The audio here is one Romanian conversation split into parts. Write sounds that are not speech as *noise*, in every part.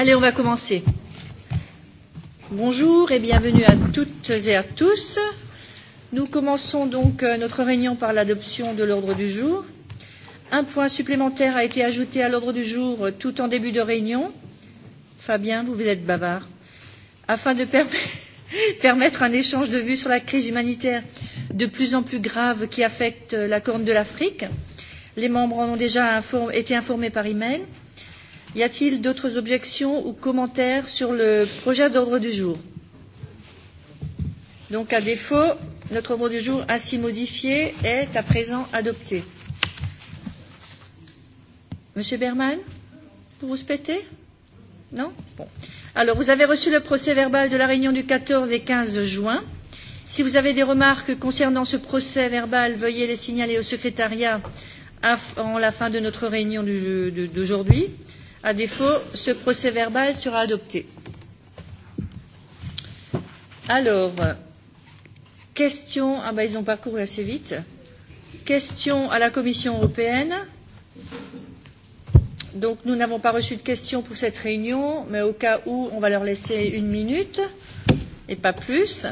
Allez, on va commencer. Bonjour et bienvenue à toutes et à tous. Nous commençons donc euh, notre réunion par l'adoption de l'ordre du jour. Un point supplémentaire a été ajouté à l'ordre du jour euh, tout en début de réunion. Fabien, vous êtes bavard. Afin de per *laughs* permettre un échange de vues sur la crise humanitaire de plus en plus grave qui affecte euh, la Corne de l'Afrique, les membres en ont déjà inform été informés par email. Y a-t-il d'autres objections ou commentaires sur le projet d'ordre du jour Donc, à défaut, notre ordre du jour ainsi modifié est à présent adopté. Monsieur Berman, vous respectez Non Bon. Alors, vous avez reçu le procès verbal de la réunion du 14 et 15 juin. Si vous avez des remarques concernant ce procès verbal, veuillez les signaler au secrétariat avant la fin de notre réunion d'aujourd'hui. Du, de, À défaut, ce procès verbal sera adopté. Alors, question. Ah ben, ils ont parcouru assez vite. Question à la Commission européenne. Donc, nous n'avons pas reçu de questions pour cette réunion, mais au cas où, on va leur laisser une minute et pas plus.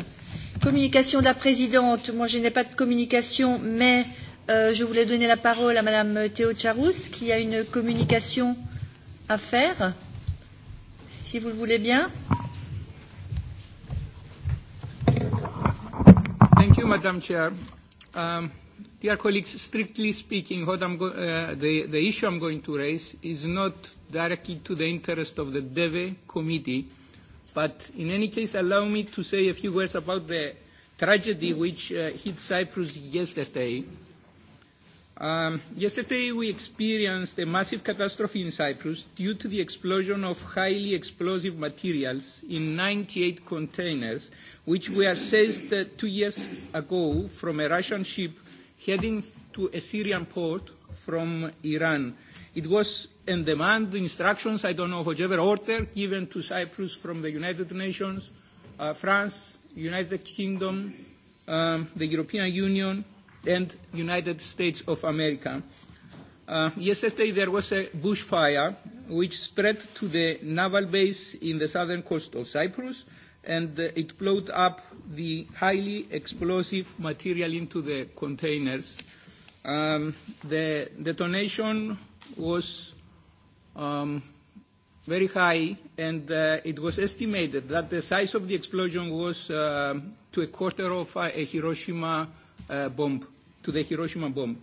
Communication de la présidente. Moi, je n'ai pas de communication, mais euh, je voulais donner la parole à Madame Théo Charous, qui a une communication euh, à faire, si vous le voulez bien. Thank you, Madam Chair. Um, dear colleagues, strictly speaking, what I'm go uh, the, the issue I'm going to raise is not directly to the interest of the DEVE committee, but in any case, allow me to say a few words about the tragedy which uh, hit Cyprus yesterday Um, yesterday we experienced a massive catastrophe in Cyprus due to the explosion of highly explosive materials in 98 containers, which were seized two years ago from a Russian ship heading to a Syrian port from Iran. It was in demand, instructions, I don't know, whichever order, given to Cyprus from the United Nations, uh, France, United Kingdom, um, the European Union, and United States of America. Uh, yesterday there was a bushfire which spread to the naval base in the southern coast of Cyprus and uh, it blowed up the highly explosive material into the containers. Um, the detonation was um, very high, and uh, it was estimated that the size of the explosion was uh, to a quarter of a Hiroshima uh, bomb to the Hiroshima bomb.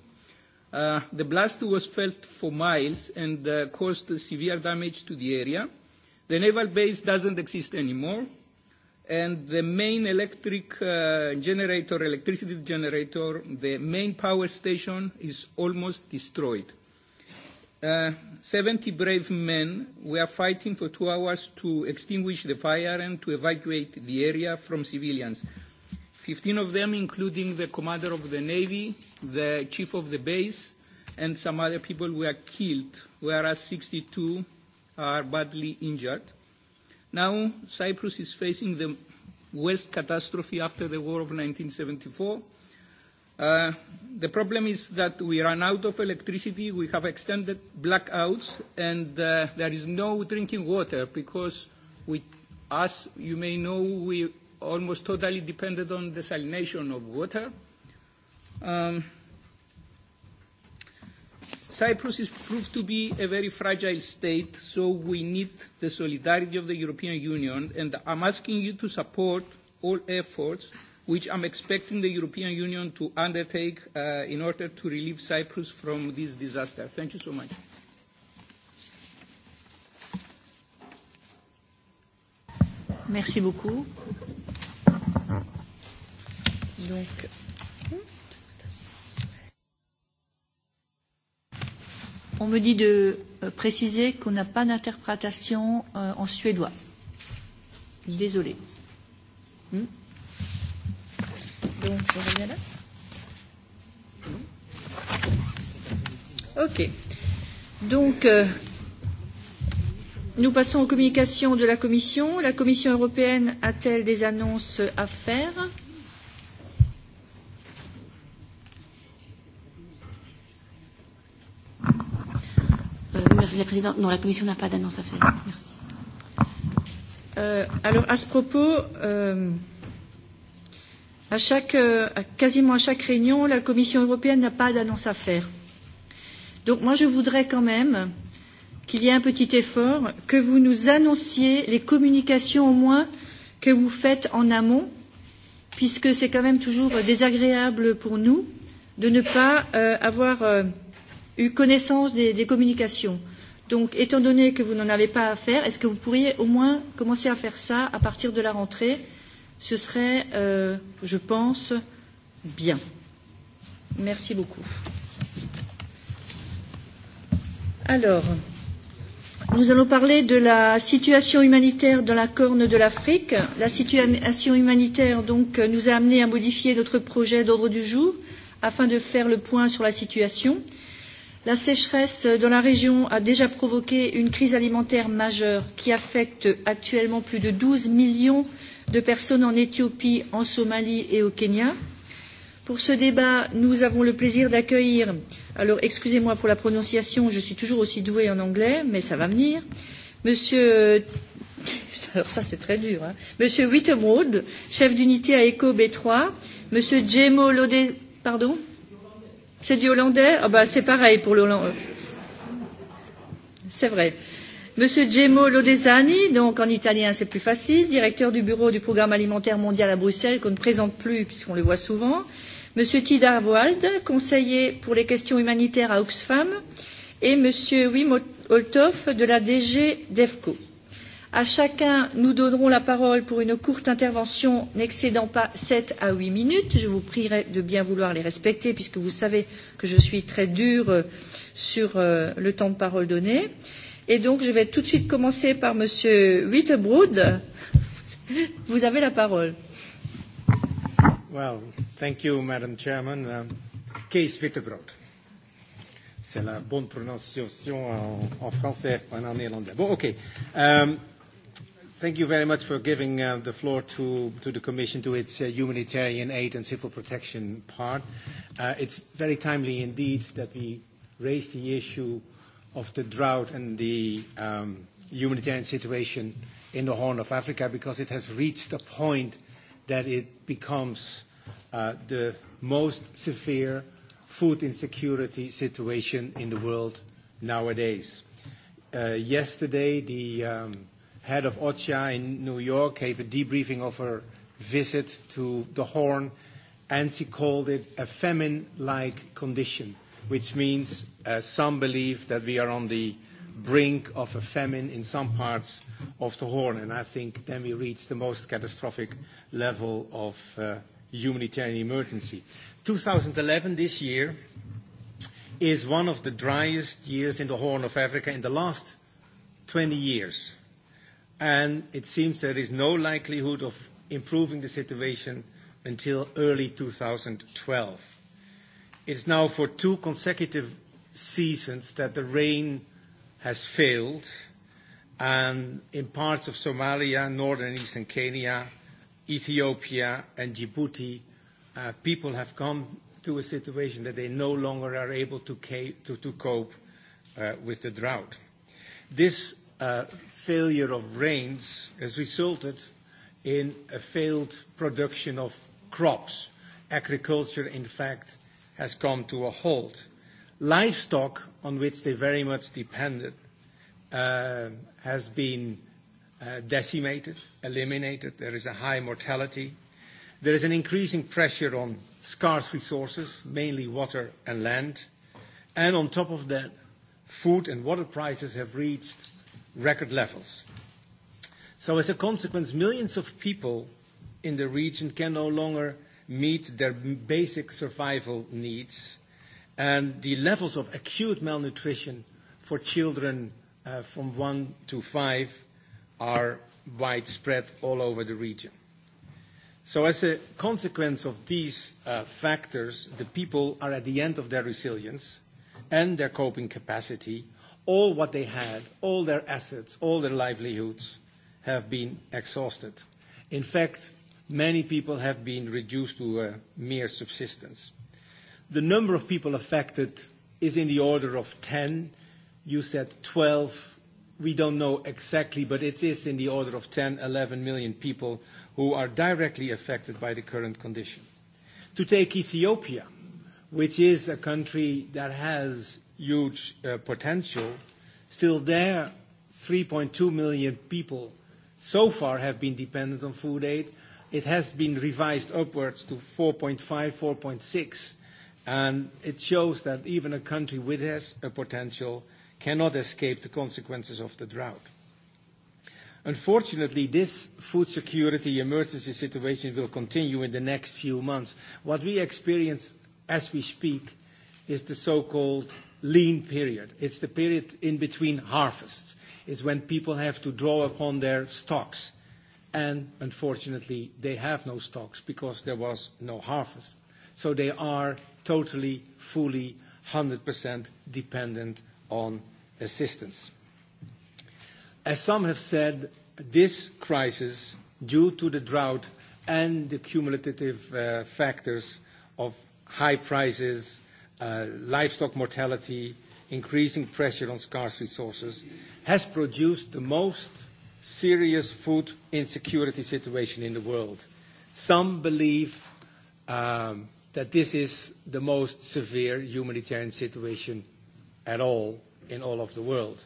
Uh, the blast was felt for miles and uh, caused severe damage to the area. The naval base doesn't exist anymore, and the main electric uh, generator, electricity generator, the main power station is almost destroyed. Uh, 70 brave men were fighting for two hours to extinguish the fire and to evacuate the area from civilians. 15 of them including the commander of the Navy, the chief of the base, and some other people were killed, whereas 62 are badly injured. Now, Cyprus is facing the worst catastrophe after the war of 1974. Uh, the problem is that we run out of electricity, we have extended blackouts, and uh, there is no drinking water because, we, as you may know, we almost totally dependent on desalination of water. Um, Cyprus is proved to be a very fragile state, so we need the solidarity of the European Union, and I'm asking you to support all efforts which I'm expecting the European Union to undertake uh, in order to relieve Cyprus from this disaster. Thank you so much. Merci beaucoup. Donc, on me dit de euh, préciser qu'on n'a pas d'interprétation euh, en suédois. Désolée. Hmm Donc, je reviens là. OK. Donc, euh, nous passons aux communications de la Commission. La Commission européenne a-t-elle des annonces à faire Madame la Présidente. Non, la Commission n'a pas d'annonce à faire. Merci. Euh, alors, à ce propos, euh, à chaque, euh, quasiment à chaque réunion, la Commission européenne n'a pas d'annonce à faire. Donc, moi, je voudrais quand même qu'il y ait un petit effort, que vous nous annonciez les communications au moins que vous faites en amont, puisque c'est quand même toujours désagréable pour nous de ne pas euh, avoir euh, eu connaissance des, des communications. Donc, étant donné que vous n'en avez pas à faire, est-ce que vous pourriez au moins commencer à faire ça à partir de la rentrée Ce serait, euh, je pense, bien. Merci beaucoup. Alors, nous allons parler de la situation humanitaire dans la Corne de l'Afrique. La situation humanitaire donc, nous a amené à modifier notre projet d'ordre du jour afin de faire le point sur la situation. Euh, la sécheresse dans la région a déjà provoqué une crise alimentaire majeure qui affecte actuellement plus de 12 millions de personnes en Éthiopie, en Somalie et au Kenya. Pour ce débat, nous avons le plaisir d'accueillir, alors excusez-moi pour la prononciation, je suis toujours aussi douée en anglais, mais ça va venir, Monsieur, *laughs* alors ça c'est très dur, hein, Monsieur Wittemrode, chef d'unité à ECO B3, Monsieur Jemo Lode, pardon, C'est du hollandais Ah bah c'est pareil pour le C'est vrai. Monsieur Gemmo Lodesani, donc en italien c'est plus facile, directeur du bureau du programme alimentaire mondial à Bruxelles, qu'on ne présente plus puisqu'on le voit souvent. Monsieur Tidar Wald, conseiller pour les questions humanitaires à Oxfam. Et Monsieur Wim Oltoff de la DG DEFCO. À chacun, nous donnerons la parole pour une courte intervention n'excédant pas sept à huit minutes. Je vous prierai de bien vouloir les respecter puisque vous savez que je suis très dure euh, sur euh, le temps de parole donné. Et donc, je vais tout de suite commencer par Monsieur Wittebrod. Vous avez la parole. Well, thank you, Madam Chairman. Uh, Kees Wittebrod. C'est la bonne prononciation en, en français, pas en néerlandais. Bon, ok. Um, Thank you very much for giving uh, the floor to, to the Commission to its uh, humanitarian aid and civil protection part. Uh, it's very timely indeed that we raise the issue of the drought and the um, humanitarian situation in the Horn of Africa because it has reached a point that it becomes uh, the most severe food insecurity situation in the world nowadays. Uh, yesterday, the um, head of OCHA in New York gave a debriefing of her visit to the Horn, and she called it a famine-like condition, which means uh, some believe that we are on the brink of a famine in some parts of the Horn, and I think then we reach the most catastrophic level of uh, humanitarian emergency. 2011, this year, is one of the driest years in the Horn of Africa in the last 20 years and it seems there is no likelihood of improving the situation until early 2012. It's now for two consecutive seasons that the rain has failed, and in parts of Somalia, northern and eastern Kenya, Ethiopia, and Djibouti, uh, people have come to a situation that they no longer are able to, to, to cope uh, with the drought. This failure of rains has resulted in a failed production of crops. Agriculture, in fact, has come to a halt. Livestock, on which they very much depended, uh, has been uh, decimated, eliminated. There is a high mortality. There is an increasing pressure on scarce resources, mainly water and land. And on top of that, food and water prices have reached record levels. So as a consequence, millions of people in the region can no longer meet their basic survival needs, and the levels of acute malnutrition for children uh, from one to five are widespread all over the region. So as a consequence of these uh, factors, the people are at the end of their resilience and their coping capacity, all what they had, all their assets, all their livelihoods have been exhausted. In fact, many people have been reduced to a mere subsistence. The number of people affected is in the order of 10. You said 12. We don't know exactly, but it is in the order of 10, 11 million people who are directly affected by the current condition. To take Ethiopia, which is a country that has huge uh, potential. Still there, 3.2 million people so far have been dependent on food aid. It has been revised upwards to 4.5, 4.6, and it shows that even a country which has a potential cannot escape the consequences of the drought. Unfortunately, this food security emergency situation will continue in the next few months. What we experience as we speak is the so-called lean period. It's the period in between harvests. It's when people have to draw upon their stocks. And unfortunately, they have no stocks because there was no harvest. So they are totally, fully, 100% dependent on assistance. As some have said, this crisis, due to the drought and the cumulative uh, factors of high prices, Uh, livestock mortality, increasing pressure on scarce resources, has produced the most serious food insecurity situation in the world. Some believe um, that this is the most severe humanitarian situation at all in all of the world.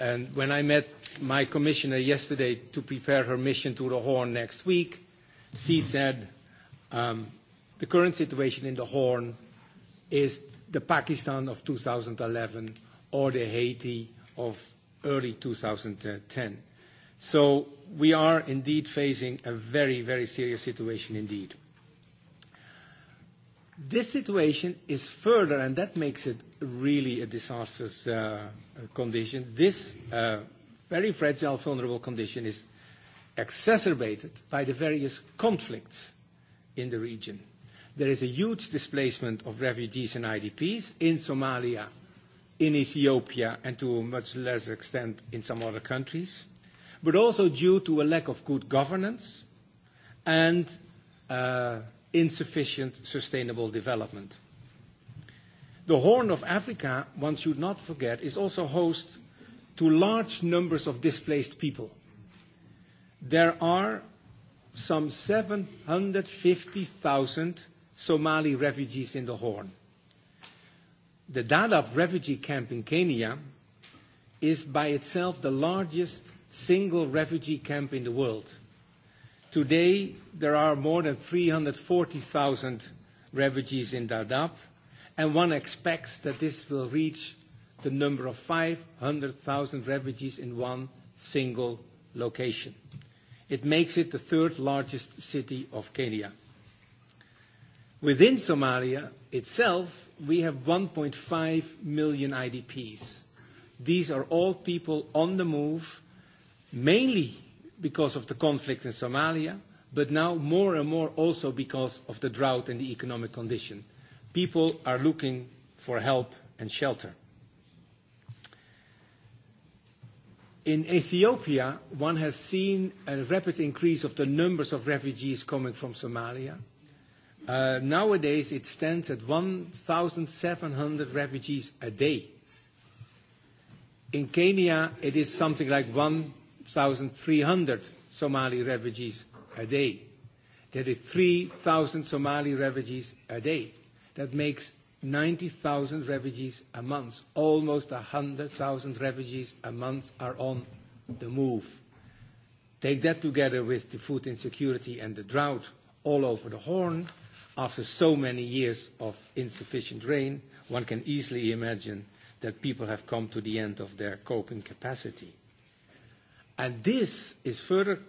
And when I met my commissioner yesterday to prepare her mission to the Horn next week, she said um, the current situation in the Horn is the Pakistan of 2011 or the Haiti of early 2010. So we are indeed facing a very, very serious situation indeed. This situation is further, and that makes it really a disastrous uh, condition. This uh, very fragile, vulnerable condition is exacerbated by the various conflicts in the region there is a huge displacement of refugees and IDPs in Somalia, in Ethiopia, and to a much lesser extent in some other countries, but also due to a lack of good governance and uh, insufficient sustainable development. The Horn of Africa, one should not forget, is also host to large numbers of displaced people. There are some 750,000 Somali refugees in the Horn. The Dadaab refugee camp in Kenya is by itself the largest single refugee camp in the world. Today, there are more than 340,000 refugees in Dadaab, and one expects that this will reach the number of 500,000 refugees in one single location. It makes it the third largest city of Kenya. Within Somalia itself, we have 1.5 million IDPs. These are all people on the move, mainly because of the conflict in Somalia, but now more and more also because of the drought and the economic condition. People are looking for help and shelter. In Ethiopia, one has seen a rapid increase of the numbers of refugees coming from Somalia – Uh, nowadays, it stands at 1,700 refugees a day. In Kenya, it is something like 1,300 Somali refugees a day. That is 3,000 Somali refugees a day. That makes 90,000 refugees a month. Almost 100,000 refugees a month are on the move. Take that together with the food insecurity and the drought all over the Horn, After so many years of insufficient rain, one can easily imagine that people have come to the end of their coping capacity. And this is further,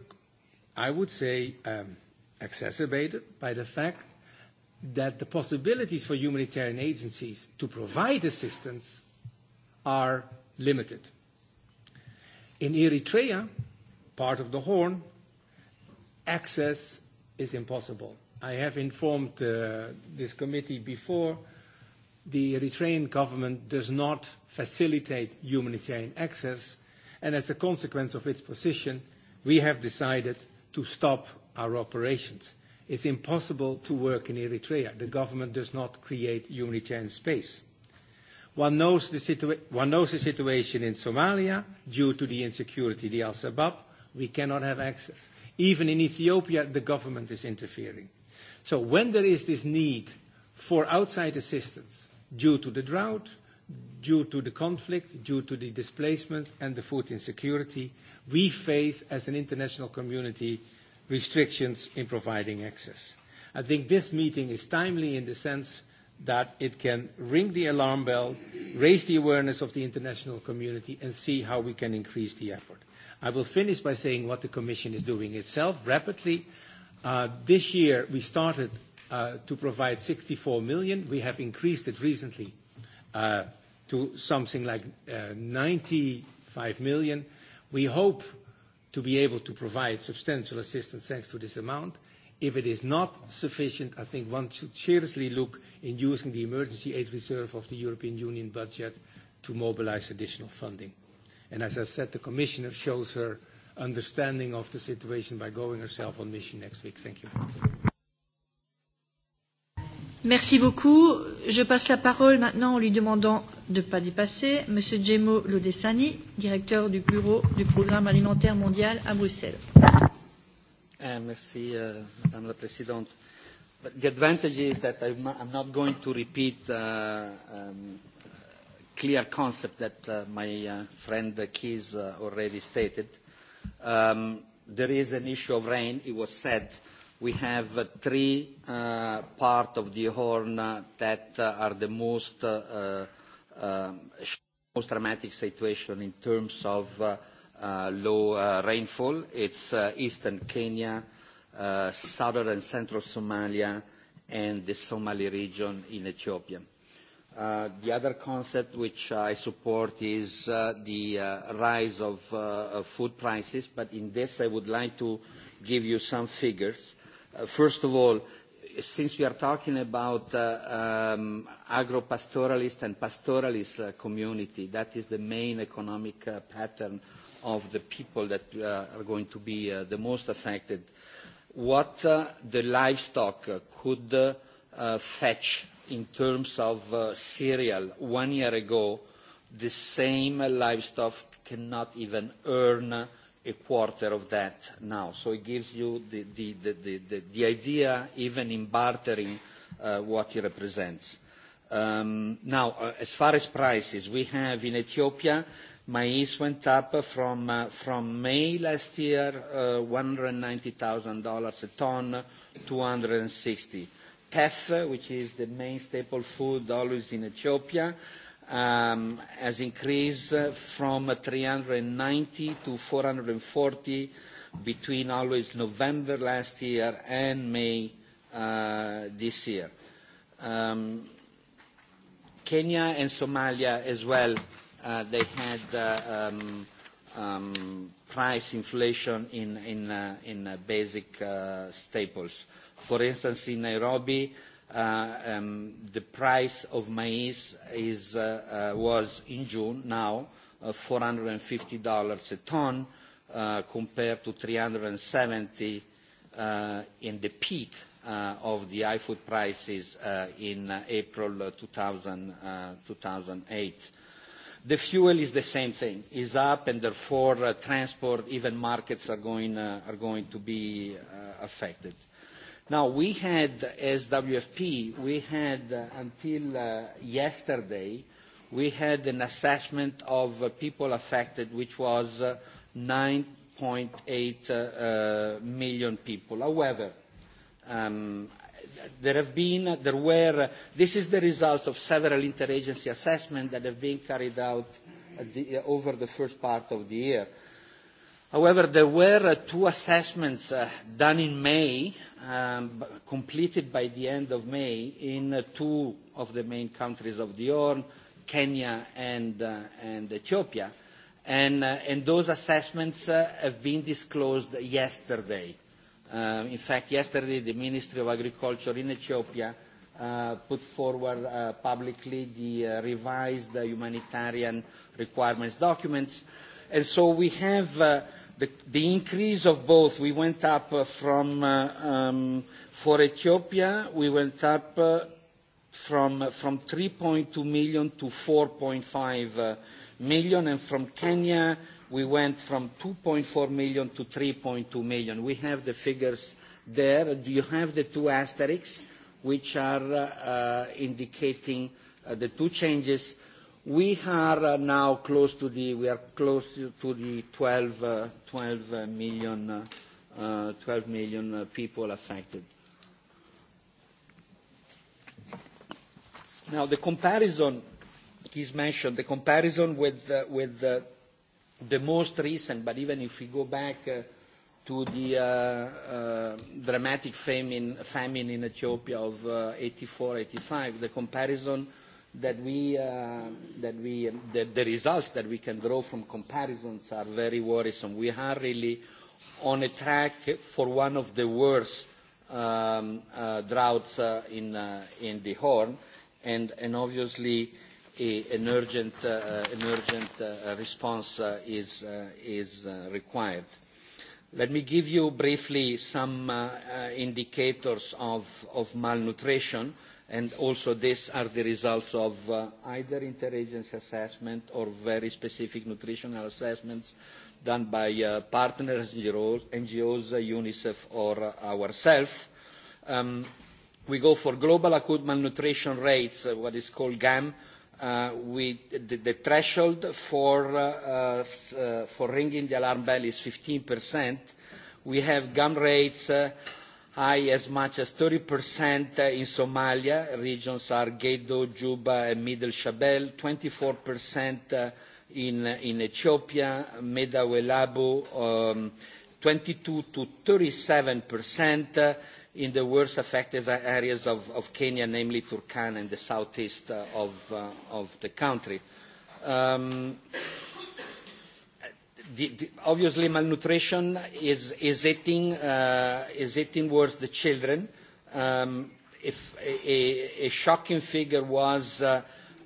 I would say, um, exacerbated by the fact that the possibilities for humanitarian agencies to provide assistance are limited. In Eritrea, part of the Horn, access is impossible. I have informed uh, this committee before, the Eritrean government does not facilitate humanitarian access, and as a consequence of its position, we have decided to stop our operations. It's impossible to work in Eritrea. The government does not create humanitarian space. One knows the, situa one knows the situation in Somalia due to the insecurity, the Al-Shabaab. We cannot have access. Even in Ethiopia, the government is interfering. So when there is this need for outside assistance due to the drought, due to the conflict, due to the displacement and the food insecurity, we face as an international community restrictions in providing access. I think this meeting is timely in the sense that it can ring the alarm bell, raise the awareness of the international community, and see how we can increase the effort. I will finish by saying what the Commission is doing itself rapidly. Uh, this year, we started uh, to provide 64 million. We have increased it recently uh, to something like 95 million. We hope to be able to provide substantial assistance thanks to this amount. If it is not sufficient, I think one should seriously look in using the emergency aid reserve of the European Union budget to mobilize additional funding. And as I've said, the commissioner shows her understanding of the situation by going herself on mission next week. Thank you. Merci beaucoup. Je passe la parole maintenant en lui demandant de ne pas dépasser Monsieur Gemo Lodessani, directeur du bureau du Programme alimentaire mondial à Bruxelles. Eh, merci, euh, Madame la Présidente. the advantage is that I'm I'm not going to repeat uh, um, clear concept that uh, my uh, friend Keys uh, already stated. Uh, Um, there is an issue of rain. It was said we have uh, three uh, parts of the horn uh, that uh, are the most, uh, uh, um, most dramatic situation in terms of uh, uh, low uh, rainfall. It's uh, eastern Kenya, uh, southern and central Somalia, and the Somali region in Ethiopia. Uh, the other concept which I support is uh, the uh, rise of, uh, of food prices, but in this I would like to give you some figures. Uh, first of all, since we are talking about um, agro-pastoralist and pastoralist community, that is the main economic pattern of the people that are going to be the most affected, what the livestock could fetch in terms of uh, cereal one year ago, the same livestock cannot even earn a quarter of that now. So it gives you the, the, the, the, the idea, even in bartering, uh, what it represents. Um, now, uh, as far as prices, we have in Ethiopia, maize went up from, uh, from May last year, uh, $190,000 a ton, 260 teff, which is the main staple food always in Ethiopia, um, has increased uh, from 390 to 440 between always November last year and May uh, this year. Um, Kenya and Somalia as well, uh, they had uh, um, um, price inflation in, in, uh, in uh, basic uh, staples. For instance, in Nairobi, uh, um, the price of maize is, uh, uh, was in June now uh, $450 a ton uh, compared to 370 uh, in the peak uh, of the high food prices uh, in uh, April 2000, uh, 2008. Uh, the fuel is the same thing, is up, and therefore uh, transport, even markets are going, uh, are going to be uh, affected. Now, we had, as WFP, we had uh, until uh, yesterday, we had an assessment of uh, people affected, which was 9.8 uh, uh, uh, million people. However, um, there have been, there were, this is the results of several interagency assessments that have been carried out the, over the first part of the year. However, there were uh, two assessments uh, done in May, um, completed by the end of May, in uh, two of the main countries of the Horn, Kenya and, uh, and Ethiopia. And, uh, and those assessments uh, have been disclosed yesterday. Um, in fact, yesterday the Ministry of Agriculture in Ethiopia uh, put forward uh, publicly the uh, revised uh, humanitarian requirements documents. And so we have uh, The, increase of both, we went up uh, from, uh, um, for Ethiopia, we went up uh, from, from 3.2 million to 4.5 million, and from Kenya, we went from 2.4 million to 3.2 million. We have the figures there. Do You have the two asterisks, which are uh, indicating uh, the two changes We are uh, now close to the we are close to the 12, uh, 12 uh, million, uh, 12 uh, million people affected. Now, the comparison is mentioned, the comparison with, uh, with uh, the most recent, but even if we go back uh, to the dramatic famine, famine in Ethiopia of 1984-1985, the comparison that we, uh, that we, um, the results that we can draw from comparisons are very worrisome. We are really on a track for one of the worst um, uh, droughts uh, in, uh, in the Horn, and, and obviously a, an urgent, uh, uh, an urgent response is, is required. Let me give you briefly some indicators of, of malnutrition. Uh, and also these are the results of uh, either interagency assessment or very specific nutritional assessments done by uh, partners, NGOs, NGOs uh, UNICEF or uh, ourselves. Um, we go for global acute malnutrition rates, uh, what is called GAM, uh, we, the, the threshold for, uh, uh, for ringing the alarm bell is 15%. We have GAM rates uh, high as much as 30% in Somalia. Regions are Gedo, Juba, and Middle Shabelle, 24% uh, in, uh, in Ethiopia, Meda um, 22 to 37% uh, in the worst affected areas of, of Kenya, namely Turkana and the southeast of, uh, of the country. Um, the, the, obviously malnutrition is, is, eating, uh, is worse the children. Um, if a, a, shocking figure was uh,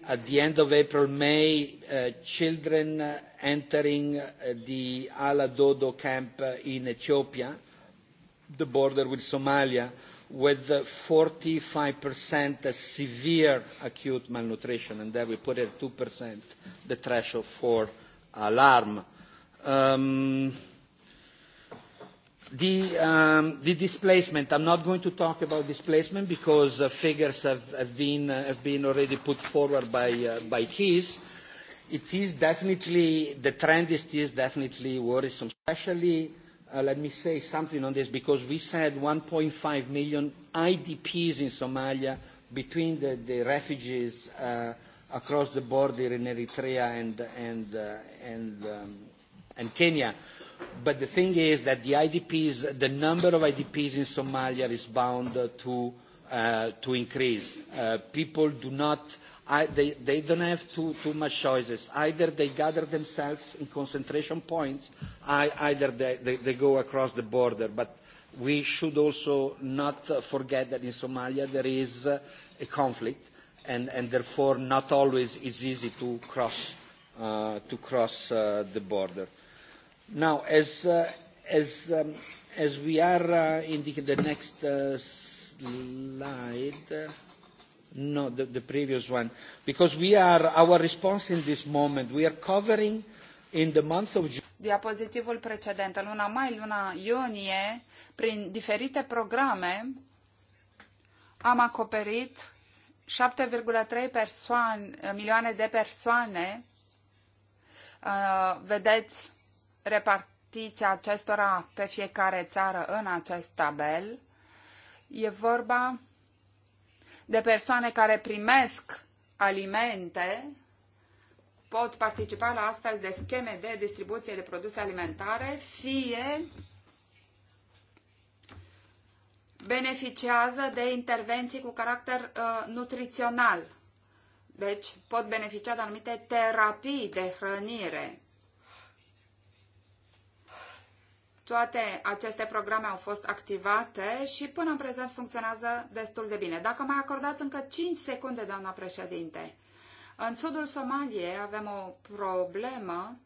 at the end of April, May, uh, children uh, entering uh, the Aladodo camp uh, in Ethiopia, the border with Somalia, with 45% severe acute malnutrition, and there we put at 2% the threshold for alarm. Um, the, um, the displacement, I'm not going to talk about displacement because uh, figures have, have, been, uh, have been already put forward by, uh, by Keys. It is definitely, the trend is, is definitely worrisome, especially, uh, let me say something on this, because we said 1.5 million IDPs in Somalia between the, the refugees uh, across the border in Eritrea and, and, uh, and um, and Kenya. But the thing is that the IDPs, the number of IDPs in Somalia is bound to, uh, to increase. Uh, people do not, I, they, they don't have too, too much choices. Either they gather themselves in concentration points, I, either they, they, they go across the border. But we should also not forget that in Somalia there is uh, a conflict and, and therefore not always is easy to cross, uh, to cross uh, the border. Now, as, uh, as, um, as we are uh, in the, the next uh, slide, uh, no, the, the previous one, because we are, our response in this moment, we are covering in the month of June. Diapozitivul precedent, în luna mai, luna iunie, prin diferite programe, am acoperit 7,3 persoane, milioane de persoane. Uh, vedeți repartiția acestora pe fiecare țară în acest tabel. E vorba de persoane care primesc alimente, pot participa la astfel de scheme de distribuție de produse alimentare, fie beneficiază de intervenții cu caracter uh, nutrițional. Deci pot beneficia de anumite terapii de hrănire. Toate aceste programe au fost activate și până în prezent funcționează destul de bine. Dacă mai acordați încă 5 secunde, doamna președinte. În sudul Somaliei avem o problemă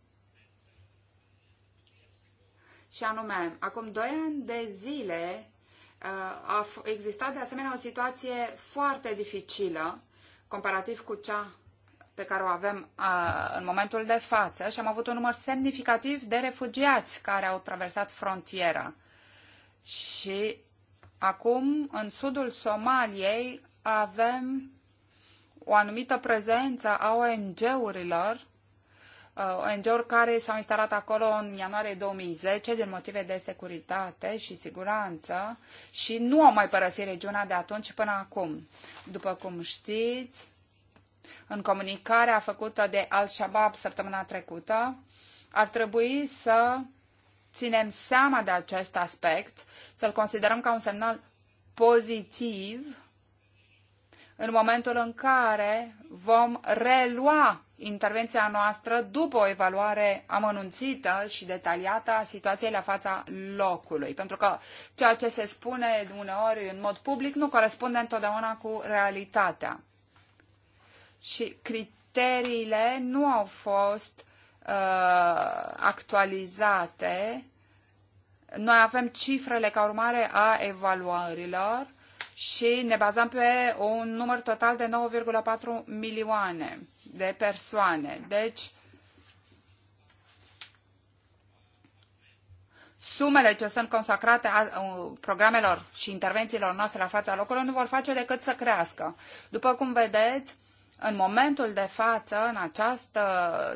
și anume, acum 2 ani de zile uh, a existat de asemenea o situație foarte dificilă comparativ cu cea pe care o avem uh, în momentul de față și am avut un număr semnificativ de refugiați care au traversat frontiera. Și acum, în sudul Somaliei, avem o anumită prezență a ONG-urilor, uh, ONG-uri care s-au instalat acolo în ianuarie 2010 din motive de securitate și siguranță și nu au mai părăsit regiunea de atunci până acum. După cum știți, în comunicarea făcută de Al-Shabaab săptămâna trecută, ar trebui să ținem seama de acest aspect, să-l considerăm ca un semnal pozitiv în momentul în care vom relua intervenția noastră după o evaluare amănunțită și detaliată a situației la fața locului. Pentru că ceea ce se spune uneori în mod public nu corespunde întotdeauna cu realitatea și criteriile nu au fost uh, actualizate. Noi avem cifrele ca urmare a evaluărilor și ne bazăm pe un număr total de 9,4 milioane de persoane. Deci, sumele ce sunt consacrate a, uh, programelor și intervențiilor noastre la fața locului nu vor face decât să crească. După cum vedeți, în momentul de față, în această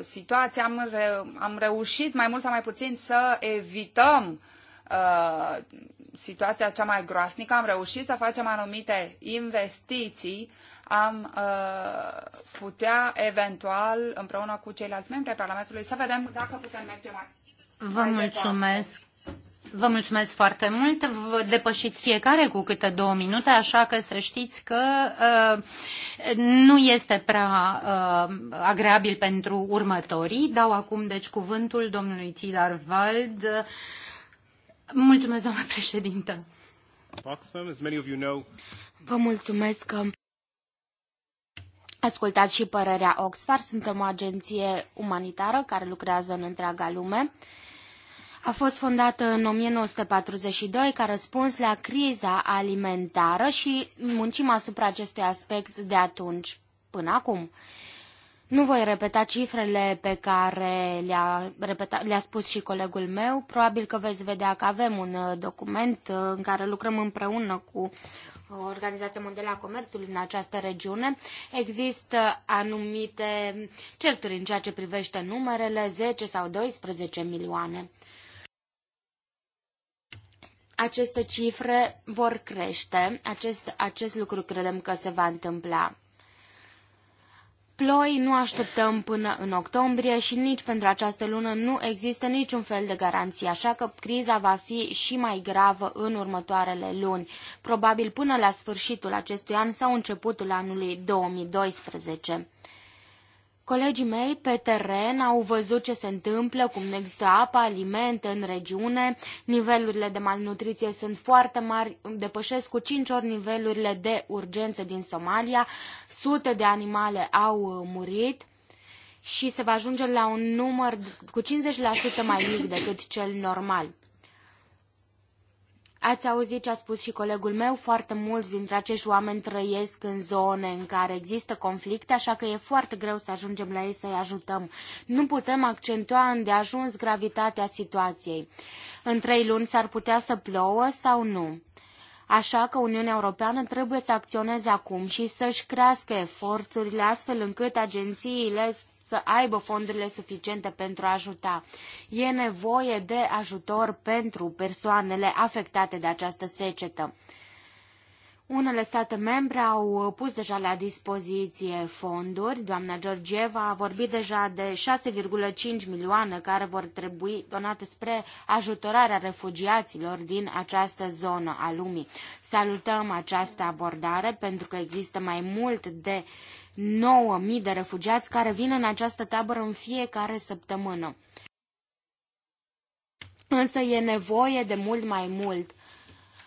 situație, am, re- am reușit mai mult sau mai puțin să evităm uh, situația cea mai groasnică, am reușit să facem anumite investiții, am uh, putea eventual, împreună cu ceilalți membri ai Parlamentului, să vedem dacă putem merge mai Vă mulțumesc Vă mulțumesc foarte mult. Vă depășiți fiecare cu câte două minute, așa că să știți că uh, nu este prea uh, agreabil pentru următorii. Dau acum, deci, cuvântul domnului Tidar Vald. Mulțumesc, doamna președintă. as many of you know... Vă mulțumesc că ascultați și părerea Oxfam. Suntem o agenție umanitară care lucrează în întreaga lume. Uh, a fost fondată în 1942 ca răspuns la criza alimentară și muncim asupra acestui aspect de atunci până acum. Nu voi repeta cifrele pe care le-a, repeta, le-a spus și colegul meu. Probabil că veți vedea că avem un uh, document uh, în care lucrăm împreună cu uh, Organizația Mondială a Comerțului în această regiune. Există anumite certuri în ceea ce privește numerele, 10 sau 12 milioane aceste cifre vor crește. Acest, acest lucru credem că se va întâmpla. Ploi nu așteptăm până în octombrie și nici pentru această lună nu există niciun fel de garanție, așa că criza va fi și mai gravă în următoarele luni, probabil până la sfârșitul acestui an sau începutul anului 2012. Colegii mei pe teren au văzut ce se întâmplă, cum nu există apă, alimente în regiune, nivelurile de malnutriție sunt foarte mari, depășesc cu 5 ori nivelurile de urgență din Somalia, sute de animale au murit și se va ajunge la un număr cu 50% mai mic decât cel normal. Ați auzit ce a spus și colegul meu, foarte mulți dintre acești oameni trăiesc în zone în care există conflicte, așa că e foarte greu să ajungem la ei să-i ajutăm. Nu putem accentua îndeajuns gravitatea situației. În trei luni s-ar putea să plouă sau nu. Așa că Uniunea Europeană trebuie să acționeze acum și să-și crească eforturile astfel încât agențiile să aibă fondurile suficiente pentru a ajuta. E nevoie de ajutor pentru persoanele afectate de această secetă. Unele state membre au pus deja la dispoziție fonduri. Doamna Georgieva a vorbit deja de 6,5 milioane care vor trebui donate spre ajutorarea refugiaților din această zonă a lumii. Salutăm această abordare pentru că există mai mult de uh, 9.000 de refugiați care vin în această tabără în fiecare săptămână. Însă e nevoie de mult mai mult.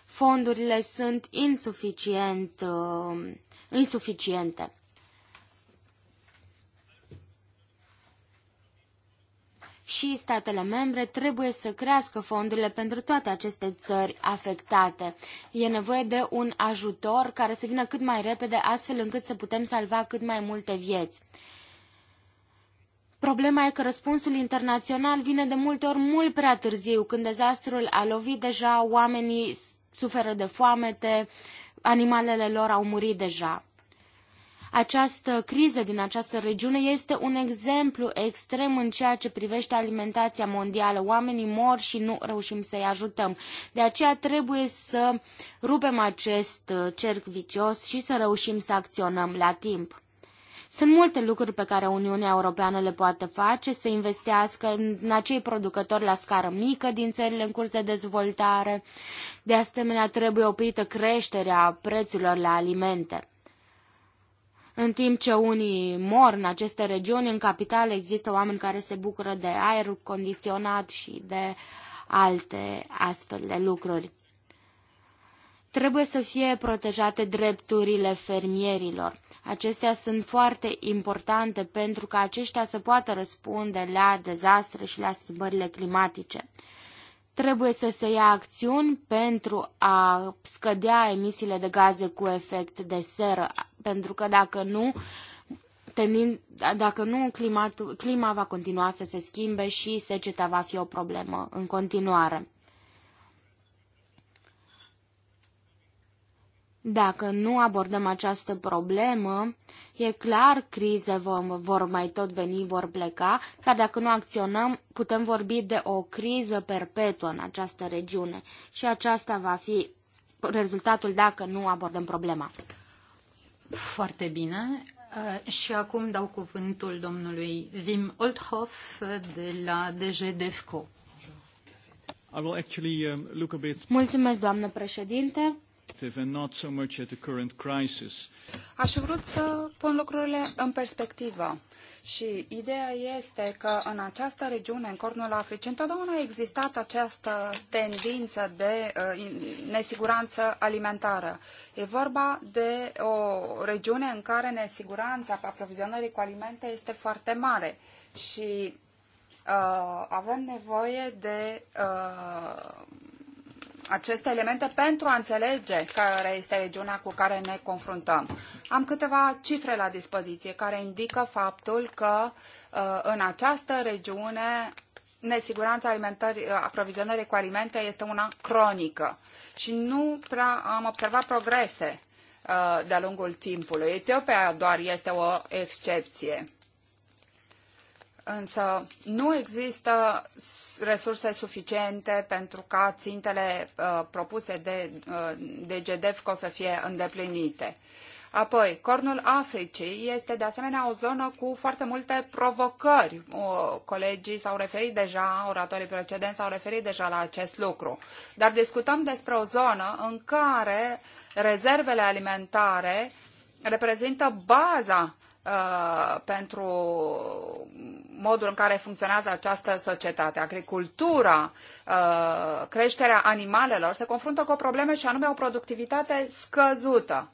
Fondurile sunt insuficient, uh, insuficiente. și statele membre trebuie să crească fondurile pentru toate aceste țări afectate. E nevoie de un ajutor care să vină cât mai repede, astfel încât să putem salva cât mai multe vieți. Problema e că răspunsul internațional vine de multe ori mult prea târziu, când dezastrul a lovit deja, oamenii suferă de foamete, animalele lor au murit deja. Această criză din această regiune este un exemplu extrem în ceea ce privește alimentația mondială. Oamenii mor și nu reușim să-i ajutăm. De aceea trebuie să rupem acest uh, cerc vicios și să reușim să acționăm la timp. Sunt multe lucruri pe care Uniunea Europeană le poate face, să investească în acei producători la scară mică din țările în curs de dezvoltare. De asemenea, trebuie oprită creșterea prețurilor la alimente. În timp ce unii mor în aceste regiuni, în capital există oameni care se bucură de aer condiționat și de alte astfel de lucruri. Trebuie să fie protejate drepturile fermierilor. Acestea sunt foarte importante pentru ca aceștia să poată răspunde la dezastre și la schimbările climatice. Trebuie să se ia acțiuni pentru a scădea emisiile de gaze cu efect de seră, pentru că dacă nu, tendin, dacă nu climatul, clima va continua să se schimbe și seceta va fi o problemă în continuare. Dacă nu abordăm această problemă, e clar, crize vom, vor mai tot veni, vor pleca, dar dacă nu acționăm, putem vorbi de o criză perpetuă în această regiune și aceasta va fi rezultatul dacă nu abordăm problema. Foarte bine. Uh, și acum dau cuvântul domnului Wim Oldhoff uh, de la DG DEFCO. Um, Mulțumesc, doamnă președinte. Aș vrut să pun lucrurile în perspectivă. Și ideea este că în această regiune, în cornul Africii, întotdeauna a existat această tendință de uh, nesiguranță alimentară. E vorba de o regiune în care nesiguranța aprovizionării cu alimente este foarte mare și uh, avem nevoie de uh, aceste elemente pentru a înțelege care este regiunea cu care ne confruntăm. Am câteva cifre la dispoziție care indică faptul că uh, în această regiune nesiguranța uh, aprovizionării cu alimente este una cronică și nu prea am observat progrese uh, de-a lungul timpului. Etiopia doar este o excepție însă nu există resurse suficiente pentru ca țintele uh, propuse de, uh, de GDEFCO să fie îndeplinite. Apoi, Cornul Africii este de asemenea o zonă cu foarte multe provocări. colegii s-au referit deja, oratorii precedenți s-au referit deja la acest lucru. Dar discutăm despre o zonă în care rezervele alimentare reprezintă baza Uh, pentru modul în care funcționează această societate. Agricultura, uh, creșterea animalelor se confruntă cu o problemă și anume o productivitate scăzută.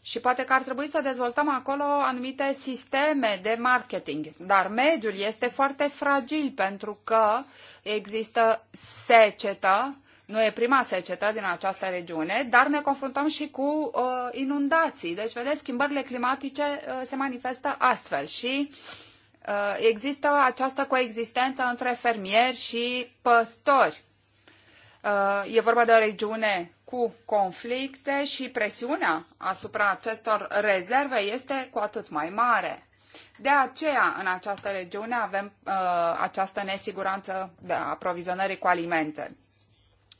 Și poate că ar trebui să dezvoltăm acolo anumite sisteme de marketing. Dar mediul este foarte fragil pentru că există secetă, nu e prima secetă din această regiune, dar ne confruntăm și cu uh, inundații. Deci, vedeți, schimbările climatice uh, se manifestă astfel și uh, există această coexistență între fermieri și păstori. Uh, e vorba de o regiune cu conflicte și presiunea asupra acestor rezerve este cu atât mai mare. De aceea, în această regiune avem uh, această nesiguranță de aprovizionării cu alimente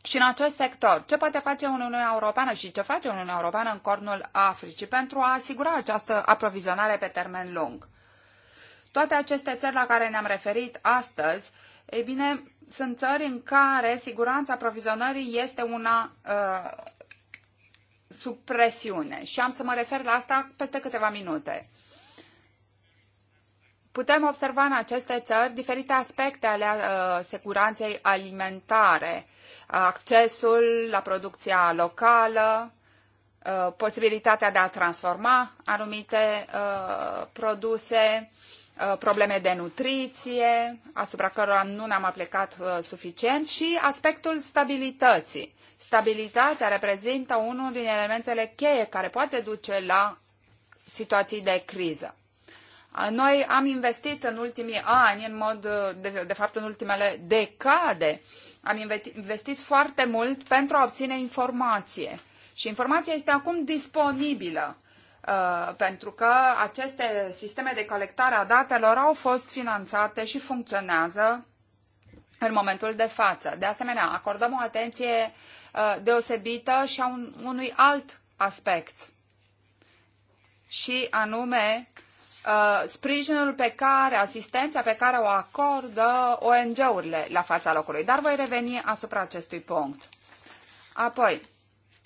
și în acest sector, ce poate face Uniunea Europeană și ce face Uniunea Europeană în cornul Africii pentru a asigura această aprovizionare pe termen lung? Toate aceste țări la care ne-am referit astăzi, ei bine, sunt țări în care siguranța aprovizionării este una uh, sub presiune și am să mă refer la asta peste câteva minute putem observa în aceste țări diferite aspecte ale uh, securanței alimentare, accesul la producția locală, uh, posibilitatea de a transforma anumite uh, produse, uh, probleme de nutriție, asupra cărora nu ne-am aplicat uh, suficient, și aspectul stabilității. Stabilitatea reprezintă unul din elementele cheie care poate duce la situații de criză. Noi am investit în ultimii ani, în mod, de, de fapt în ultimele decade, am investit foarte mult pentru a obține informație. Și informația este acum disponibilă, uh, pentru că aceste sisteme de colectare a datelor au fost finanțate și funcționează în momentul de față. De asemenea, acordăm o atenție uh, deosebită și a unui alt aspect, și anume Uh, sprijinul pe care, asistența pe care o acordă ONG-urile la fața locului. Dar voi reveni asupra acestui punct. Apoi,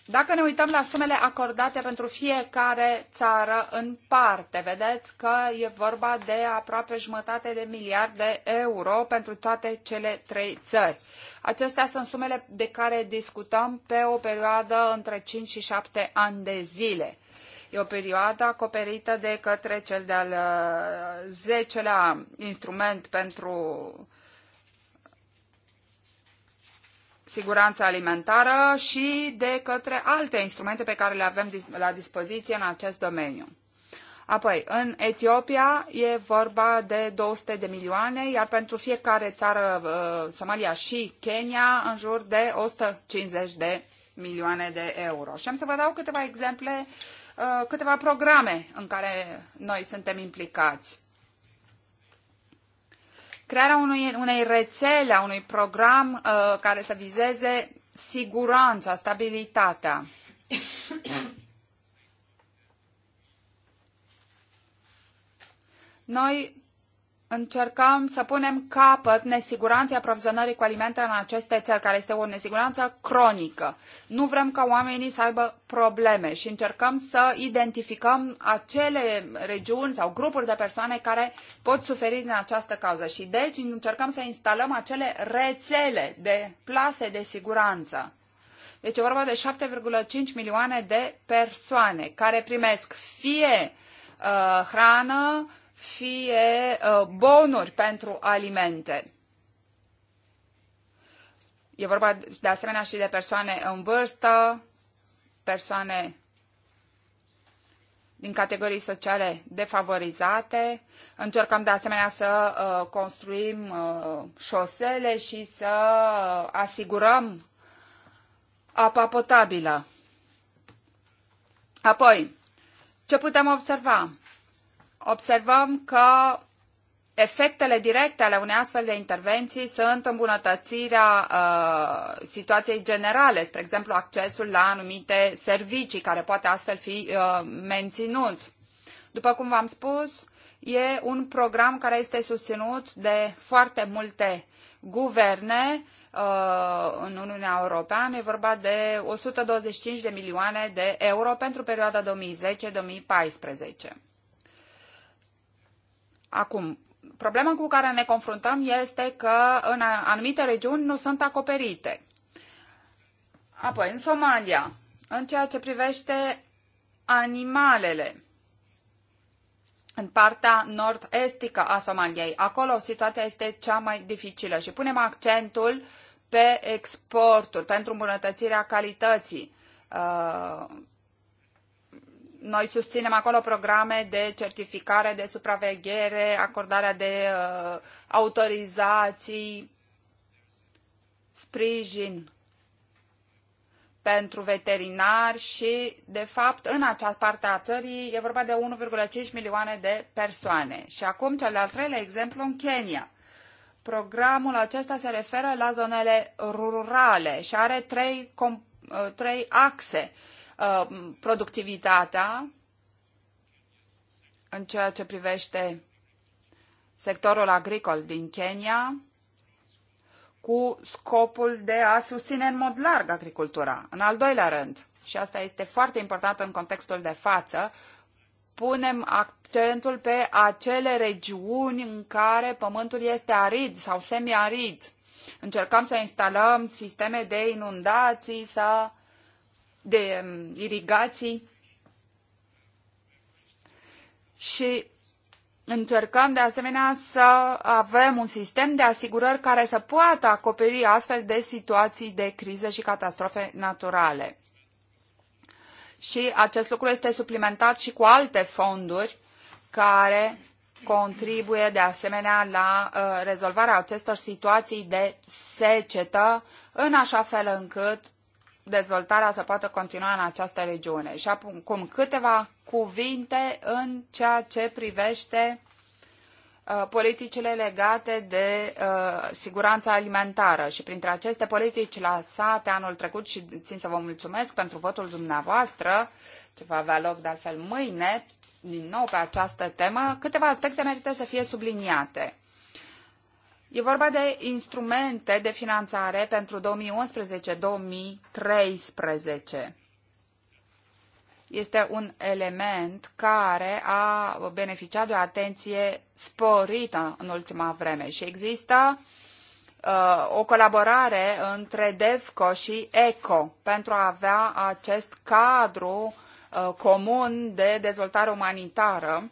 dacă ne uităm la sumele acordate pentru fiecare țară în parte, vedeți că e vorba de aproape jumătate de miliard de euro pentru toate cele trei țări. Acestea sunt sumele de care discutăm pe o perioadă între 5 și 7 ani de zile. E o perioadă acoperită de către cel de-al uh, zecelea instrument pentru siguranța alimentară și de către alte instrumente pe care le avem la dispoziție în acest domeniu. Apoi, în Etiopia e vorba de 200 de milioane, iar pentru fiecare țară, uh, Somalia și Kenya, în jur de 150 de milioane de euro. Și am să vă dau câteva exemple Uh, câteva programe în care noi suntem implicați. Crearea unui, unei rețele, a unui program uh, care să vizeze siguranța, stabilitatea. Noi încercăm să punem capăt nesiguranței aprovizionării cu alimente în aceste țări, care este o nesiguranță cronică. Nu vrem ca oamenii să aibă probleme și încercăm să identificăm acele regiuni sau grupuri de persoane care pot suferi din această cauză. Și deci încercăm să instalăm acele rețele de plase de siguranță. Deci e vorba de 7,5 milioane de persoane care primesc fie uh, hrană, fie uh, bonuri pentru alimente. E vorba de asemenea și de persoane în vârstă, persoane din categorii sociale defavorizate. Încercăm de asemenea să uh, construim uh, șosele și să asigurăm apa potabilă. Apoi, ce putem observa? observăm că efectele directe ale unei astfel de intervenții sunt îmbunătățirea uh, situației generale, spre exemplu accesul la anumite servicii care poate astfel fi uh, menținut. După cum v-am spus, e un program care este susținut de foarte multe guverne uh, în Uniunea Europeană. E vorba de 125 de milioane de euro pentru perioada 2010-2014. Acum, problema cu care ne confruntăm este că în anumite regiuni nu sunt acoperite. Apoi, în Somalia, în ceea ce privește animalele, în partea nord-estică a Somaliei, acolo situația este cea mai dificilă și punem accentul pe exportul pentru îmbunătățirea calității uh, noi susținem acolo programe de certificare, de supraveghere, acordarea de uh, autorizații, sprijin pentru veterinari și, de fapt, în această parte a țării e vorba de 1,5 milioane de persoane. Și acum cel de-al treilea exemplu în Kenya. Programul acesta se referă la zonele rurale și are trei, trei axe. Uh, Um, productivitatea în ceea ce privește sectorul agricol din Kenya cu scopul de a susține în mod larg agricultura. În al doilea rând, și asta este foarte important în contextul de față, punem accentul pe acele regiuni în care pământul este arid sau semiarid. Încercăm să instalăm sisteme de inundații, să de um, irigații și încercăm de asemenea să avem un sistem de asigurări care să poată acoperi astfel de situații de criză și catastrofe naturale. Și acest lucru este suplimentat și cu alte fonduri care contribuie de asemenea la uh, rezolvarea acestor situații de secetă, în așa fel încât dezvoltarea să poată continua în această regiune. Și acum câteva cuvinte în ceea ce privește uh, politicile legate de uh, siguranța alimentară și printre aceste politici lansate anul trecut și țin să vă mulțumesc pentru votul dumneavoastră, ce va avea loc de altfel mâine, din nou pe această temă, câteva aspecte merită să fie subliniate. E vorba de instrumente de finanțare pentru 2011-2013. Este un element care a beneficiat de o atenție sporită în ultima vreme și există uh, o colaborare între DEVCO și ECO pentru a avea acest cadru uh, comun de dezvoltare umanitară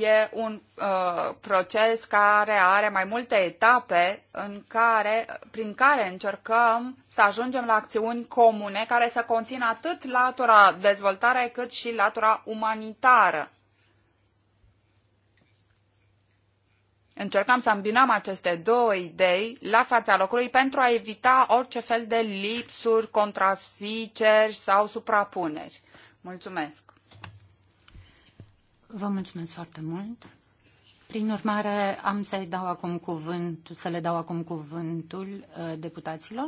e un uh, proces care are mai multe etape în care, prin care încercăm să ajungem la acțiuni comune care să conțină atât latura dezvoltare cât și latura umanitară. Încercăm să îmbinăm aceste două idei la fața locului pentru a evita orice fel de lipsuri, contrasiceri sau suprapuneri. Mulțumesc! Vă mulțumesc foarte mult. Prin urmare, am să dau acum cuvânt, să le dau acum cuvântul uh, deputaților.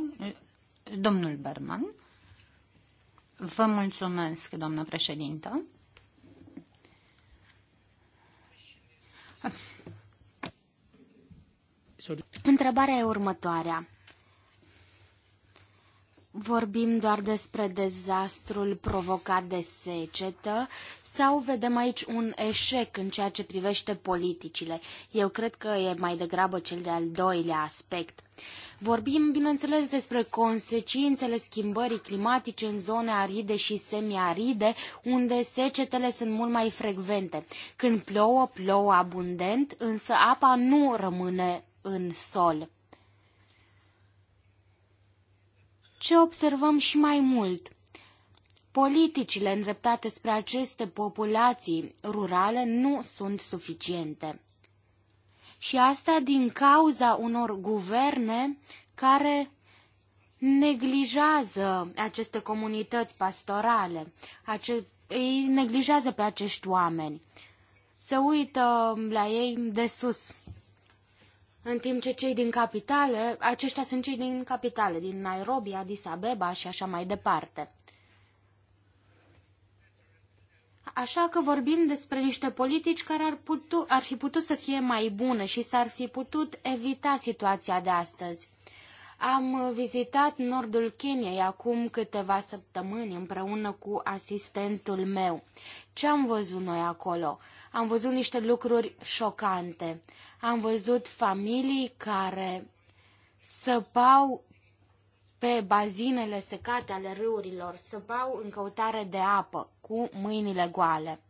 Domnul Berman. Vă mulțumesc, doamnă președintă. Întrebarea e următoarea. Vorbim doar despre dezastrul provocat de secetă sau vedem aici un eșec în ceea ce privește politicile? Eu cred că e mai degrabă cel de-al doilea aspect. Vorbim, bineînțeles, despre consecințele schimbării climatice în zone aride și semiaride, unde secetele sunt mult mai frecvente. Când plouă, plouă abundent, însă apa nu rămâne în sol. Ce observăm și mai mult? Politicile îndreptate spre aceste populații rurale nu sunt suficiente. Și asta din cauza unor guverne care neglijează aceste comunități pastorale, ace- ei neglijează pe acești oameni, se uită la ei de sus, în timp ce cei din capitale, aceștia sunt cei din capitale, din Nairobi, Addis Abeba și așa mai departe. Așa că vorbim despre niște politici care ar, putu, ar fi putut să fie mai bune și s-ar fi putut evita situația de astăzi. Am vizitat nordul Keniei acum câteva săptămâni împreună cu asistentul meu. Ce am văzut noi acolo? Am văzut niște lucruri șocante. Am văzut familii care săpau pe bazinele secate ale râurilor, săpau în căutare de apă, cu mâinile goale.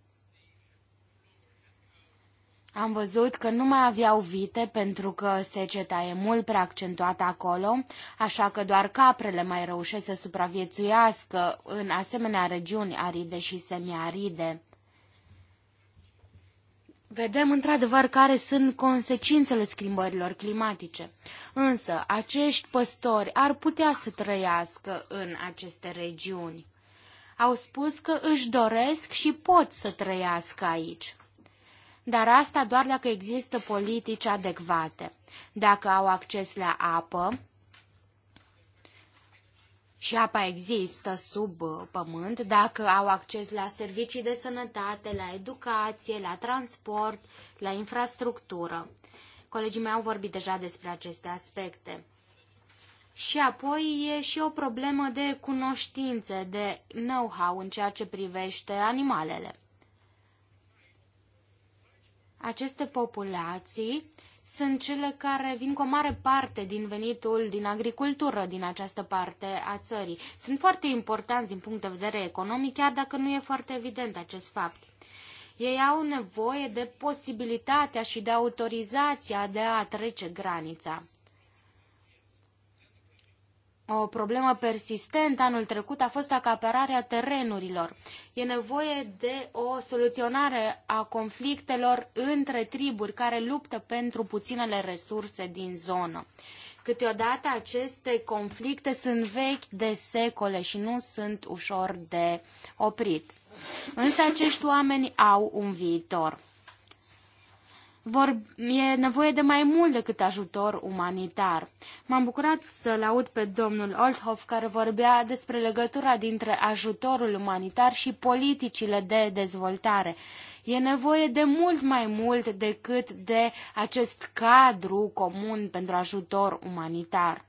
Am văzut că nu mai aveau vite pentru că seceta e mult prea accentuată acolo, așa că doar caprele mai reușesc să supraviețuiască în asemenea regiuni aride și semiaride vedem într-adevăr care sunt consecințele schimbărilor climatice. Însă, acești păstori ar putea să trăiască în aceste regiuni. Au spus că își doresc și pot să trăiască aici. Dar asta doar dacă există politici adecvate. Dacă au acces la apă, și apa există sub uh, pământ, dacă au acces la servicii de sănătate, la educație, la transport, la infrastructură. Colegii mei au vorbit deja despre aceste aspecte. Și apoi e și o problemă de cunoștințe, de know-how în ceea ce privește animalele. Aceste populații sunt cele care vin cu o mare parte din venitul din agricultură din această parte a țării. Sunt foarte importanți din punct de vedere economic, chiar dacă nu e foarte evident acest fapt. Ei au nevoie de posibilitatea și de autorizația de a trece granița. O problemă persistentă anul trecut a fost acapararea terenurilor. E nevoie de o soluționare a conflictelor între triburi care luptă pentru puținele resurse din zonă. Câteodată aceste conflicte sunt vechi de secole și nu sunt ușor de oprit. Însă acești oameni au un viitor vor, e nevoie de mai mult decât ajutor umanitar. M-am bucurat să-l aud pe domnul Oldhoff care vorbea despre legătura dintre ajutorul umanitar și politicile de dezvoltare. E nevoie de mult mai mult decât de acest cadru comun pentru ajutor umanitar.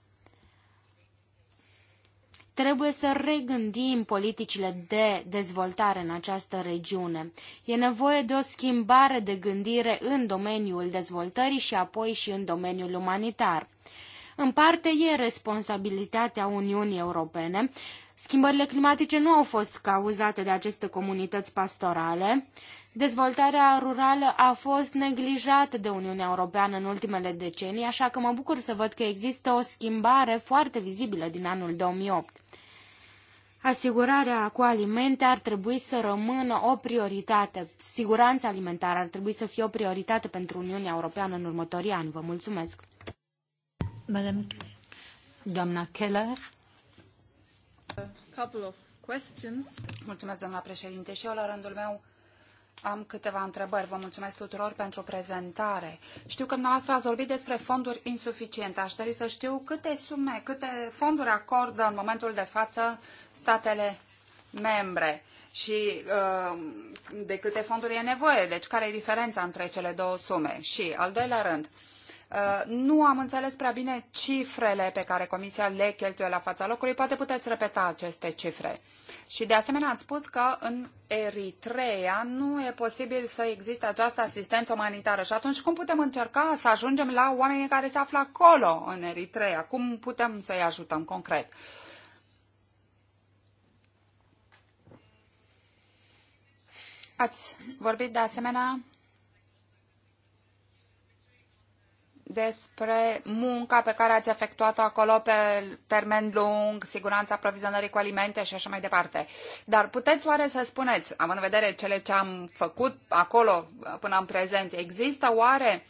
Trebuie să regândim politicile de dezvoltare în această regiune. E nevoie de o schimbare de gândire în domeniul dezvoltării și apoi și în domeniul umanitar. În parte e responsabilitatea Uniunii Europene. Schimbările climatice nu au fost cauzate de aceste comunități pastorale. Dezvoltarea rurală a fost neglijată de Uniunea Europeană în ultimele decenii, așa că mă bucur să văd că există o schimbare foarte vizibilă din anul 2008. Asigurarea cu alimente ar trebui să rămână o prioritate. Siguranța alimentară ar trebui să fie o prioritate pentru Uniunea Europeană în următorii ani. Vă mulțumesc. Madame, doamna Keller. Mulțumesc, doamna președinte. Și eu, la rândul meu, am câteva întrebări. Vă mulțumesc tuturor pentru prezentare. Știu că dumneavoastră ați vorbit despre fonduri insuficiente. Aș dori să știu câte sume, câte fonduri acordă în momentul de față statele membre și uh, de câte fonduri e nevoie. Deci care e diferența între cele două sume? Și al doilea rând, uh, Uh, nu am înțeles prea bine cifrele pe care Comisia le cheltuie la fața locului. Poate puteți repeta aceste cifre. Și de asemenea ați spus că în Eritrea nu e posibil să existe această asistență umanitară. Și atunci cum putem încerca să ajungem la oamenii care se află acolo, în Eritrea? Cum putem să-i ajutăm concret? Ați vorbit de asemenea despre munca pe care ați efectuat-o acolo pe termen lung, siguranța aprovizionării cu alimente și așa mai departe. Dar puteți oare să spuneți, având în vedere cele ce am făcut acolo până în prezent, există oare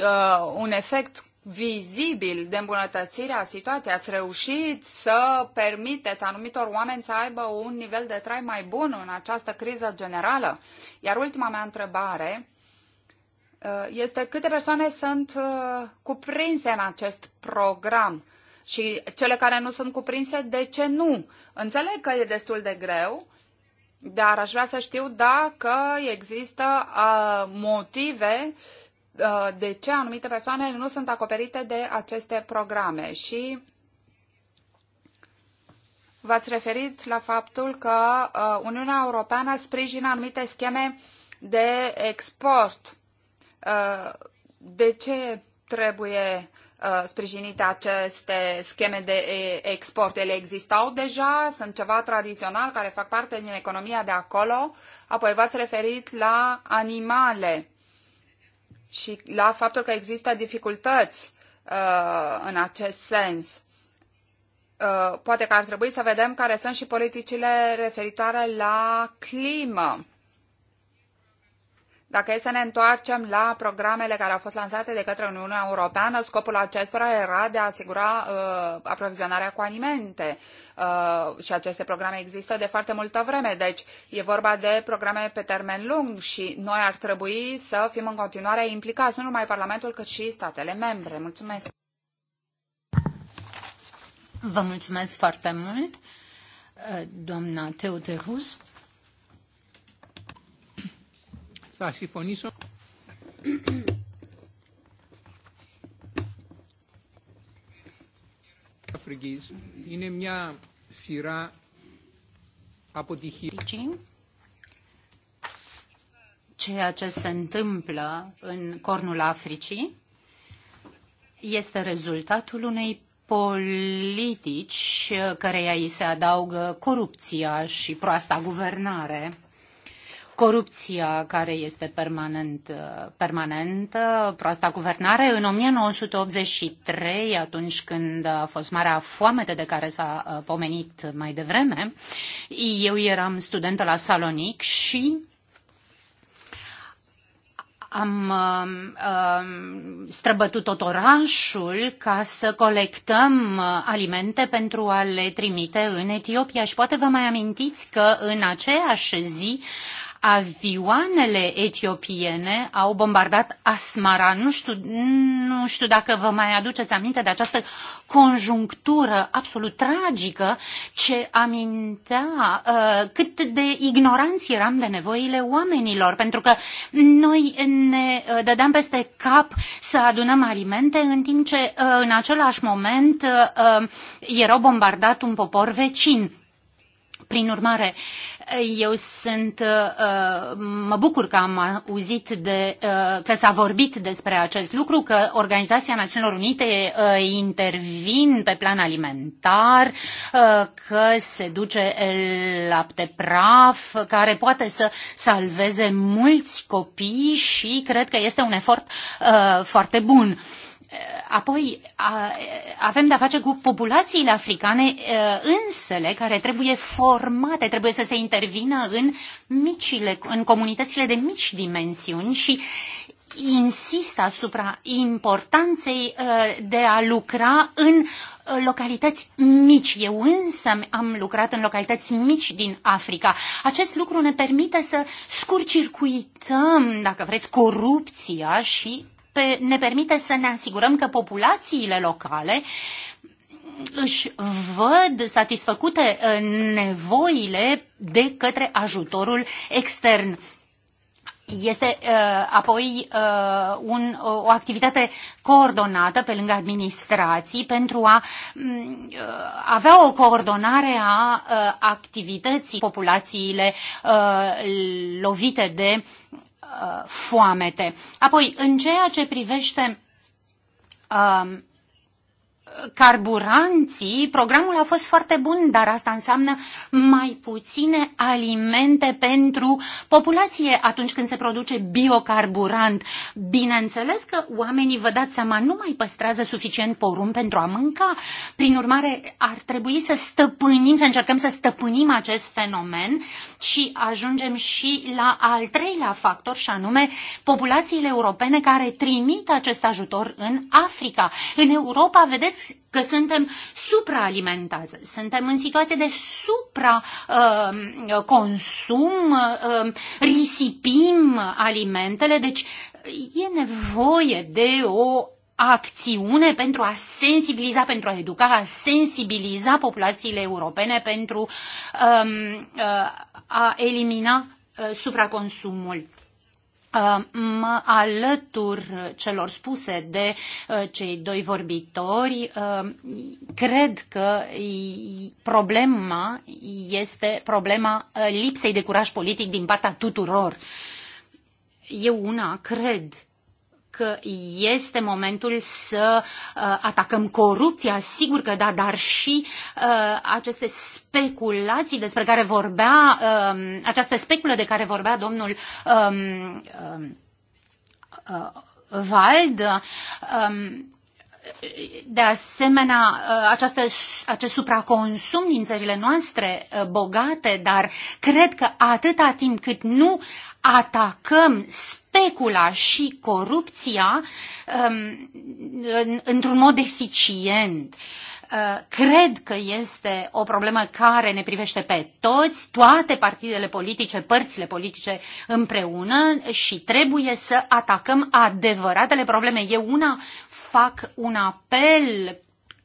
uh, un efect vizibil de îmbunătățire a situației? Ați reușit să permiteți anumitor oameni să aibă un nivel de trai mai bun în această criză generală? Iar ultima mea întrebare Uh, este câte persoane sunt uh, cuprinse în acest program și cele care nu sunt cuprinse, de ce nu? Înțeleg că e destul de greu, dar aș vrea să știu dacă există uh, motive de ce anumite persoane nu sunt acoperite de aceste programe și V-ați referit la faptul că Uniunea Europeană sprijină anumite scheme de export Uh, de ce trebuie uh, sprijinite aceste scheme de export. Ele existau deja, sunt ceva tradițional care fac parte din economia de acolo. Apoi v-ați referit la animale și la faptul că există dificultăți uh, în acest sens. poate că ar trebui să vedem care sunt și politicile referitoare la climă dacă e să ne întoarcem la programele care au fost lansate de către Uniunea Europeană, scopul acestora era de a asigura uh, aprovizionarea cu alimente uh, și aceste programe există de foarte multă vreme. Deci e vorba de programe pe termen lung și noi ar trebui să fim în continuare implicați, nu numai Parlamentul, cât și statele membre. Mulțumesc! Vă mulțumesc foarte mult, uh, doamna Teuterus. Θα συμφωνήσω. Αφρικής είναι μια σειρά αποτυχίας. Ceea ce se întâmplă în cornul Africii este rezultatul unei politici căreia îi se adaugă corupția și proasta guvernare corupția care este permanent, permanentă, proasta guvernare. În 1983, atunci când a fost marea foamete de care s-a uh, pomenit mai devreme, eu eram studentă la Salonic și am uh, străbătut tot orașul ca să colectăm uh, alimente pentru a le trimite în Etiopia. Și poate vă mai amintiți că în aceeași zi avioanele etiopiene au bombardat Asmara. Nu știu, nu știu dacă vă mai aduceți aminte de această conjunctură absolut tragică ce amintea uh, cât de ignoranți eram de nevoile oamenilor, pentru că noi ne uh, dădeam peste cap să adunăm alimente în timp ce uh, în același moment uh, uh erau bombardat un popor vecin. Prin urmare, eu sunt, uh, mă bucur că am auzit de, uh, că s-a vorbit despre acest lucru, că Organizația Națiunilor Unite uh, intervin pe plan alimentar, că se duce lapte praf, care poate să salveze mulți copii și cred că este un efort foarte bun apoi avem de-a face cu populațiile africane însele care trebuie formate, trebuie să se intervină în micile, în comunitățile de mici dimensiuni și insist asupra importanței de a lucra în localități mici. Eu însă am lucrat în localități mici din Africa. Acest lucru ne permite să scurcircuităm, dacă vreți, corupția și pe, ne permite să ne asigurăm că populațiile locale își văd satisfăcute uh, nevoile de către ajutorul extern. Este uh, apoi uh, un, uh, o activitate coordonată pe lângă administrații pentru a uh, avea o coordonare a uh, activității populațiile uh, lovite de Uh, foamete. Apoi, în ceea ce privește um, carburanții, programul a fost foarte bun, dar asta înseamnă mai puține alimente pentru populație atunci când se produce biocarburant. Bineînțeles că oamenii, vă dați seama, nu mai păstrează suficient porum pentru a mânca. Prin urmare, ar trebui să stăpânim, să încercăm să stăpânim acest fenomen și ajungem și la al treilea factor, și anume populațiile europene care trimit acest ajutor în Africa. În Europa, vedeți, conștienți că suntem supraalimentați, suntem în situație de supraconsum, uh, uh, risipim alimentele, deci e nevoie de o acțiune pentru a sensibiliza, pentru a educa, a sensibiliza populațiile europene pentru uh, uh, a elimina uh, supraconsumul. Uh, mă alătur celor spuse de uh, cei doi vorbitori. Uh, cred că problema este problema lipsei de curaj politic din partea tuturor. Eu una cred că este momentul să uh, atacăm corupția, sigur că da, dar și uh, aceste speculații despre care vorbea, uh, această speculă de care vorbea domnul um, um uh, Vald, um, de asemenea, uh, această, acest supraconsum din țările noastre uh, bogate, dar cred că atâta timp cât nu atacăm specula și corupția um, în, într-un mod eficient. Uh, cred că este o problemă care ne privește pe toți, toate partidele politice, părțile politice împreună și trebuie să atacăm adevăratele probleme. Eu una fac un apel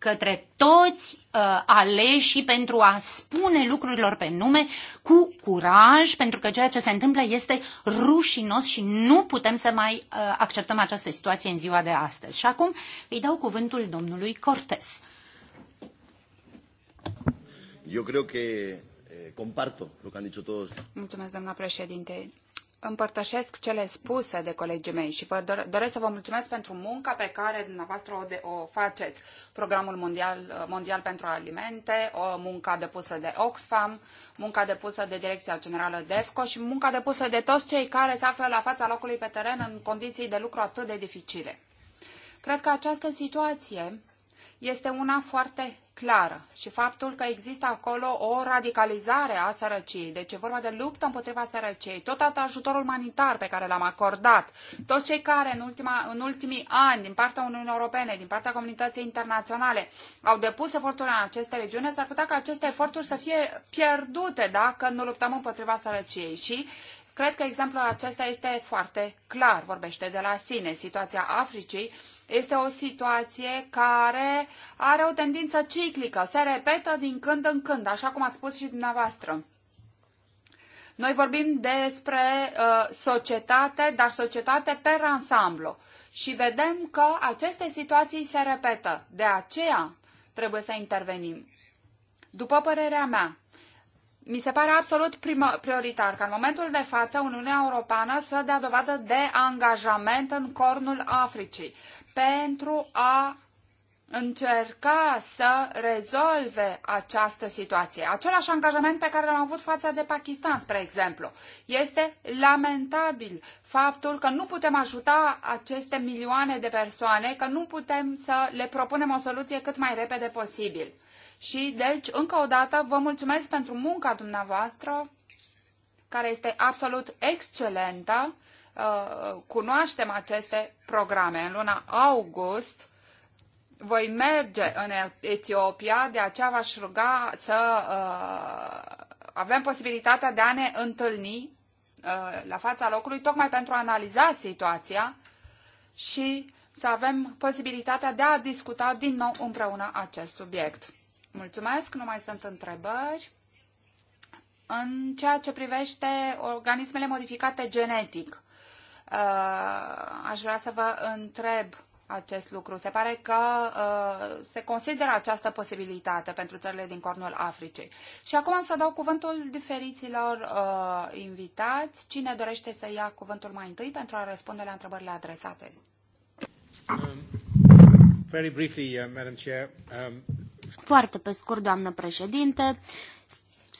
către toți uh, aleșii pentru a spune lucrurilor pe nume cu curaj, pentru că ceea ce se întâmplă este rușinos și nu putem să mai uh, acceptăm această situație în ziua de astăzi. Și acum îi dau cuvântul domnului Cortes. Eu cred că eh, comparto lo que han dicho todos. Mulțumesc, doamna președinte împărtășesc cele spuse de colegii mei și vă doresc să vă mulțumesc pentru munca pe care dumneavoastră o, de, o faceți. Programul Mondial, Mondial pentru Alimente, o munca depusă de Oxfam, munca depusă de Direcția Generală DEFCO și munca depusă de toți cei care se află la fața locului pe teren în condiții de lucru atât de dificile. Cred că această situație este una foarte clară și faptul că există acolo o radicalizare a sărăciei. Deci e vorba de luptă împotriva sărăciei, tot ajutorul umanitar pe care l-am acordat, toți cei care în, ultima, în ultimii ani din partea Uniunii Europene, din partea comunității internaționale au depus eforturi în aceste regiune, s-ar putea ca aceste eforturi să fie pierdute dacă nu luptăm împotriva sărăciei și Cred că exemplul acesta este foarte clar, vorbește de la sine. Situația Africii este o situație care are o tendință ciclică, se repetă din când în când, așa cum ați spus și dumneavoastră. Noi vorbim despre uh, societate, dar societate per ansamblu. Și vedem că aceste situații se repetă. De aceea trebuie să intervenim. După părerea mea, mi se pare absolut prioritar ca în momentul de față Uniunea Europeană să dea dovadă de angajament în cornul Africii pentru a încerca să rezolve această situație. Același angajament pe care l-am avut față de Pakistan, spre exemplu. Este lamentabil faptul că nu putem ajuta aceste milioane de persoane, că nu putem să le propunem o soluție cât mai repede posibil. Și deci, încă o dată, vă mulțumesc pentru munca dumneavoastră, care este absolut excelentă. Uh, cunoaștem aceste programe. În luna august voi merge în Etiopia, de aceea v-aș ruga să uh, avem posibilitatea de a ne întâlni uh, la fața locului, tocmai pentru a analiza situația și să avem posibilitatea de a discuta din nou împreună acest subiect. Mulțumesc, nu mai sunt întrebări. În ceea ce privește organismele modificate genetic, uh, aș vrea să vă întreb acest lucru. Se pare că uh, se consideră această posibilitate pentru țările din cornul Africei. Și acum să dau cuvântul diferiților uh, invitați. Cine dorește să ia cuvântul mai întâi pentru a răspunde la întrebările adresate? Um, very briefly, uh, Madam Chair, um, foarte pe scurt, doamnă președinte,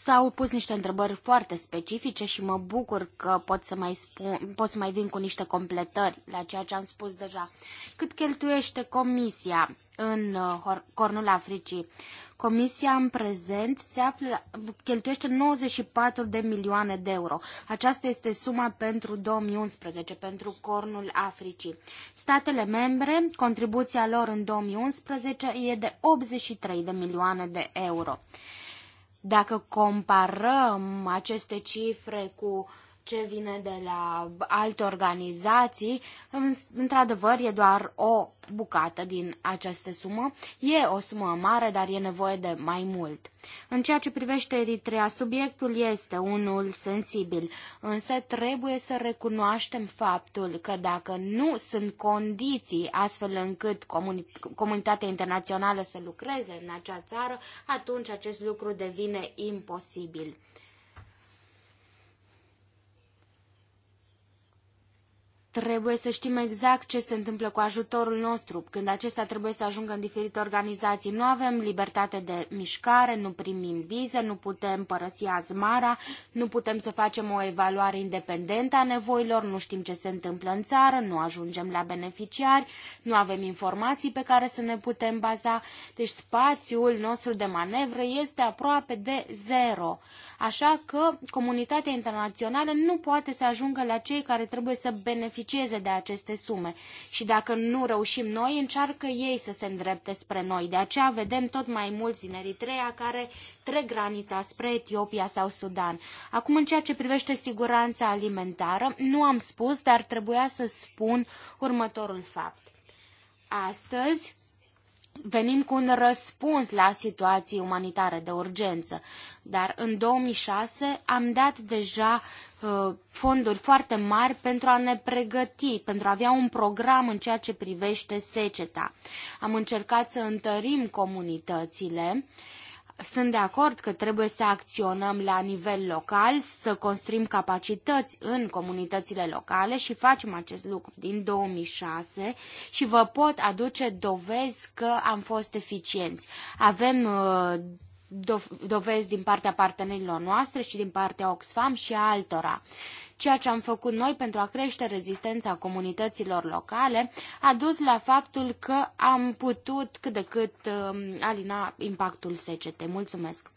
S-au pus niște întrebări foarte specifice și mă bucur că pot să mai, spun, pot să mai vin cu niște completări la ceea ce am spus deja. Cât cheltuiește Comisia în uh, Cornul Africii? Comisia în prezent se află, cheltuiește 94 de milioane de euro. Aceasta este suma pentru 2011, pentru Cornul Africii. Statele membre, contribuția lor în 2011 e de 83 de milioane de euro. Dacă comparăm aceste cifre cu ce vine de la alte organizații, într-adevăr e doar o bucată din această sumă. E o sumă mare, dar e nevoie de mai mult. În ceea ce privește Eritrea, subiectul este unul sensibil, însă trebuie să recunoaștem faptul că dacă nu sunt condiții astfel încât comuni comunitatea internațională să lucreze în acea țară, atunci acest lucru devine imposibil. Trebuie să știm exact ce se întâmplă cu ajutorul nostru, când acesta trebuie să ajungă în diferite organizații. Nu avem libertate de mișcare, nu primim vize, nu putem părăsi azmara, nu putem să facem o evaluare independentă a nevoilor, nu știm ce se întâmplă în țară, nu ajungem la beneficiari, nu avem informații pe care să ne putem baza. Deci spațiul nostru de manevră este aproape de zero. Așa că comunitatea internațională nu poate să ajungă la cei care trebuie să beneficieze beneficieze de aceste sume și dacă nu reușim noi, încearcă ei să se îndrepte spre noi. De aceea vedem tot mai mulți din Eritrea care trec granița spre Etiopia sau Sudan. Acum, în ceea ce privește siguranța alimentară, nu am spus, dar trebuia să spun următorul fapt. Astăzi, venim cu un răspuns la situații umanitare de urgență. Dar în 2006 am dat deja uh, fonduri foarte mari pentru a ne pregăti, pentru a avea un program în ceea ce privește seceta. Am încercat să întărim comunitățile uh, sunt de acord că trebuie să acționăm la nivel local, să construim capacități în comunitățile locale și facem acest lucru din 2006 și vă pot aduce dovezi că am fost eficienți. Avem uh, dovezi din partea partenerilor noastre și din partea Oxfam și a altora. Ceea ce am făcut noi pentru a crește rezistența comunităților locale a dus la faptul că am putut cât de cât um, alina impactul secetei. Mulțumesc!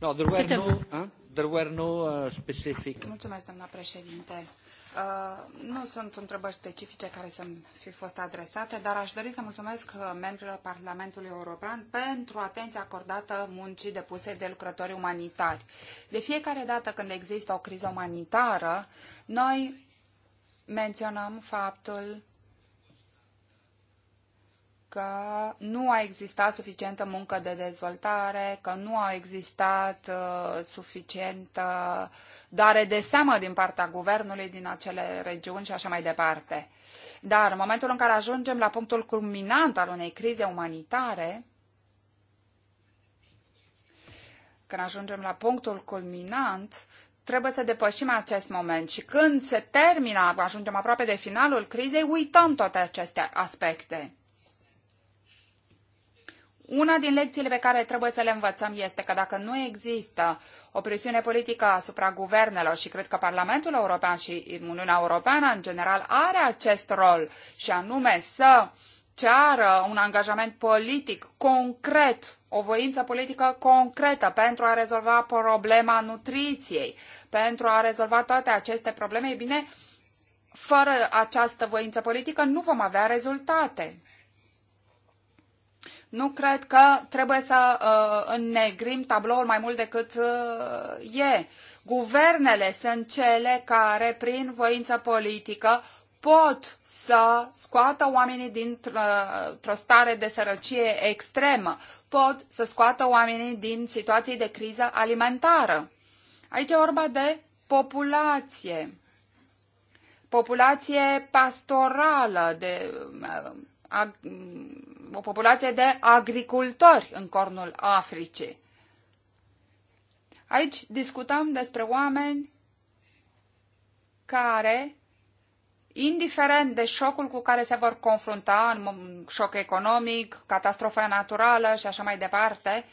No, there were no, there were no uh, specific... Mulțumesc, doamna președinte. Uh, nu sunt întrebări specifice care să-mi fi fost adresate, dar aș dori să mulțumesc uh, membrilor Parlamentului European pentru atenția acordată muncii depuse de lucrători umanitari. De fiecare dată când există o criză umanitară, noi menționăm faptul că nu a existat suficientă muncă de dezvoltare, că nu a existat uh, suficientă dare de seamă din partea guvernului din acele regiuni și așa mai departe. Dar în momentul în care ajungem la punctul culminant al unei crize umanitare, când ajungem la punctul culminant, trebuie să depășim acest moment și când se termină, ajungem aproape de finalul crizei, uităm toate aceste aspecte. Una din lecțiile pe care trebuie să le învățăm este că dacă nu există o presiune politică asupra guvernelor și cred că Parlamentul European și Uniunea Europeană în general are acest rol și anume să ceară un angajament politic concret, o voință politică concretă pentru a rezolva problema nutriției, pentru a rezolva toate aceste probleme, e bine, fără această voință politică nu vom avea rezultate. Nu cred că trebuie să uh, înnegrim tabloul mai mult decât uh, e. Guvernele sunt cele care, prin voință politică, pot să scoată oamenii dintr-o uh, stare de sărăcie extremă, pot să scoată oamenii din situații de criză alimentară. Aici e vorba de populație, populație pastorală, de uh, o populație de agricultori în cornul Africii. Aici discutăm despre oameni care, indiferent de șocul cu care se vor confrunta, în șoc economic, catastrofă naturală și așa mai departe,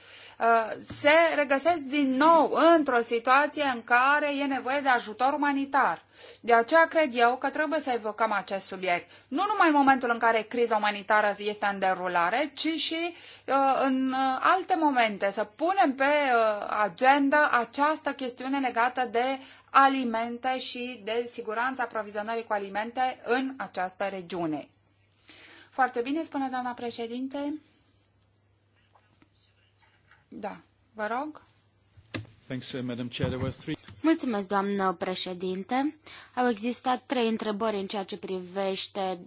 Uh, se regăsesc din nou într-o situație în care e nevoie de ajutor umanitar. De aceea cred eu că trebuie să evocăm acest subiect, nu numai în momentul în care criza umanitară este în derulare, ci și uh, în uh, alte momente, să punem pe uh, agenda această chestiune legată de alimente și de siguranța aprovizionării cu alimente în această regiune. Foarte bine, spune doamna președinte. Da, vă rog. Uh, Mulțumesc, doamnă președinte. Au existat trei întrebări în ceea ce privește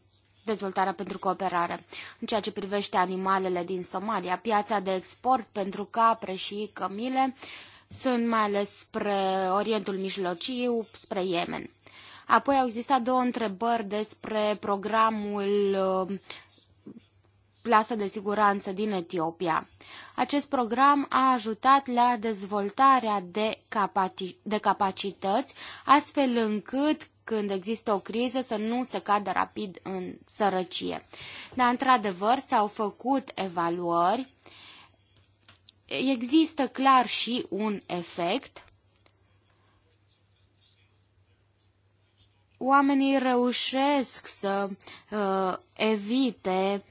dezvoltarea pentru cooperare. În ceea ce privește animalele din Somalia, piața de export pentru capre și cămile sunt mai ales spre Orientul Mijlociu, spre Yemen. Apoi au existat două întrebări despre programul uh, plasă de siguranță din Etiopia. Acest program a ajutat la dezvoltarea de, capaci- de capacități, astfel încât când există o criză să nu se cadă rapid în sărăcie. Dar, într-adevăr, s-au făcut evaluări. Există clar și un efect. Oamenii reușesc să uh, evite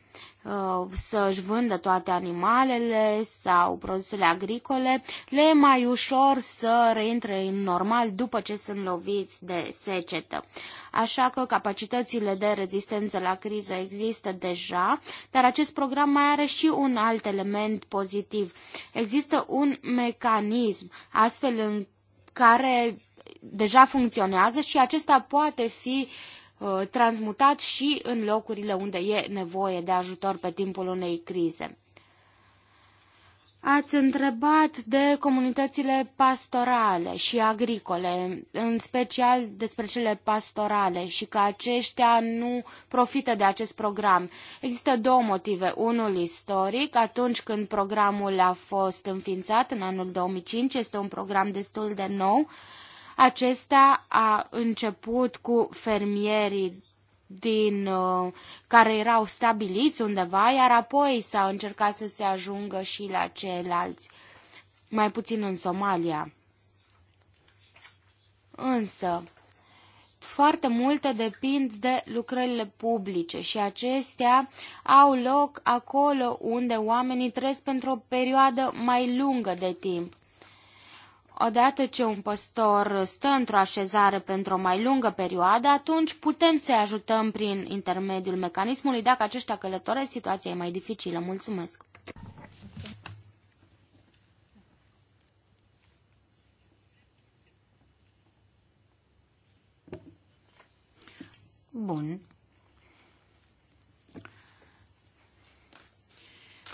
Uh, să-și vândă toate animalele sau produsele agricole, le e mai ușor să reintre în normal după ce sunt loviți de secetă. Așa că capacitățile de rezistență la criză există deja, dar acest program mai are și un alt element pozitiv. Există un mecanism astfel în care deja funcționează și acesta poate fi uh, Uh, transmutat și în locurile unde e nevoie de ajutor pe timpul unei crize. Ați întrebat de comunitățile pastorale și agricole, în special despre cele pastorale și că aceștia nu profită de acest program. Există două motive. Unul istoric, atunci când programul a fost înființat în anul 2005, este un program destul de nou, uh, acesta a început cu fermierii din uh, care erau stabiliți undeva, iar apoi s-a încercat să se ajungă și la ceilalți, mai puțin în Somalia. Însă, foarte multe depind de lucrările publice și acestea au loc acolo unde oamenii trăiesc pentru o perioadă mai lungă de timp. Odată ce un păstor stă într-o așezare pentru o mai lungă perioadă, atunci putem să-i ajutăm prin intermediul mecanismului. Dacă aceștia călătoresc, situația e mai dificilă. Mulțumesc! Bun.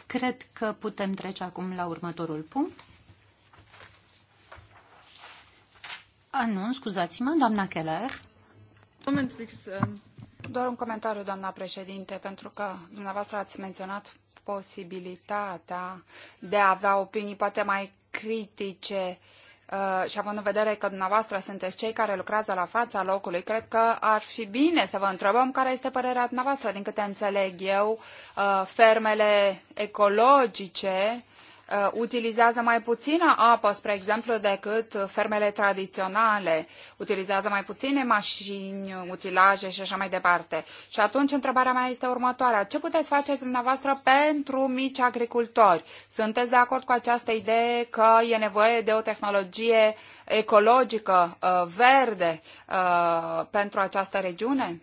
Cred că putem trece acum la următorul punct. A, ah, nu, scuzați-mă, doamna Keller. Um, doar un comentariu, doamna președinte, pentru că dumneavoastră ați menționat posibilitatea de a avea opinii poate mai critice uh, și având în vedere că dumneavoastră sunteți cei care lucrează la fața locului, cred că ar fi bine să vă întrebăm care este părerea dumneavoastră. Din câte înțeleg eu, uh, fermele ecologice Uh, utilizează mai puțină apă, spre exemplu, decât fermele tradiționale, utilizează mai puține mașini, utilaje și așa mai departe. Și atunci întrebarea mea este următoarea. Ce puteți face dumneavoastră pentru mici agricultori? Sunteți de acord cu această idee că e nevoie de o tehnologie ecologică, uh, verde, uh, pentru această regiune?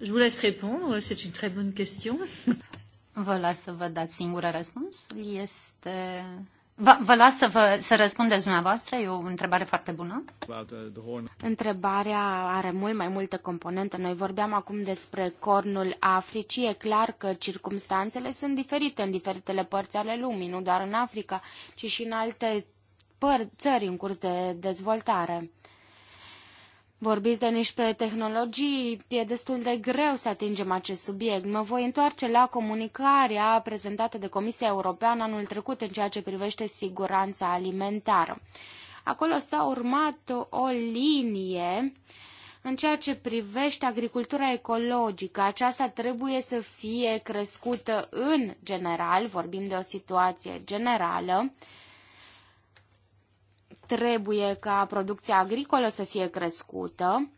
Je vous laisse répondre, c'est une très bonne question. Vă las să vă dați singură răspunsul. Este... Vă, vă las să, vă, să răspundeți dumneavoastră, e o întrebare foarte bună. Întrebarea are mult mai multe componente. Noi vorbeam acum despre cornul Africii. E clar că circumstanțele sunt diferite în diferitele părți ale lumii, nu doar în Africa, ci și în alte păr- țări în curs de dezvoltare. Vorbiți de niște tehnologii, e destul de greu să atingem acest subiect. Mă voi întoarce la comunicarea prezentată de Comisia Europeană anul trecut în ceea ce privește siguranța alimentară. Acolo s-a urmat o linie în ceea ce privește agricultura ecologică, aceasta trebuie să fie crescută în general, vorbim de o situație generală, trebuie ca producția agricolă să fie crescută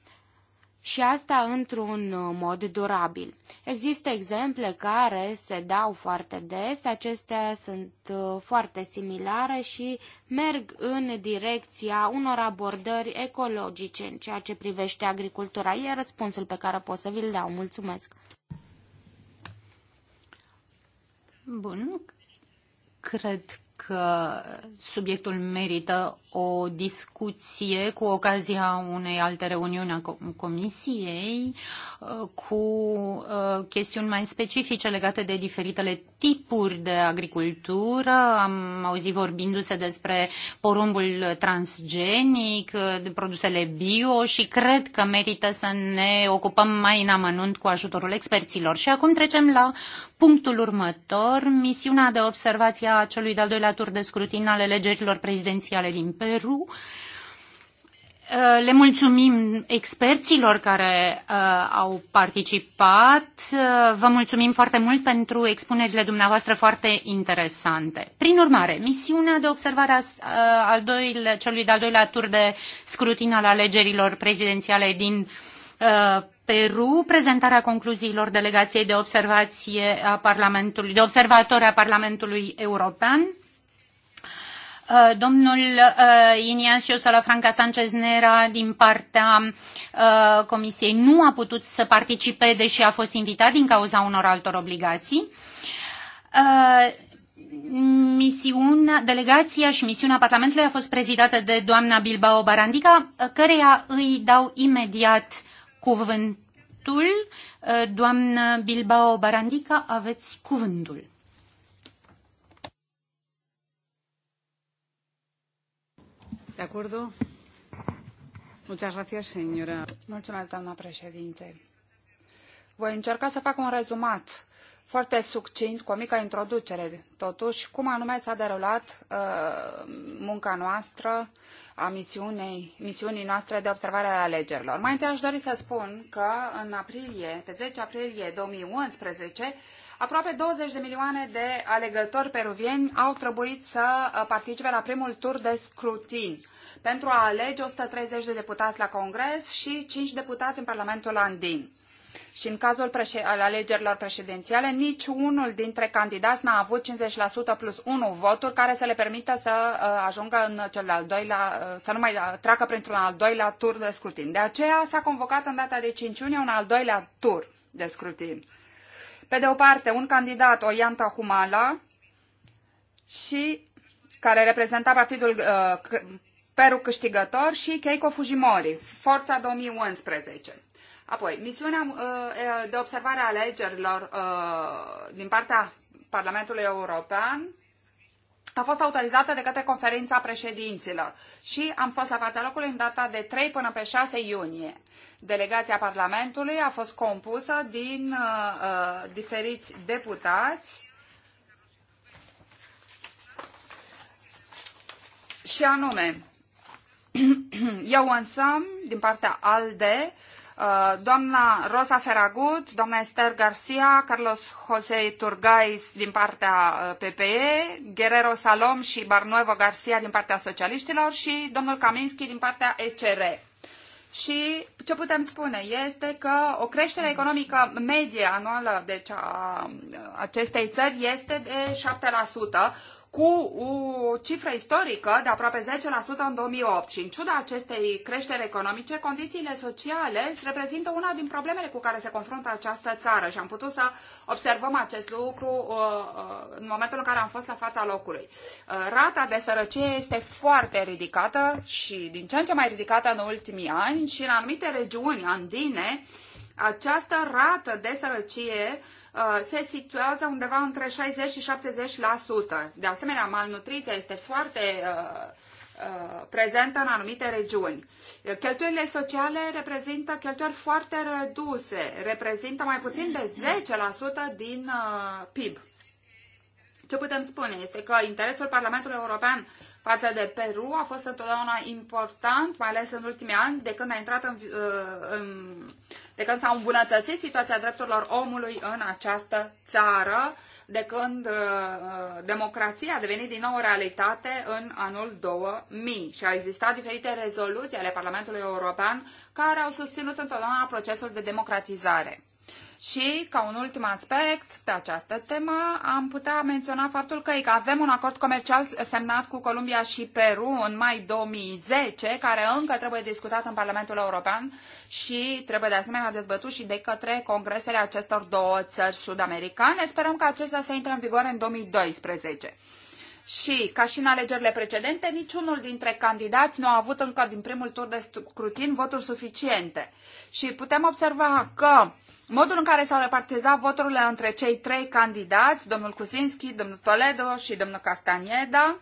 și asta într-un mod durabil. Există exemple care se dau foarte des, acestea sunt uh, foarte similare și merg în direcția unor abordări ecologice în ceea ce privește agricultura. E răspunsul pe care pot să vi-l dau. Mulțumesc! Bun, cred că subiectul merită o discuție cu ocazia unei alte reuniuni a Comisiei uh, cu uh, chestiuni mai specifice legate de diferitele tipuri de agricultură. Am auzit vorbindu-se despre porumbul transgenic, uh, de produsele bio și cred că merită să ne ocupăm mai în amănunt cu ajutorul experților. Și acum trecem la punctul următor, misiunea de observație a celui de-al doilea tur de scrutin al alegerilor prezidențiale din Peru. Uh, le mulțumim experților care uh, au participat. Uh, vă mulțumim foarte mult pentru expunerile dumneavoastră foarte interesante. Prin urmare, misiunea de observare a uh, al doilea, celui de-al doilea tur de scrutin al alegerilor prezidențiale din uh, Peru, prezentarea concluziilor delegației de observație a Parlamentului, de observatori a Parlamentului European Uh, domnul uh, Iniasio Salafranca Sanchez Nera din partea uh, Comisiei nu a putut să participe, deși a fost invitat din cauza unor altor obligații misiunea, delegația și misiunea Parlamentului a fost prezidată de doamna Bilbao Barandica, căreia îi dau imediat cuvântul. Doamna Bilbao Barandica, aveți cuvântul. De acuerdo. Muchas gracias, señora. Mulțumesc, doamna președinte. Voi încerca să fac un rezumat foarte succint, cu o mică introducere, totuși, cum anume s-a derulat uh, munca noastră a misiunei, misiunii noastre de observare a alegerilor. Mai întâi aș dori să spun că în aprilie, pe 10 aprilie 2011, aproape 20 de milioane de alegători peruvieni au trebuit să uh, participe la primul tur de scrutin pentru a alege 130 de deputați la Congres și 5 deputați în Parlamentul Andin. Și în cazul al alegerilor prezidențiale, niciunul dintre candidați n-a avut 50% plus 1 voturi care să le permită să uh, ajungă în cel al doilea, uh, să nu mai treacă printr-un al doilea tur de scrutin. De aceea s-a convocat în data de 5 iunie un al doilea tur de scrutin. Pe de o parte, un candidat, Oianta Humala, și care reprezenta partidul uh, Peru câștigător și Keiko Fujimori, Forța 2011. Apoi, misiunea uh, de observare a alegerilor uh, din partea Parlamentului European a fost autorizată de către conferința președinților și am fost la fața locului în data de 3 până pe 6 iunie. Delegația Parlamentului a fost compusă din uh, uh diferiți deputați și anume *clears throat* eu însăm, din partea ALDE, uh, Uh, doamna Rosa Feragut, doamna Esther Garcia, Carlos José Turgais din partea uh, PPE, Guerrero Salom și Barnuevo Garcia din partea socialiștilor și domnul Kaminski din partea ECR. Și ce putem spune este că o creștere economică medie anuală deci a uh, acestei țări este de 7%, cu o cifră istorică de aproape 10% în 2008 și în ciuda acestei creșteri economice, condițiile sociale reprezintă una din problemele cu care se confruntă această țară și am putut să observăm acest lucru uh, uh în momentul în care am fost la fața locului. Uh, rata de sărăcie este foarte ridicată și din ce în ce mai ridicată în ultimii ani și în anumite regiuni andine această rată de sărăcie uh, Uh, se situează undeva între 60 și 70%. De asemenea, malnutriția este foarte uh, uh, prezentă în anumite regiuni. Cheltuielile sociale reprezintă cheltuieli foarte reduse, reprezintă mai puțin de 10% din PIB. Ce putem spune este că interesul Parlamentului European față de Peru a fost întotdeauna important, mai ales în ultimii ani, de când a intrat în, uh, în de când s-a îmbunătățit situația drepturilor omului în această țară, de când uh, uh democrația a devenit din nou realitate în anul 2000 și au existat diferite rezoluții ale Parlamentului European care au susținut întotdeauna procesul de democratizare. Uh, și, ca un ultim aspect pe această temă, am putea menționa faptul că avem un acord comercial semnat cu Columbia și Peru în mai 2010, care încă trebuie discutat în Parlamentul European și trebuie de asemenea dezbătut și de către congresele acestor două țări sud-americane. Sperăm că acesta să intre în vigoare în 2012. Și, ca și în alegerile precedente, niciunul dintre candidați nu a avut încă din primul tur de scrutin voturi suficiente și putem observa că modul în care s-au repartizat voturile între cei trei candidați, domnul Kuzinski, domnul Toledo și domnul Castaneda,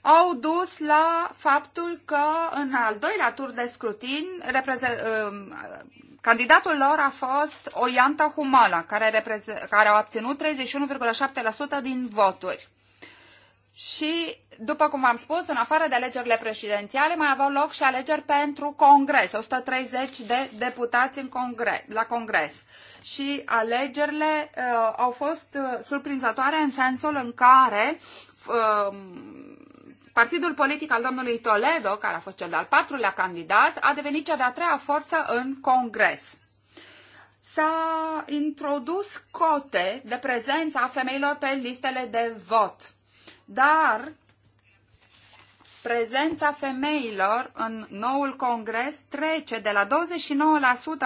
au dus la faptul că în al doilea tur de scrutin um, candidatul lor a fost Oianta Humala, care, care a obținut 31,7% din voturi. Și, după cum am spus, în afară de alegerile prezidențiale, mai aveau loc și alegeri pentru Congres, 130 de deputați în congre- la Congres. Și alegerile uh, au fost uh, surprinzătoare în sensul în care uh, Partidul politic al domnului Toledo, care a fost cel de-al patrulea candidat, a devenit cea de-a treia forță în Congres. S-a introdus cote de prezență a femeilor pe listele de vot dar prezența femeilor în noul congres trece de la 29%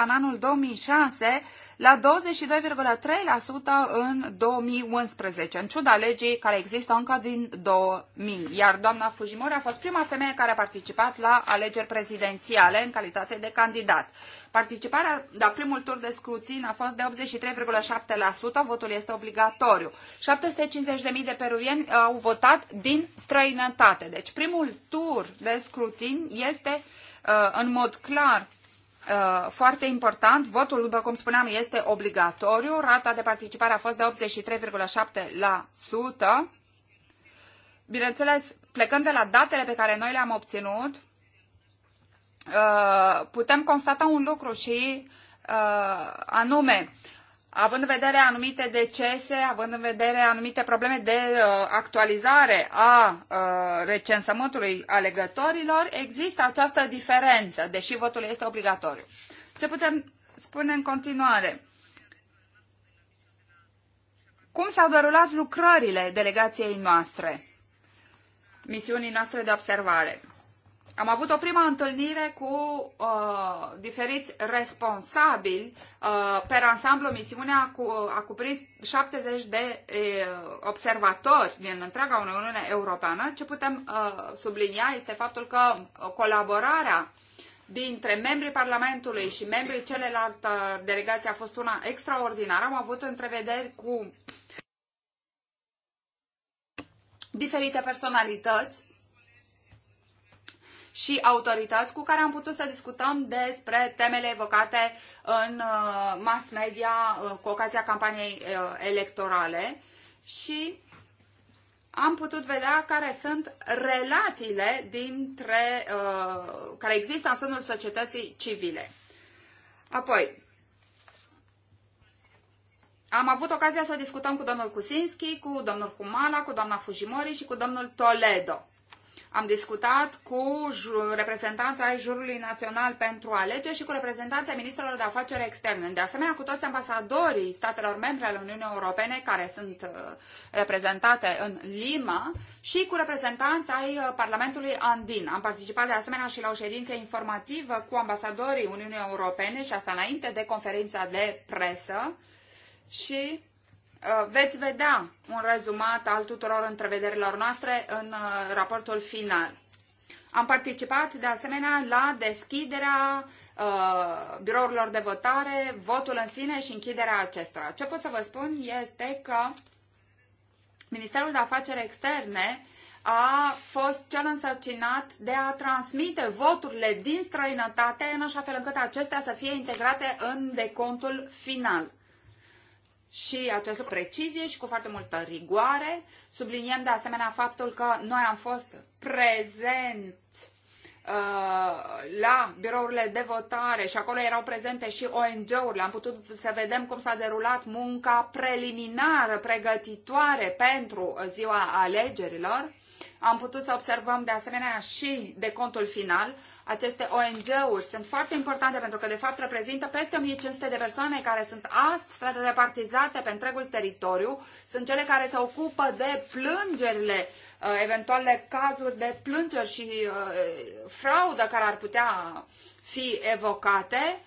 în anul 2006 la 22,3% în 2011, în ciuda legii care există încă din 2000. Iar doamna Fujimori a fost prima femeie care a participat la alegeri prezidențiale în calitate de candidat. Participarea la primul tur de scrutin a fost de 83,7%, votul este obligatoriu. 750.000 de peruvieni au votat din străinătate. Deci primul tur de scrutin este uh, în mod clar Uh, foarte important. Votul, după cum spuneam, este obligatoriu. Rata de participare a fost de 83,7%. Bineînțeles, plecând de la datele pe care noi le-am obținut, uh, putem constata un lucru și uh, anume, având în vedere anumite decese, având în vedere anumite probleme de uh, actualizare a uh, recensământului alegătorilor, există această diferență, deși votul este obligatoriu. Ce putem spune în continuare? Cum s-au derulat lucrările delegației noastre, misiunii noastre de observare? am avut o prima întâlnire cu uh, diferiți responsabili. Uh, per ansamblu, misiunea cu, uh, a cuprins 70 de uh, observatori din întreaga Uniune Europeană. Ce putem uh, sublinia este faptul că uh, colaborarea dintre membrii Parlamentului și membrii celelalte delegații a fost una extraordinară. Am avut întrevederi cu diferite personalități și autorități cu care am putut să discutăm despre temele evocate în uh, mass media uh, cu ocazia campaniei uh, electorale și am putut vedea care sunt relațiile dintre, care există în sânul societății civile. Apoi, am avut ocazia să discutăm cu domnul Kusinski, cu domnul Humala, cu doamna Fujimori și cu domnul Toledo. Am discutat cu reprezentanța ai Jurului Național pentru Alegeri și cu reprezentanța Ministrilor de Afaceri Externe. De asemenea, cu toți ambasadorii statelor membre ale Uniunii Europene care sunt uh, reprezentate în Lima și cu reprezentanța ai uh, Parlamentului Andin. Am participat de asemenea și la o ședință informativă cu ambasadorii Uniunii Europene și asta înainte de conferința de presă și Uh, veți vedea un rezumat al tuturor întrevederilor noastre în uh, raportul final. Am participat, de asemenea, la deschiderea uh, birourilor de votare, votul în sine și închiderea acestora. Ce pot să vă spun este că Ministerul de Afaceri Externe a fost cel însărcinat de a transmite voturile din străinătate în așa fel încât acestea să fie integrate în decontul final și această precizie și cu foarte multă rigoare. Subliniem de asemenea faptul că noi am fost prezenți uh, la birourile de votare și acolo erau prezente și ONG-urile. Am putut să vedem cum s-a derulat munca preliminară, pregătitoare pentru ziua alegerilor am putut să observăm de asemenea și de contul final. Aceste ONG-uri sunt foarte importante pentru că de fapt reprezintă peste 1500 de persoane care sunt astfel repartizate pe întregul teritoriu. Sunt cele care se ocupă de plângerile uh, eventuale cazuri de plângeri și uh, fraudă care ar putea fi evocate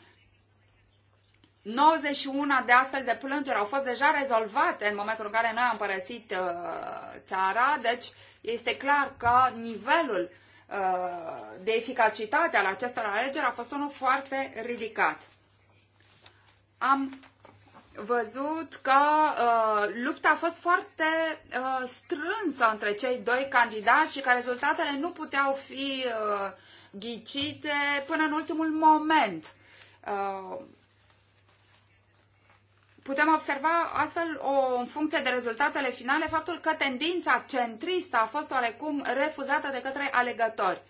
91 de astfel de plângeri au fost deja rezolvate în momentul în care noi am părăsit uh, țara, deci este clar că nivelul uh, de eficacitate al acestor alegeri a fost unul foarte ridicat. Am văzut că uh, lupta a fost foarte uh, strânsă între cei doi candidați și că rezultatele nu puteau fi uh, ghicite până în ultimul moment. Uh, putem observa astfel, o, în funcție de rezultatele finale, faptul că tendința centristă a fost oarecum refuzată de către alegători.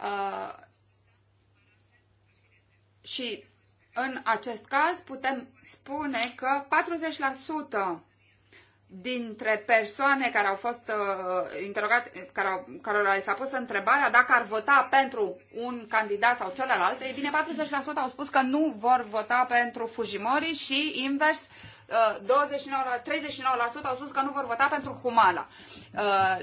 Uh, și în acest caz putem spune că 40% dintre persoane care au fost uh, interogate, care au, cărora li s-a pus întrebarea dacă ar vota pentru un candidat sau celălalt, ei bine, 40% au spus că nu vor vota pentru Fujimori și invers, uh, 29, 39% au spus că nu vor vota pentru Humala. Uh,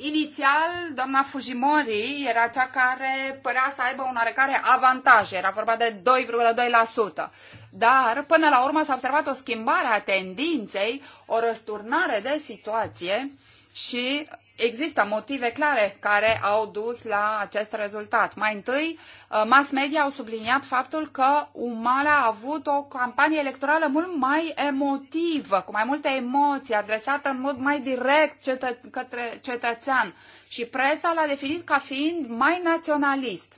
Inițial, doamna Fujimori era cea care părea să aibă un oarecare avantaj. Era vorba de 2,2%. Dar, până la urmă, s-a observat o schimbare a tendinței, o răsturnare de situație și există motive clare care au dus la acest rezultat. Mai întâi, uh, mass media au subliniat faptul că Umala a avut o campanie electorală mult mai emotivă, cu mai multe emoții, adresată în mod mai direct cetă- către cetățean. Și presa l-a definit ca fiind mai naționalist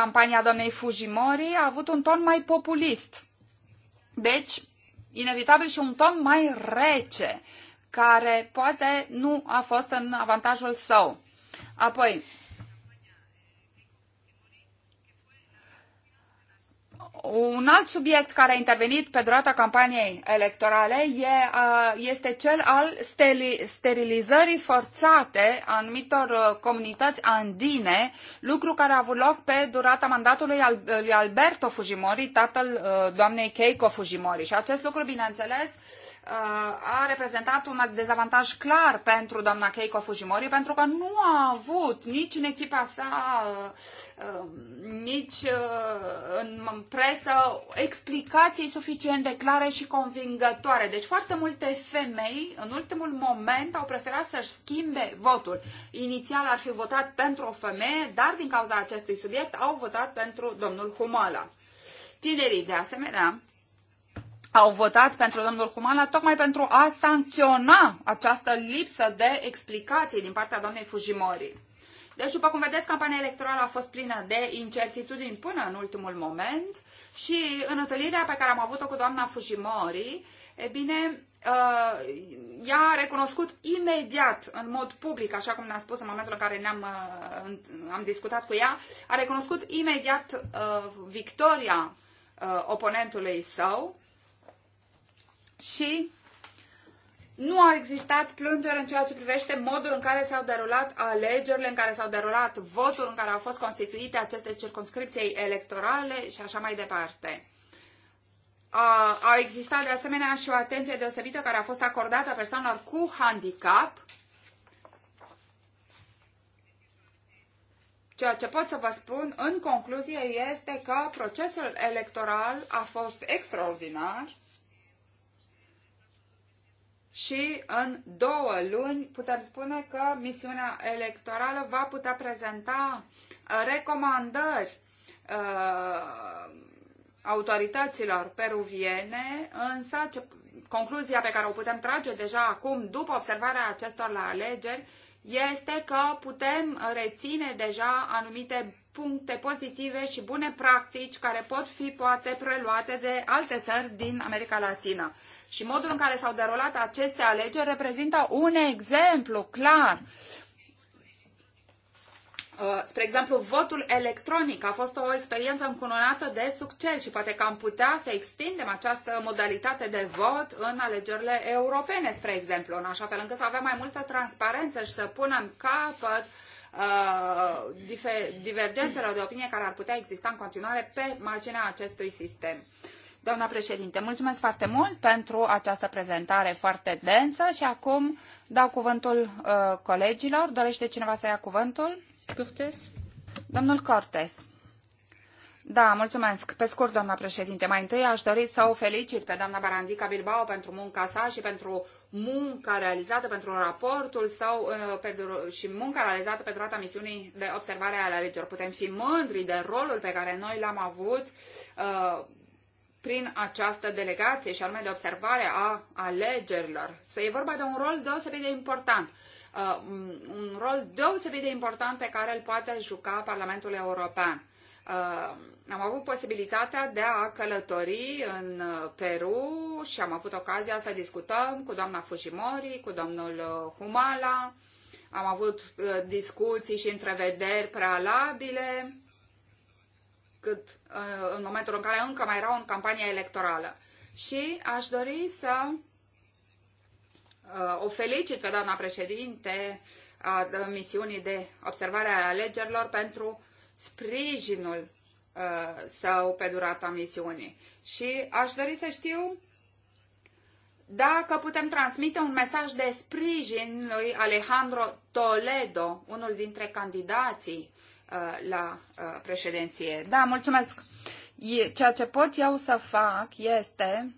campania doamnei Fujimori a avut un ton mai populist. Deci, inevitabil și un ton mai rece, care poate nu a fost în avantajul său. Apoi, Un alt subiect care a intervenit pe durata campaniei electorale este cel al sterilizării forțate a anumitor uh, comunități andine, lucru care a avut loc pe durata mandatului lui Alberto Fujimori, tatăl uh, doamnei Keiko Fujimori. Și acest lucru, bineînțeles, Uh, a reprezentat un dezavantaj clar pentru doamna Keiko Fujimori, pentru că nu a avut nici în echipa sa, uh, uh, nici în presă, explicații suficient de clare și convingătoare. Deci foarte multe femei, în ultimul moment, au preferat să-și schimbe votul. Inițial ar fi votat pentru o femeie, dar din cauza acestui subiect au votat pentru domnul Humala. Tinerii, de asemenea, au votat pentru domnul Humala tocmai pentru a sancționa această lipsă de explicații din partea doamnei Fujimori. Deci, după cum vedeți, campania electorală a fost plină de incertitudini până în ultimul moment și în întâlnirea pe care am avut-o cu doamna Fujimori, e bine, uh, ea a recunoscut imediat, în mod public, așa cum ne-a spus în momentul în care ne-am uh, am discutat cu ea, a recunoscut imediat uh, victoria uh, oponentului său și nu au existat plângeri în ceea ce privește modul în care s-au derulat alegerile, în care s-au derulat votul, în care au fost constituite aceste circunscripții electorale și așa mai departe. A, existat de asemenea și o atenție deosebită care a fost acordată persoanelor cu handicap, Ceea ce pot să vă spun în concluzie este că procesul electoral a fost extraordinar, și în două luni putem spune că misiunea electorală va putea prezenta uh, recomandări uh, autorităților peruviene, însă concluzia pe care o putem trage deja acum, după observarea acestor la alegeri, este că putem reține deja anumite puncte pozitive și bune practici care pot fi poate preluate de alte țări din America Latină. Și modul în care s-au derulat aceste alegeri reprezintă un exemplu clar Uh, spre exemplu, votul electronic a fost o experiență încununată de succes și poate că am putea să extindem această modalitate de vot în alegerile europene, spre exemplu, în așa fel încât să avem mai multă transparență și să punem capăt uh, divergențelor de opinie care ar putea exista în continuare pe marginea acestui sistem. Doamna președinte, mulțumesc foarte mult pentru această prezentare foarte densă și acum dau cuvântul uh, colegilor. Dorește cineva să ia cuvântul? Cortes? Domnul Cortes. Da, mulțumesc. Pe scurt, doamna președinte, mai întâi aș dori să o felicit pe doamna Barandica Bilbao pentru munca sa și pentru munca realizată pentru raportul său uh, și munca realizată pe durata misiunii de observare ale alegerilor. Putem fi mândri de rolul pe care noi l-am avut uh, prin această delegație și anume de observare a alegerilor. Să e vorba de un rol deosebit de important. Uh, un rol deosebit de important pe care îl poate juca Parlamentul European. Uh, am avut posibilitatea de a călători în uh, Peru și am avut ocazia să discutăm cu doamna Fujimori, cu domnul Humala. Am avut discuții și întrevederi prealabile, cât în momentul în care încă mai erau în campania electorală. Și aș dori să Uh, o felicit pe doamna președinte a misiunii de observare a alegerilor pentru sprijinul uh, său pe durata misiunii. Și aș dori să știu dacă putem transmite un mesaj de sprijin lui Alejandro Toledo, unul dintre candidații uh, la președinție. Da, mulțumesc. Ceea ce pot eu să fac este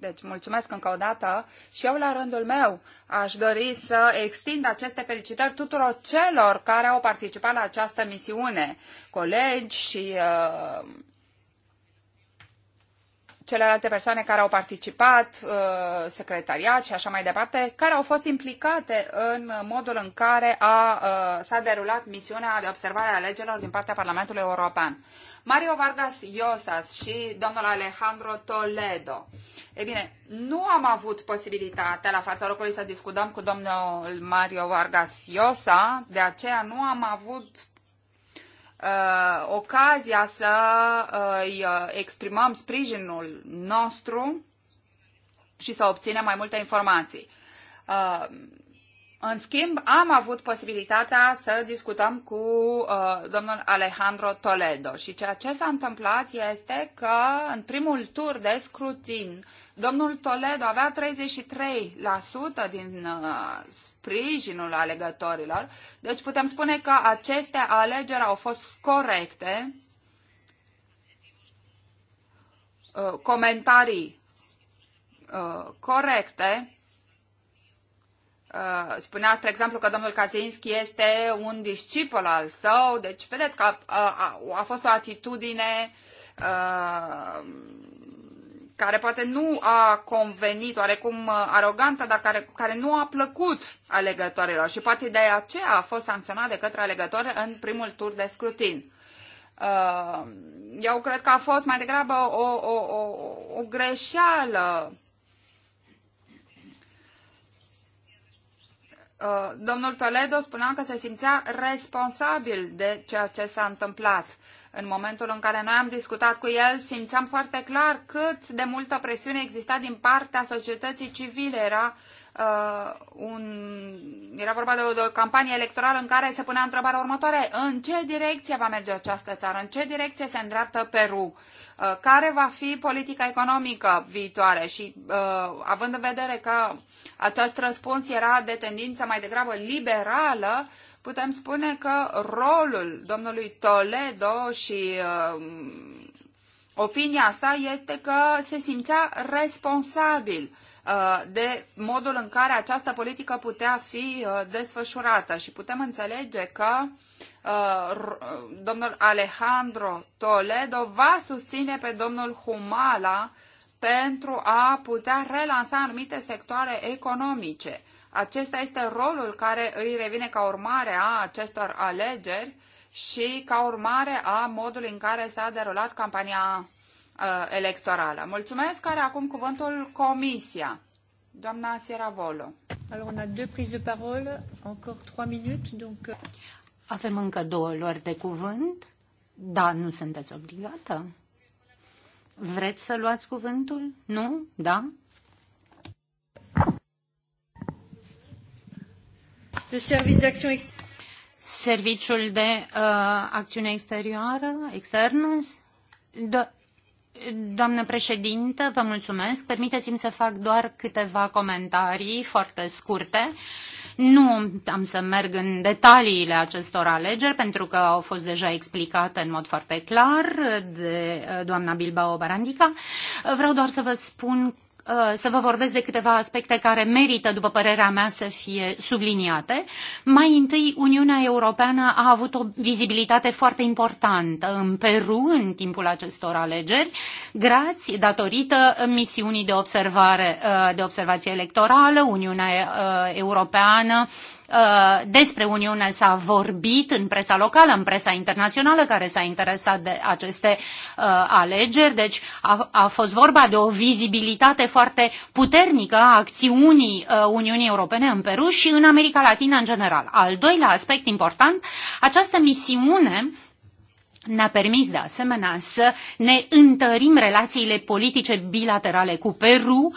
deci, mulțumesc încă o dată și eu, la rândul meu, aș dori să extind aceste felicitări tuturor celor care au participat la această misiune, colegi și uh, celelalte persoane care au participat, uh, secretariat și așa mai departe, care au fost implicate în modul în care a, uh, s-a derulat misiunea de observare a legilor din partea Parlamentului European. Mario Vargas Llosas și domnul Alejandro Toledo. E bine, nu am avut posibilitatea la fața locului să discutăm cu domnul Mario Vargas Llosa, de aceea nu am avut uh, ocazia să uh, îi uh, exprimăm sprijinul nostru și să obținem mai multe informații. Uh, în schimb, am avut posibilitatea să discutăm cu uh, domnul Alejandro Toledo și ceea ce s-a întâmplat este că în primul tur de scrutin, domnul Toledo avea 33% din uh, sprijinul alegătorilor, deci putem spune că aceste alegeri au fost corecte. Uh, comentarii uh, corecte Uh, spunea, spre exemplu, că domnul Kaczynski este un discipol al său, deci vedeți că a, a, a fost o atitudine a, uh, care poate nu a convenit, oarecum uh, arogantă, dar care, care nu a plăcut alegătorilor și poate de aceea a fost sancționat de către alegători în primul tur de scrutin. eu cred că a fost mai degrabă o, o, o, o greșeală Uh, domnul Toledo spunea că se simțea responsabil de ceea ce s-a întâmplat. În momentul în care noi am discutat cu el, simțeam foarte clar cât de multă presiune exista din partea societății civile. Era uh, uh, un, era vorba de o, de o campanie electorală în care se punea întrebarea următoare, în ce direcție va merge această țară, în ce direcție se îndreaptă Peru, uh, care va fi politica economică viitoare și uh, având în vedere că acest răspuns era de tendință mai degrabă liberală, putem spune că rolul domnului Toledo și uh, opinia sa este că se simțea responsabil uh, Uh, de modul în care această politică putea fi uh, desfășurată și putem înțelege că uh, domnul Alejandro Toledo va susține pe domnul Humala pentru a putea relansa anumite sectoare economice. Acesta este rolul care îi revine ca urmare a acestor alegeri și ca urmare a modului în care s-a derulat campania uh, electorală. Mulțumesc, care acum cuvântul Comisia. Doamna Sierra Volo. Alors, on a deux prises de parole, encore trois minutes, donc... Euh, Avem încă două luări de cuvânt. Da, nu sunteți obligată. Vreți să luați cuvântul? Nu? Da? De service d'action Serviciul de uh, acțiune exterioară, externă, Doamnă președintă, vă mulțumesc. Permiteți-mi să fac doar câteva comentarii foarte scurte. Nu am să merg în detaliile acestor alegeri, pentru că au fost deja explicate în mod foarte clar de eh, doamna Bilbao Barandica. Vreau doar să vă spun Uh, să vă vorbesc de câteva aspecte care merită, după părerea mea, să fie subliniate. Mai întâi, Uniunea Europeană a avut o vizibilitate foarte importantă în Peru în timpul acestor alegeri, grați, datorită misiunii de observare, uh, de observație electorală, Uniunea uh, Europeană Uh, despre Uniune s-a vorbit în presa locală, în presa internațională care s-a interesat de aceste uh, alegeri. Deci a, a fost vorba de o vizibilitate foarte puternică a acțiunii uh, Uniunii Europene în Peru și în America Latina în general. Al doilea aspect important, această misiune ne-a permis de asemenea să ne întărim relațiile politice bilaterale cu Peru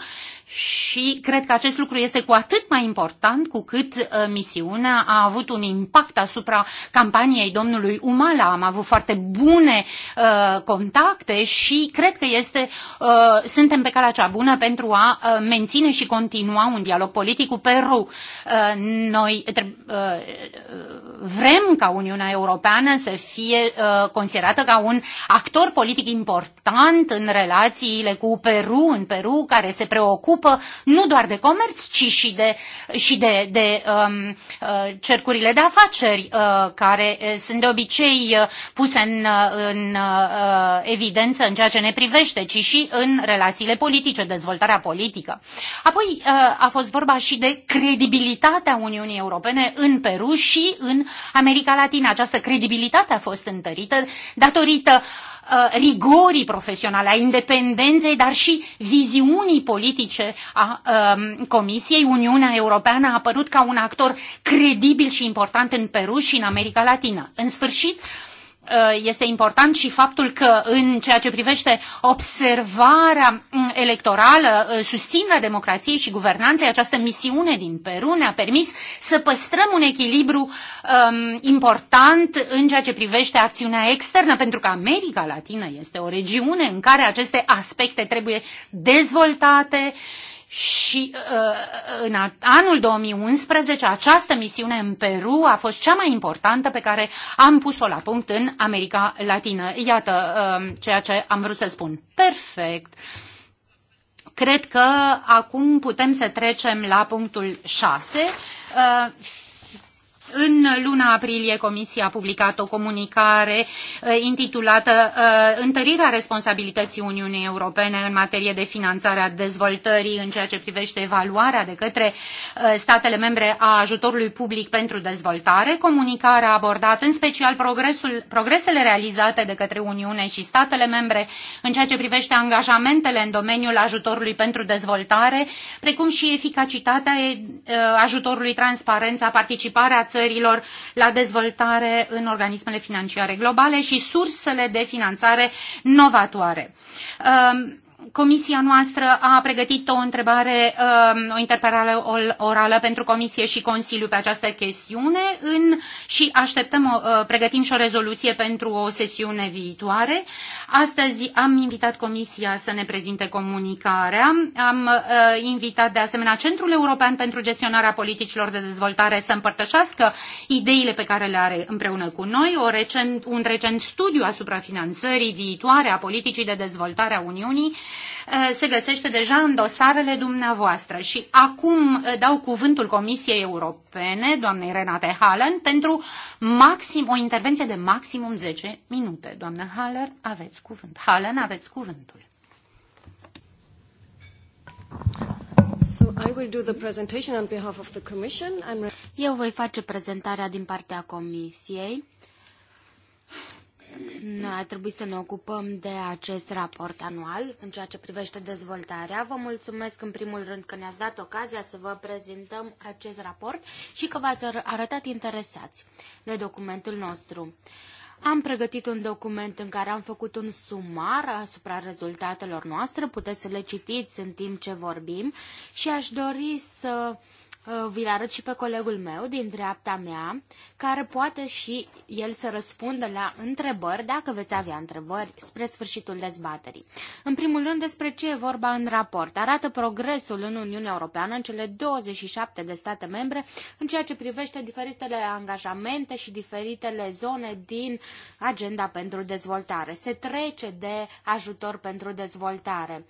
și cred că acest lucru este cu atât mai important cu cât uh, misiunea a avut un impact asupra campaniei domnului Umala. Am avut foarte bune uh, contacte și cred că este, uh, suntem pe calea cea bună pentru a uh, menține și continua un dialog politic cu Peru. Uh, noi uh, vrem ca Uniunea Europeană să fie uh, considerată ca un actor politic important în relațiile cu Peru, în Peru care se preocupă ocupă nu doar de comerț, ci și de, și de, de um, uh, cercurile de afaceri uh, care uh, sunt de obicei uh, puse în, în uh, evidență în ceea ce ne privește, ci și în relațiile politice, dezvoltarea politică. Apoi uh, a fost vorba și de credibilitatea Uniunii Europene în Peru și în America Latină. Această credibilitate a fost întărită datorită Uh, rigorii profesionale, a independenței, dar și viziunii politice a um, Comisiei. Uniunea Europeană a apărut ca un actor credibil și important în Peru și în America Latină. În sfârșit, Uh, este important și faptul că în ceea ce privește observarea mm, electorală, uh, susținerea democrației și guvernanței, această misiune din Peru ne-a permis să păstrăm un echilibru um, important în ceea ce privește acțiunea externă, pentru că America Latină este o regiune în care aceste aspecte trebuie dezvoltate uh, și uh, uh în anul 2011 această misiune în Peru a fost cea mai importantă pe care am pus-o la punct în America Latină. Iată uh, ceea ce am vrut să spun. Perfect. Cred că acum putem să trecem la punctul 6. Uh, în luna aprilie, Comisia a publicat o comunicare eh, intitulată eh, Întărirea responsabilității Uniunii Europene în materie de finanțare a dezvoltării în ceea ce privește evaluarea de către eh, statele membre a ajutorului public pentru dezvoltare. Comunicarea a abordat în special progresul, progresele realizate de către Uniune și statele membre în ceea ce privește angajamentele în domeniul ajutorului pentru dezvoltare, precum și eficacitatea ajutorului, transparența, participarea țării țărilor la dezvoltare în organismele financiare globale și sursele de finanțare novatoare. Ehm, Comisia noastră a pregătit o întrebare, um, o interpelare orală pentru Comisie și Consiliu pe această chestiune în, și așteptăm, uh, pregătim și o rezoluție pentru o sesiune viitoare. Astăzi am invitat Comisia să ne prezinte comunicarea. Am uh, invitat de asemenea Centrul European pentru gestionarea politicilor de dezvoltare să împărtășească ideile pe care le are împreună cu noi, o recent, un recent studiu asupra finanțării viitoare a politicii de dezvoltare a Uniunii Eh, se găsește deja în dosarele dumneavoastră. Și acum eh, dau cuvântul Comisiei Europene, doamnei Renate Hallen, pentru maxim, o intervenție de maximum 10 minute. Doamnă Haller, aveți cuvânt. Hallen, aveți cuvântul. So I will do the presentation on behalf of the commission. I'm... Eu voi face prezentarea din partea Comisiei. Noi ar trebui să ne ocupăm de acest raport anual în ceea ce privește dezvoltarea. Vă mulțumesc în primul rând că ne-ați dat ocazia să vă prezentăm acest raport și că v-ați arătat interesați de documentul nostru. Am pregătit un document în care am făcut un sumar asupra rezultatelor noastre, puteți să le citiți în timp ce vorbim și aș dori să Uh, vi-l arăt și pe colegul meu din dreapta mea, care poate și el să răspundă la întrebări, dacă veți avea întrebări, spre sfârșitul dezbaterii. În primul rând, despre ce e vorba în raport. Arată progresul în Uniunea Europeană, în cele 27 de state membre, în ceea ce privește diferitele angajamente și diferitele zone din agenda pentru dezvoltare. Se trece de ajutor pentru dezvoltare.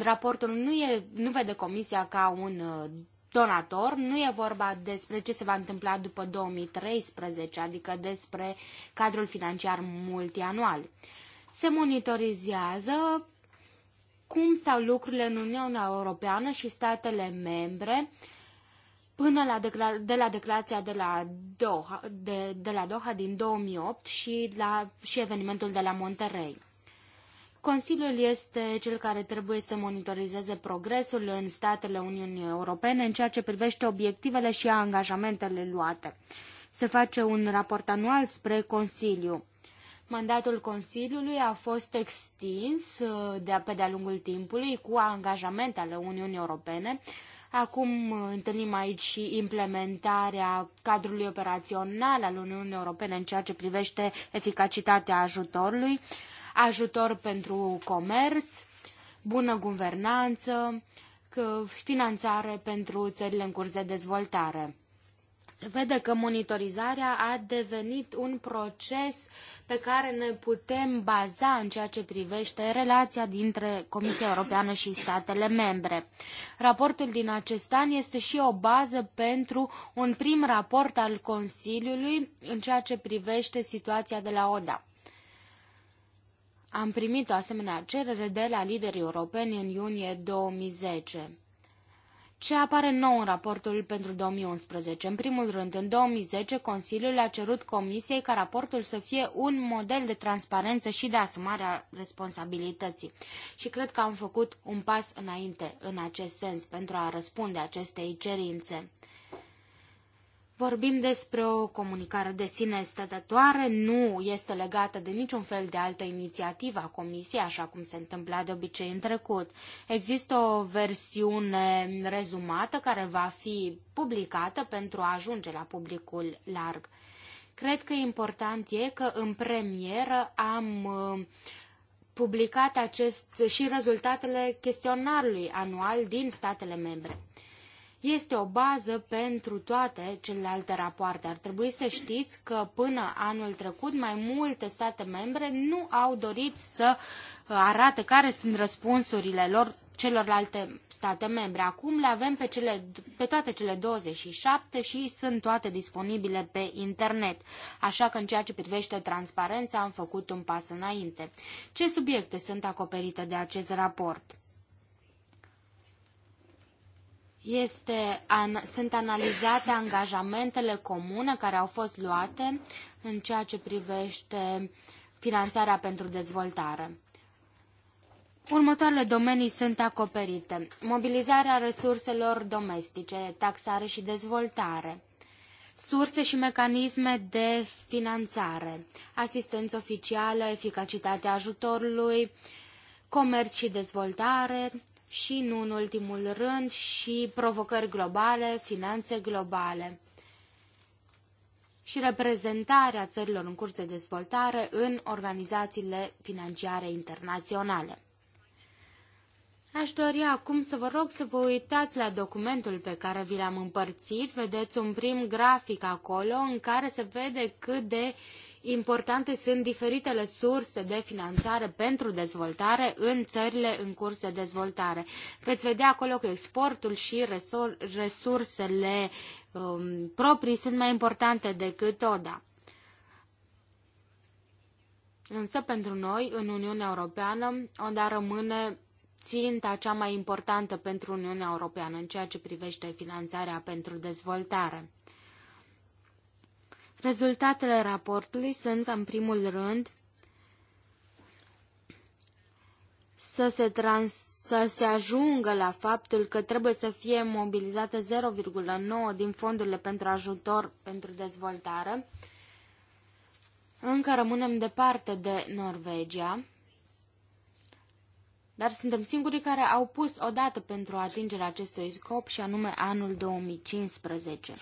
Raportul nu, e, nu vede Comisia ca un uh, donator, nu e vorba despre ce se va întâmpla după 2013, adică despre cadrul financiar multianual. Se monitorizează cum stau lucrurile în Uniunea Europeană și statele membre până la de la declarația de la, Doha, de, de la Doha din 2008 și, la, și evenimentul de la Monterrey. Consiliul este cel care trebuie să monitorizeze progresul în statele Uniunii Europene în ceea ce privește obiectivele și angajamentele luate. Se face un raport anual spre Consiliu. Mandatul Consiliului a fost extins uh, de pe de-a lungul timpului cu angajamente ale Uniunii Europene. Acum uh, întâlnim aici și implementarea cadrului operațional al Uniunii Europene în ceea ce privește eficacitatea ajutorului ajutor pentru comerț, bună guvernanță, finanțare pentru țările în curs de dezvoltare. Se vede că monitorizarea a devenit un proces pe care ne putem baza în ceea ce privește relația dintre Comisia Europeană și statele membre. Raportul din acest an este și o bază pentru un prim raport al Consiliului în ceea ce privește situația de la ODA. Am primit o asemenea cerere de la liderii europeni în iunie 2010. Ce apare nou în raportul pentru 2011? În primul rând, în 2010, Consiliul a cerut Comisiei ca raportul să fie un model de transparență și de asumare a responsabilității. Și cred că am făcut un pas înainte în acest sens pentru a răspunde acestei cerințe. Vorbim despre o comunicare de sine stătătoare, nu este legată de niciun fel de altă inițiativă a Comisiei, așa cum se întâmpla de obicei în trecut. Există o versiune rezumată care va fi publicată pentru a ajunge la publicul larg. Cred că important e că în premieră am uh, publicat acest și rezultatele chestionarului anual din statele membre este o bază pentru toate celelalte rapoarte. Ar trebui să știți că până anul trecut mai multe state membre nu au dorit să uh, arate care sunt răspunsurile lor celorlalte state membre. Acum le avem pe, cele, pe toate cele 27 și sunt toate disponibile pe internet. Așa că în ceea ce privește transparența am făcut un pas înainte. Ce subiecte sunt acoperite de acest raport? este, an, sunt analizate angajamentele comune care au fost luate în ceea ce privește finanțarea pentru dezvoltare. Următoarele domenii sunt acoperite. Mobilizarea resurselor domestice, taxare și dezvoltare, surse și mecanisme de finanțare, asistență oficială, eficacitatea ajutorului, comerț și dezvoltare, și, nu în ultimul rând, și provocări globale, finanțe globale și reprezentarea țărilor în curs de dezvoltare în organizațiile financiare internaționale. Aș dori acum să vă rog să vă uitați la documentul pe care vi l-am împărțit. Vedeți un prim grafic acolo în care se vede cât de Importante sunt diferitele surse de finanțare pentru dezvoltare în țările în curs de dezvoltare. Veți vedea acolo că exportul și resursele um, proprii sunt mai importante decât ODA. Însă pentru noi, în Uniunea Europeană, ODA rămâne ținta cea mai importantă pentru Uniunea Europeană în ceea ce privește finanțarea pentru dezvoltare. Rezultatele raportului sunt, în primul rând, să se, trans, să se ajungă la faptul că trebuie să fie mobilizate 0,9 din fondurile pentru ajutor pentru dezvoltare. Încă rămânem departe de Norvegia, dar suntem singurii care au pus o dată pentru atingerea acestui scop și anume anul 2015.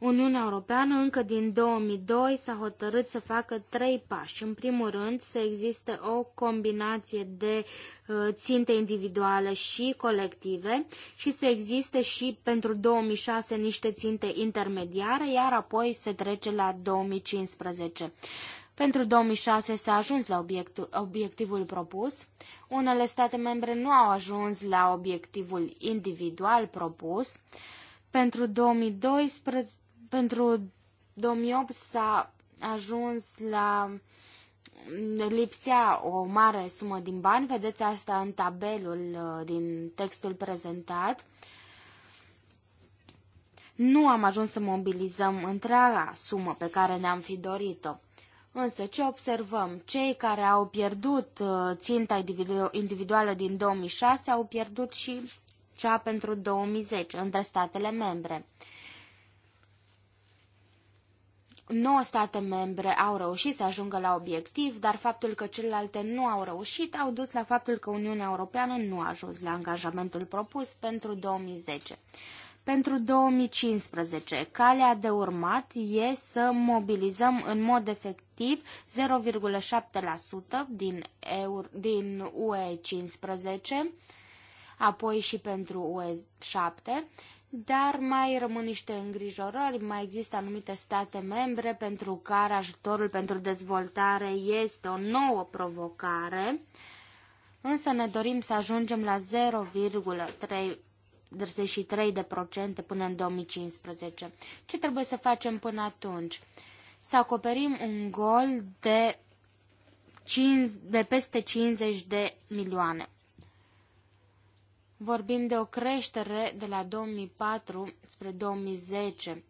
Uniunea Europeană încă din 2002 s-a hotărât să facă trei pași. În primul rând, să existe o combinație de uh, ținte individuale și colective și să existe și pentru 2006 niște ținte intermediare, iar apoi se trece la 2015. Pentru 2006 s-a ajuns la obiectivul propus. Unele state membre nu au ajuns la obiectivul individual propus. Pentru 2012, pentru 2008 s-a ajuns la lipsea o mare sumă din bani, vedeți asta în tabelul uh, din textul prezentat. Nu am ajuns să mobilizăm întreaga sumă pe care ne-am fi dorit-o. Însă ce observăm? Cei care au pierdut uh, ținta individuală din 2006 au pierdut și cea pentru 2010 între statele membre. 9 state membre au reușit să ajungă la obiectiv, dar faptul că celelalte nu au reușit au dus la faptul că Uniunea Europeană nu a ajuns la angajamentul propus pentru 2010. Pentru 2015, calea de urmat e să mobilizăm în mod efectiv 0,7% din, euro, din UE 15, apoi și pentru UE 7 dar mai rămân niște îngrijorări, mai există anumite state membre pentru care ajutorul pentru dezvoltare este o nouă provocare, însă ne dorim să ajungem la 0,33% până în 2015. Ce trebuie să facem până atunci? Să acoperim un gol de, 5, de peste 50 de milioane. Vorbim de o creștere de la 2004 spre 2010.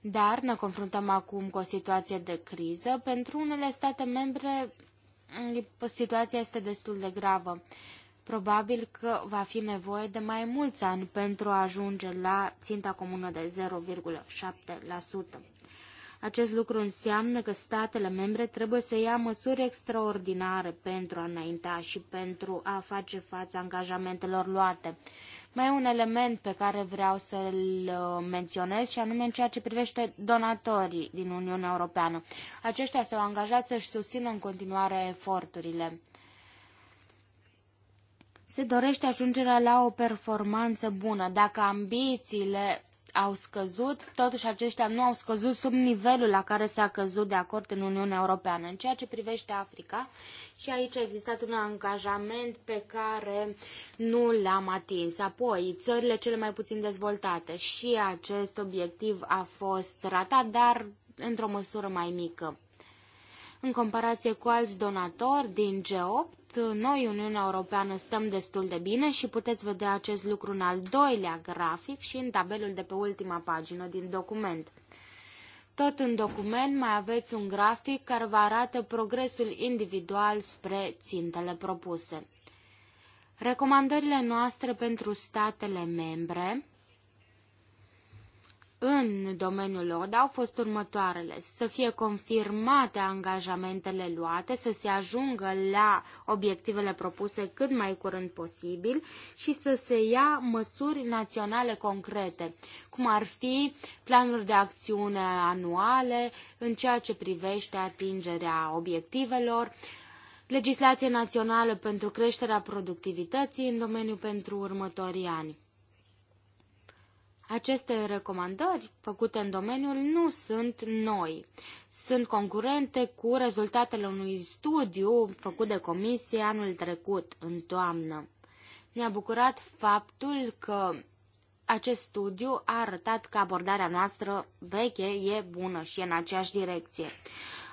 Dar ne confruntăm acum cu o situație de criză. Pentru unele state membre situația este destul de gravă. Probabil că va fi nevoie de mai mulți ani pentru a ajunge la ținta comună de 0,7%. Acest lucru înseamnă că statele membre trebuie să ia măsuri extraordinare pentru a înainta și pentru a face față angajamentelor luate. Mai e un element pe care vreau să-l uh, menționez și anume în ceea ce privește donatorii din Uniunea Europeană. Aceștia s-au angajat să-și susțină în continuare eforturile. Se dorește ajungerea la o performanță bună. Dacă ambițiile au scăzut, totuși aceștia nu au scăzut sub nivelul la care s-a căzut de acord în Uniunea Europeană. În ceea ce privește Africa, și aici a existat un angajament pe care nu l-am atins. Apoi, țările cele mai puțin dezvoltate și acest obiectiv a fost ratat, dar într-o măsură mai mică. În comparație cu alți donatori din G8, noi, Uniunea Europeană, stăm destul de bine și puteți vedea acest lucru în al doilea grafic și în tabelul de pe ultima pagină din document. Tot în document mai aveți un grafic care vă arată progresul individual spre țintele propuse. Recomandările noastre pentru statele membre în domeniul lor au fost următoarele. Să fie confirmate angajamentele luate, să se ajungă la obiectivele propuse cât mai curând posibil și să se ia măsuri naționale concrete, cum ar fi planuri de acțiune anuale în ceea ce privește atingerea obiectivelor, legislație națională pentru creșterea productivității în domeniu pentru următorii ani. Aceste recomandări făcute în domeniul nu sunt noi. Sunt concurente cu rezultatele unui studiu făcut de comisie anul trecut, în toamnă. Ne-a bucurat faptul că acest studiu a arătat că abordarea noastră veche e bună și e în aceeași direcție.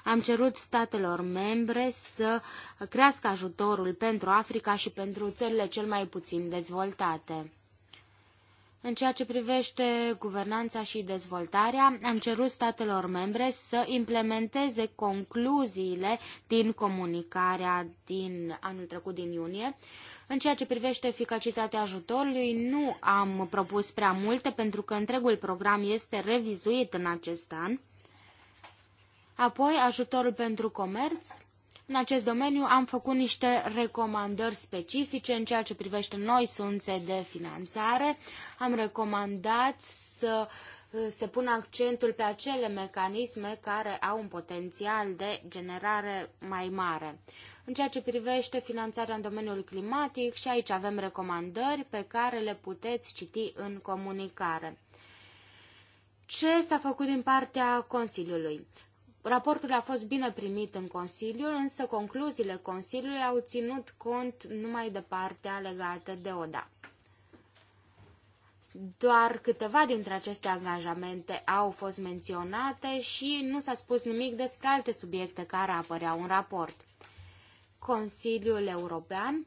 Am cerut statelor membre să crească ajutorul pentru Africa și pentru țările cel mai puțin dezvoltate. În ceea ce privește guvernanța și dezvoltarea, am cerut statelor membre să implementeze concluziile din comunicarea din anul trecut din iunie. În ceea ce privește eficacitatea ajutorului, nu am propus prea multe pentru că întregul program este revizuit în acest an. Apoi, ajutorul pentru comerț, în acest domeniu am făcut niște recomandări specifice în ceea ce privește noi surse de finanțare, am recomandat să uh, se pună accentul pe acele mecanisme care au un potențial de generare mai mare. În ceea ce privește finanțarea în domeniul climatic, și aici avem recomandări pe care le puteți citi în comunicare. Ce s-a făcut din partea Consiliului? Raportul a fost bine primit în Consiliu, însă concluziile Consiliului au ținut cont numai de partea legată de ODA. Doar câteva dintre aceste angajamente au fost menționate și nu s-a spus nimic despre alte subiecte care apăreau în raport. Consiliul European,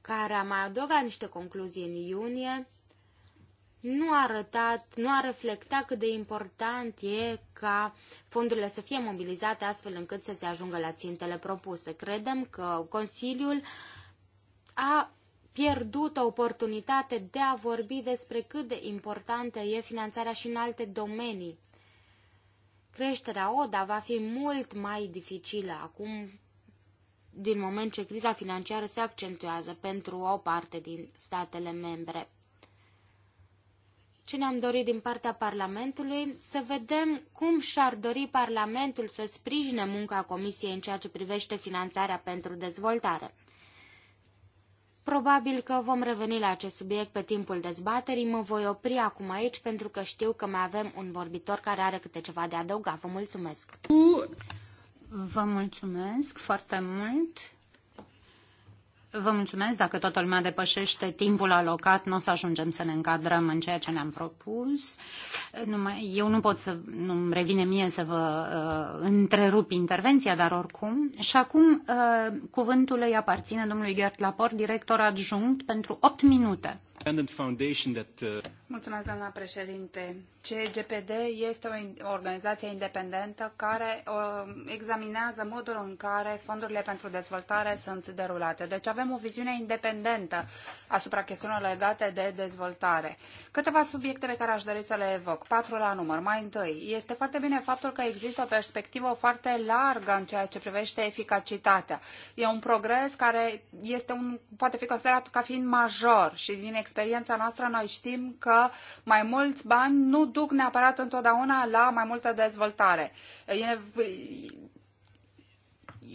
care a mai adăugat niște concluzii în iunie, nu a arătat, nu a reflectat cât de important e ca fondurile să fie mobilizate astfel încât să se ajungă la țintele propuse. Credem că Consiliul a pierdută oportunitate de a vorbi despre cât de importantă e finanțarea și în alte domenii. Creșterea ODA va fi mult mai dificilă acum, din moment ce criza financiară se accentuează pentru o parte din statele membre. Ce ne-am dorit din partea Parlamentului? Să vedem cum și-ar dori Parlamentul să sprijine munca Comisiei în ceea ce privește finanțarea pentru dezvoltare. Probabil că vom reveni la acest subiect pe timpul dezbaterii. Mă voi opri acum aici pentru că știu că mai avem un vorbitor care are câte ceva de adăugat. Vă mulțumesc! Vă mulțumesc foarte mult! Vă mulțumesc. Dacă toată lumea depășește timpul alocat, nu o să ajungem să ne încadrăm în ceea ce ne-am propus. Numai, eu nu pot să, nu revine mie să vă uh, întrerup intervenția, dar oricum. Și acum uh, cuvântul îi aparține domnului Gert Lapor, director adjunct, pentru 8 minute. Uh, Mulțumesc, președinte. CGPD este o organizație independentă care uh, examinează modul în care fondurile pentru dezvoltare sunt derulate. Deci avem o viziune independentă asupra chestiunilor legate de dezvoltare. Câteva subiecte pe care aș dori să le evoc. Patru la număr. Mai întâi, este foarte bine faptul că există o perspectivă foarte largă în ceea ce privește eficacitatea. E un progres care este un, poate fi considerat ca fiind major și din experiența noastră, noi știm că mai mulți bani nu duc neapărat întotdeauna la mai multă dezvoltare. E,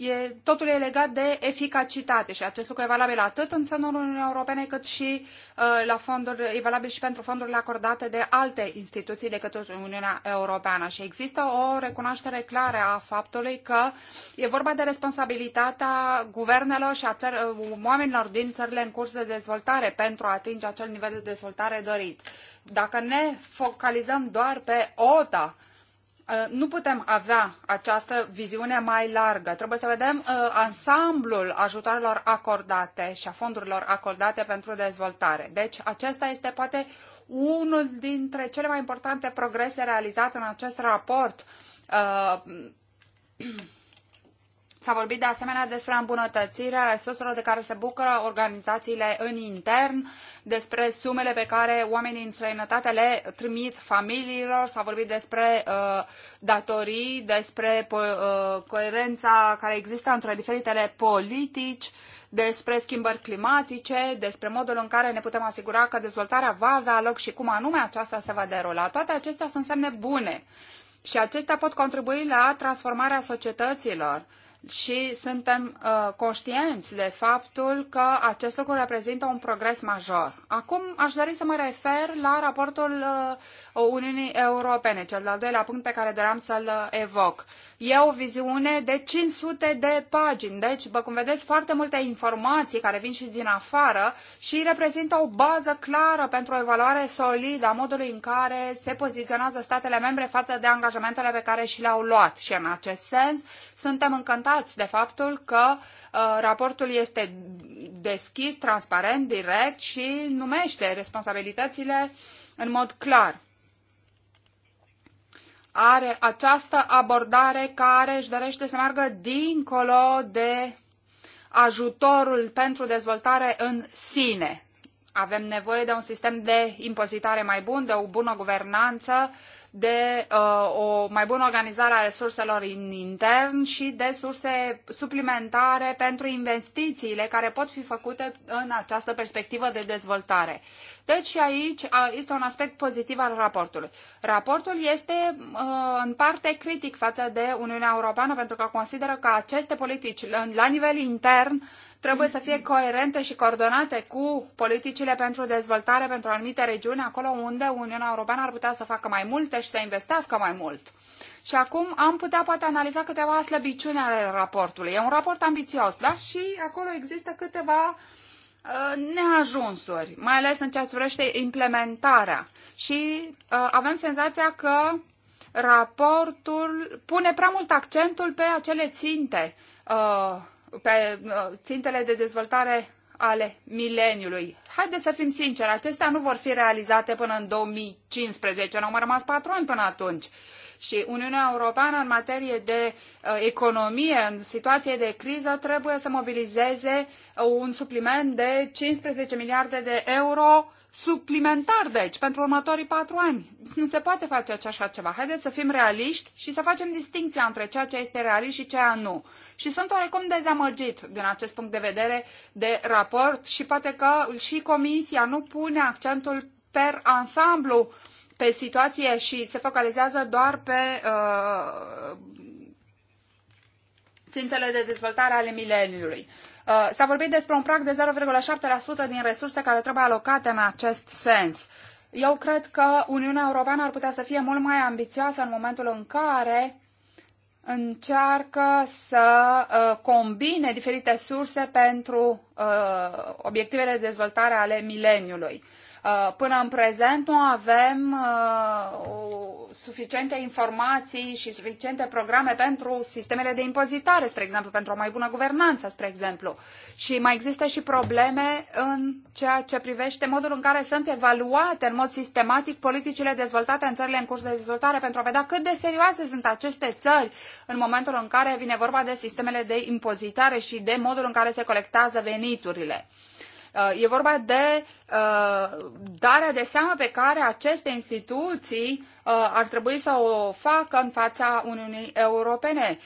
e, totul e legat de eficacitate și acest lucru e valabil atât în țările Uniunii Europene cât și uh, la fonduri, e valabil și pentru fondurile acordate de alte instituții decât Uniunea Europeană. Și există o recunoaștere clară a faptului că e vorba de responsabilitatea guvernelor și a țări, uh, oamenilor din țările în curs de dezvoltare pentru a atinge acel nivel de dezvoltare dorit. Dacă ne focalizăm doar pe OTA, Uh, nu putem avea această viziune mai largă. Trebuie să vedem uh, ansamblul ajutoarelor acordate și a fondurilor acordate pentru dezvoltare. Deci acesta este poate unul dintre cele mai importante progrese realizate în acest raport uh, S-a vorbit de asemenea despre îmbunătățirea resurselor de care se bucură organizațiile în intern, despre sumele pe care oamenii în străinătate le trimit familiilor, s-a vorbit despre uh, datorii, despre uh, coerența care există între diferitele politici, despre schimbări climatice, despre modul în care ne putem asigura că dezvoltarea va avea loc și cum anume aceasta se va derula. Toate acestea sunt semne bune și acestea pot contribui la transformarea societăților și suntem uh, conștienți de faptul că acest lucru reprezintă un progres major. Acum aș dori să mă refer la raportul uh, Uniunii Europene, cel de-al doilea punct pe care doream să-l uh, evoc. E o viziune de 500 de pagini, deci, bă, cum vedeți, foarte multe informații care vin și din afară și reprezintă o bază clară pentru o evaluare solidă a modului în care se poziționează statele membre față de angajamentele pe care și le-au luat. Și în acest sens, suntem încântați încântați de faptul că uh, raportul este deschis, transparent, direct și numește responsabilitățile în mod clar are această abordare care își dorește să meargă dincolo de ajutorul pentru dezvoltare în sine. Avem nevoie de un sistem de impozitare mai bun, de o bună guvernanță de uh, o mai bună organizare a resurselor în intern și de surse suplimentare pentru investițiile care pot fi făcute în această perspectivă de dezvoltare. Deci și aici este un aspect pozitiv al raportului. Raportul este uh, în parte critic față de Uniunea Europeană pentru că consideră că aceste politici la nivel intern trebuie să fie coerente și coordonate cu politicile pentru dezvoltare pentru anumite regiuni, acolo unde Uniunea Europeană ar putea să facă mai multe și să investească mai mult. Și acum am putea poate analiza câteva slăbiciuni ale raportului. E un raport ambițios, dar și acolo există câteva uh, Uh, neajunsuri, mai ales în ceea ce privește implementarea. Și uh, avem senzația că raportul pune prea mult accentul pe acele ținte, uh, pe uh, țintele de dezvoltare ale mileniului. Haideți să fim sinceri, acestea nu vor fi realizate până în 2015, n-au mai rămas patru ani până atunci. Uh, și Uniunea Europeană în materie de uh, economie, în situație de criză, trebuie să mobilizeze uh, un supliment de 15 miliarde de euro suplimentar, deci, pentru următorii patru ani. Nu se poate face așa ceva. Haideți să fim realiști și să facem distinția între ceea ce este realist și ceea nu. Și sunt oarecum dezamăgit din acest punct de vedere de raport și poate că și Comisia nu pune accentul per ansamblu pe situație și se focalizează doar pe uh, țintele de dezvoltare ale mileniului. Uh, S-a vorbit despre un prag de 0,7% din resurse care trebuie alocate în acest sens. Eu cred că Uniunea Europeană ar putea să fie mult mai ambițioasă în momentul în care încearcă să uh, combine diferite surse pentru uh, obiectivele de dezvoltare ale mileniului. Uh, până în prezent nu avem uh, suficiente informații și suficiente programe pentru sistemele de impozitare, spre exemplu, pentru o mai bună guvernanță, spre exemplu. Și mai există și probleme în ceea ce privește modul în care sunt evaluate în mod sistematic politicile dezvoltate în țările în curs de dezvoltare pentru a vedea cât de serioase sunt aceste țări în momentul în care vine vorba de sistemele de impozitare și de modul în care se colectează veniturile. Uh, Uh, e vorba de uh, darea de seamă pe care aceste instituții uh, ar trebui să o facă în fața Uniunii Europene.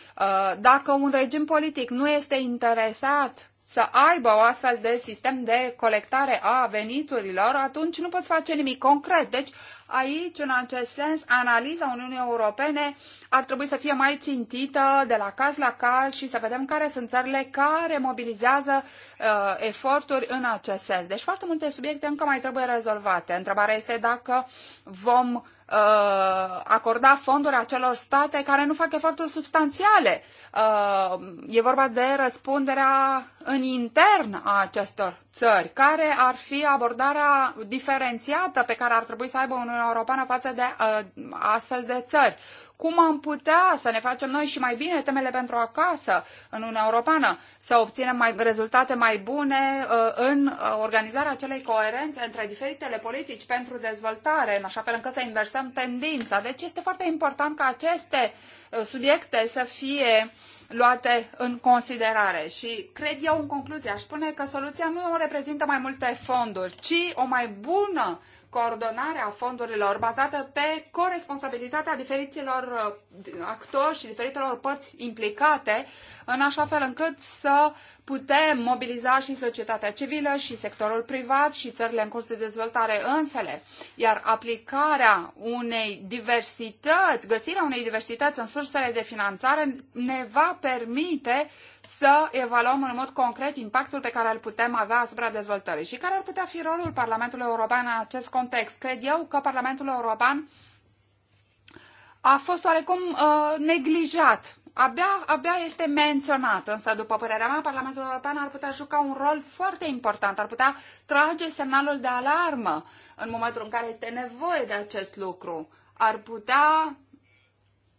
Dacă un regim politic nu este interesat să aibă o astfel de sistem de colectare a veniturilor, atunci nu poți face nimic concret. Deci aici, în acest sens, analiza Uniunii Europene ar trebui să fie mai țintită de la caz la caz și să vedem care sunt țările care mobilizează uh, eforturi în acest sens. Deci foarte multe subiecte încă mai trebuie rezolvate. Întrebarea este dacă vom Uh, acorda fonduri acelor state care nu fac eforturi substanțiale. Uh, e vorba de răspunderea în intern a acestor țări, care ar fi abordarea diferențiată pe care ar trebui să aibă Uniunea Europeană față de uh, astfel de țări cum am putea să ne facem noi și mai bine temele pentru acasă în Uniunea Europeană, să obținem mai, rezultate mai bune uh, în uh, organizarea acelei coerențe între diferitele politici pentru dezvoltare, în așa fel încât să inversăm tendința. Deci este foarte important ca aceste uh, subiecte să fie luate în considerare. Și cred eu în concluzie, aș spune că soluția nu reprezintă mai multe fonduri, ci o mai bună coordonarea fondurilor bazată pe corresponsabilitatea diferiților uh, actori și diferitelor părți implicate, în așa fel încât să putem mobiliza și societatea civilă și sectorul privat și țările în curs de dezvoltare însele. Iar aplicarea unei diversități, găsirea unei diversități în sursele de finanțare ne va permite să evaluăm în mod concret impactul pe care îl putem avea asupra dezvoltării și care ar putea fi rolul Parlamentului European în acest context. Cred eu că Parlamentul European a fost oarecum uh, neglijat. Abia, abia este menționat, însă, după părerea mea, Parlamentul European ar putea juca un rol foarte important, ar putea trage semnalul de alarmă în momentul în care este nevoie de acest lucru, ar putea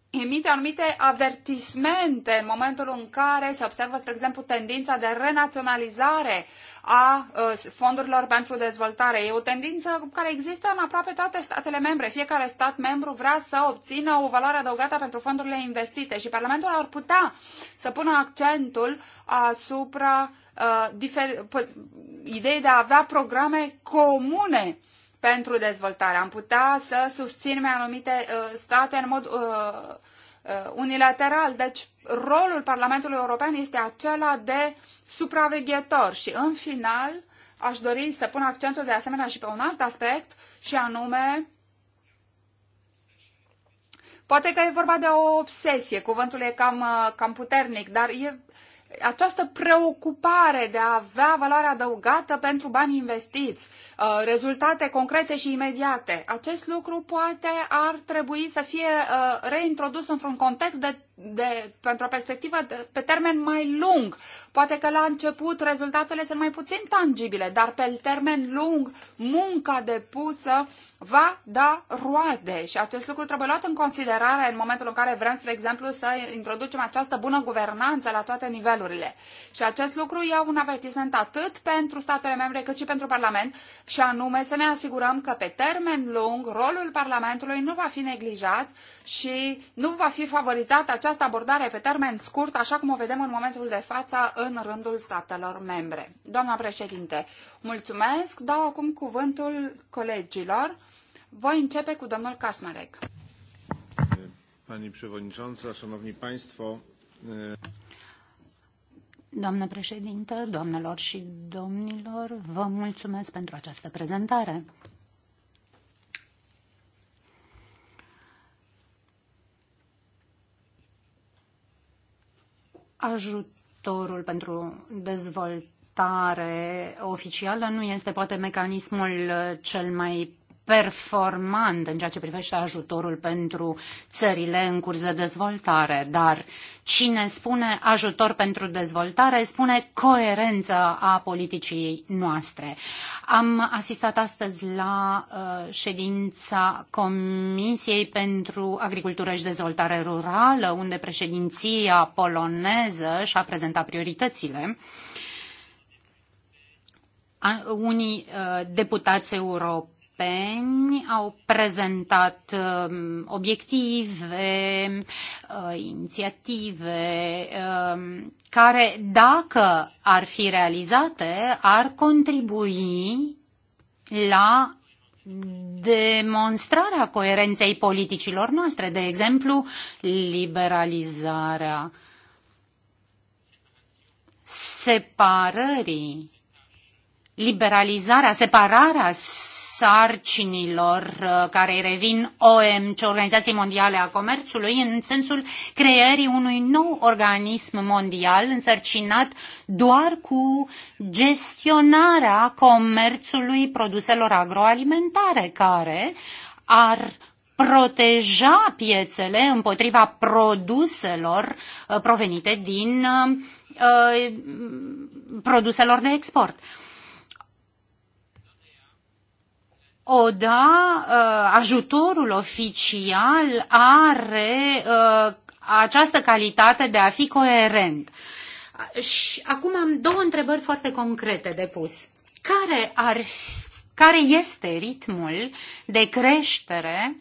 emite anumite avertismente în momentul în care se observă, spre exemplu, tendința de renaționalizare a uh, fondurilor pentru dezvoltare. E o tendință care există în aproape toate statele membre. Fiecare stat membru vrea să obțină o valoare adăugată pentru fondurile investite și Parlamentul ar putea să pună accentul asupra uh, ideii de a avea programe comune uh, pentru dezvoltare. Am putea să susținem anumite uh, state în mod uh, uh, unilateral. Deci, rolul Parlamentului European este acela de supraveghetor și, în final, aș dori să pun accentul de asemenea și pe un alt aspect, și anume Poate că e vorba de o obsesie, cuvântul e cam, cam puternic, dar e, această preocupare de a avea valoare adăugată pentru bani investiți, uh, rezultate concrete și imediate, acest lucru poate ar trebui să fie uh, reintrodus într-un context de de, pentru o perspectivă de, pe termen mai lung. Poate că la început rezultatele sunt mai puțin tangibile, dar pe termen lung munca depusă va da roade și acest lucru trebuie luat în considerare în momentul în care vrem, spre exemplu, să introducem această bună guvernanță la toate nivelurile. Și acest lucru ia un avertisment atât pentru statele membre cât și pentru Parlament și anume să ne asigurăm că pe termen lung rolul Parlamentului nu va fi neglijat și nu va fi favorizat această această abordare pe termen scurt, așa cum o vedem în momentul de față în rândul statelor membre. Doamna președinte, mulțumesc. Dau acum cuvântul colegilor. Voi începe cu domnul Kasmarek. Pani przewodnicząca, szanowni państwo. Doamnă președintă, doamnelor și domnilor, vă mulțumesc pentru această prezentare. ajutorul pentru dezvoltare oficială nu este poate mecanismul uh, cel mai performant în ceea ce privește ajutorul pentru țările în curs de dezvoltare, dar Cine spune ajutor pentru dezvoltare, spune coerență a politicii noastre. Am asistat astăzi la uh, ședința Comisiei pentru Agricultură și Dezvoltare Rurală, unde președinția poloneză și-a prezentat prioritățile. Unii uh, deputați europeni europeni au prezentat um, obiective, uh, inițiative um, care, dacă ar fi realizate, ar contribui la demonstrarea coerenței politicilor noastre, de exemplu, liberalizarea separării, liberalizarea, separarea sarcinilor uh, care revin OMC, Organizației Mondiale a Comerțului, în sensul creării unui nou organism mondial însărcinat doar cu gestionarea comerțului produselor agroalimentare, care ar proteja piețele împotriva produselor uh, provenite din uh, produselor de export. Uh, o da uh, ajutorul oficial are uh, această calitate de a fi coerent. Și acum am două întrebări foarte concrete de pus. Care, ar, care este ritmul de creștere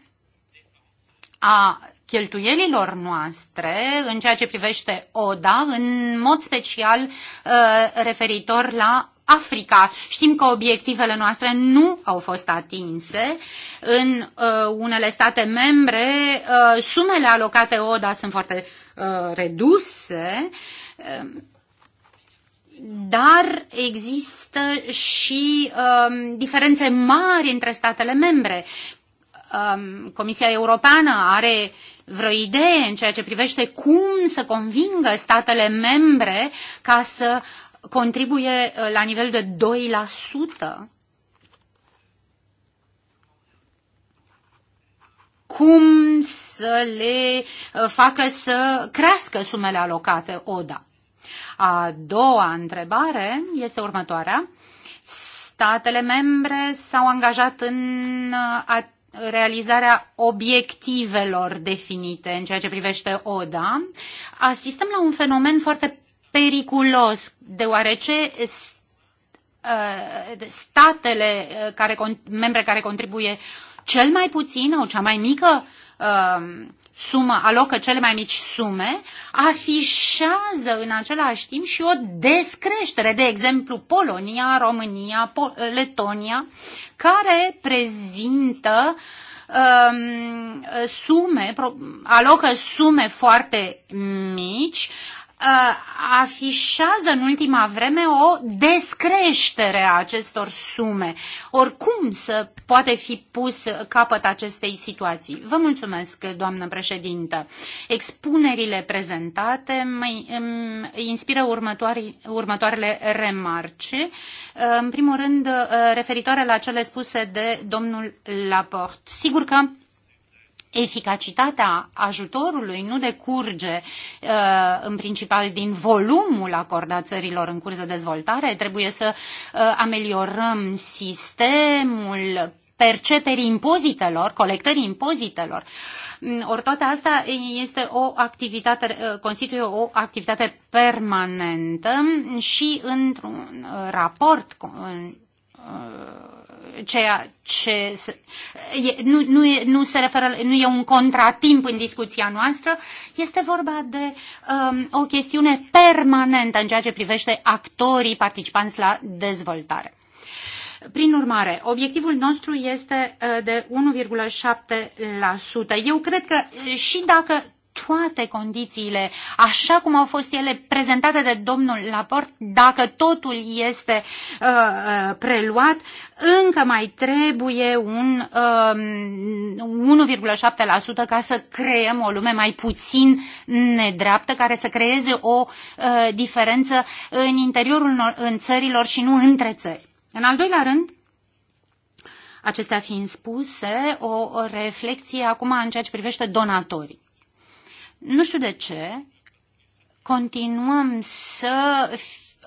a cheltuielilor noastre în ceea ce privește ODA, în mod special uh, referitor la Africa. Știm că obiectivele noastre nu au fost atinse. În uh, unele state membre, uh, sumele alocate ODA sunt foarte uh, reduse. Uh, dar există și uh, diferențe mari între statele membre. Um, Comisia Europeană are vreo idee în ceea ce privește cum să convingă statele membre ca să uh, contribuie uh, la nivel de 2%. Cum să le uh, facă să crească sumele alocate ODA? A doua întrebare este următoarea. Statele membre s-au angajat în uh, a realizarea obiectivelor definite în ceea ce privește ODA, asistăm la un fenomen foarte periculos, deoarece uh, statele uh, care, membre care contribuie cel mai puțin sau cea mai mică uh, sumă, alocă cele mai mici sume, afișează în același timp și o descreștere, de exemplu Polonia, România, Pol Letonia, care prezintă um, sume, alocă sume foarte mici, Uh, afișează în ultima vreme o descreștere a acestor sume. Oricum să poate fi pus capăt acestei situații. Vă mulțumesc, doamnă președintă. Expunerile prezentate mă inspiră următoarele remarci. Uh, în primul rând, uh, referitoare la cele spuse de domnul Laporte. Sigur că eficacitatea ajutorului nu decurge uh, în principal din volumul acordat țărilor în curs de dezvoltare, trebuie să uh, ameliorăm sistemul perceperii impozitelor, colectării impozitelor. Mm, ori toate asta este o activitate, uh, constituie o activitate permanentă și într-un raport ceea ce se, nu, nu, e, nu se referă, nu e un contratimp în discuția noastră, este vorba de um, o chestiune permanentă în ceea ce privește actorii participanți la dezvoltare. Prin urmare, obiectivul nostru este uh, de 1,7%. Eu cred că uh, și dacă toate condițiile, așa cum au fost ele prezentate de domnul Laport, dacă totul este uh, uh, preluat, încă mai trebuie un uh, um, 1,7% ca să creăm o lume mai puțin nedreaptă, care să creeze o uh, diferență în interiorul nor- în țărilor și nu între țări. În al doilea rând, Acestea fiind spuse, o reflexie acum în ceea ce privește donatorii. Nu știu de ce continuăm să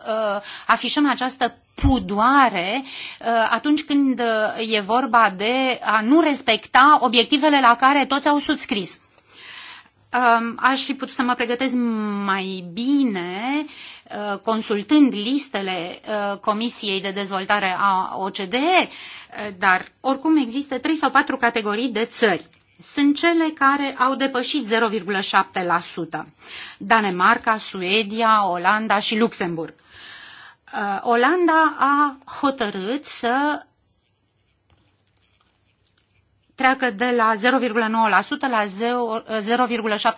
uh, afișăm această pudoare uh, atunci când uh, e vorba de a nu respecta obiectivele la care toți au subscris. Um, aș fi putut să mă pregătesc mai bine uh, consultând listele Comisiei de Dezvoltare a OCDE, dar oricum există trei sau patru categorii de țări sunt cele care au depășit 0,7%. Danemarca, Suedia, Olanda și Luxemburg. Uh, Olanda a hotărât să treacă de la 0,9% la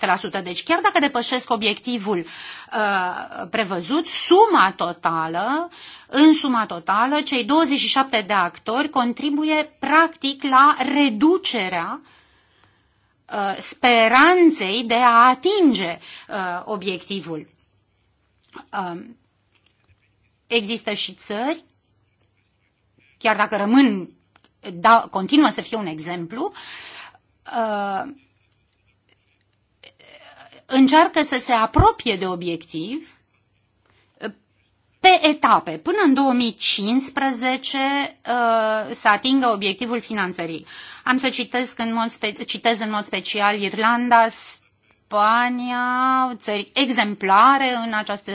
0,7%. Deci chiar dacă depășesc obiectivul uh, prevăzut, suma totală, în suma totală, cei 27 de actori contribuie practic la reducerea uh, Uh, speranței de a atinge uh, obiectivul. Um, există și țări, chiar dacă rămân, da, continuă să fie un exemplu, uh, încearcă să se apropie de obiectiv pe etape, până în 2015 uh, să atingă obiectivul finanțării. Am să citesc în mod spe- citez în mod special Irlanda, Spania, țări exemplare în această,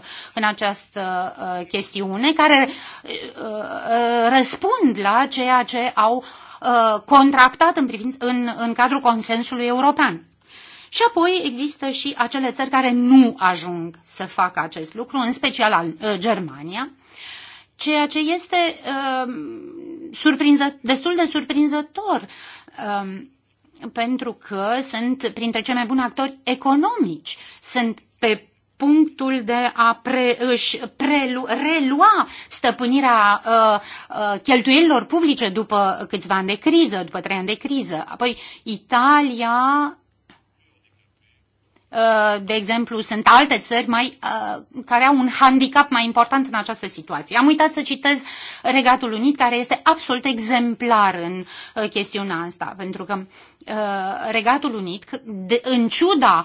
uh, în această uh, chestiune, care răspund la ceea ce au contractat în, privinț, în, în cadrul consensului european. Și apoi există și acele țări care nu ajung să facă acest lucru, în special al, uh, Germania, ceea ce este uh, surprinză, destul de surprinzător. Uh, pentru că sunt printre cei mai buni actori economici. Sunt pe punctul de a pre, își prelu, relua stăpânirea uh, uh, cheltuielilor publice după câțiva ani de criză, după trei ani de criză. Apoi Italia Uh, de exemplu, sunt alte țări mai, uh, care au un handicap mai important în această situație. Am uitat să citez Regatul Unit, care este absolut exemplar în uh, chestiunea asta, pentru că Regatul Unit, în ciuda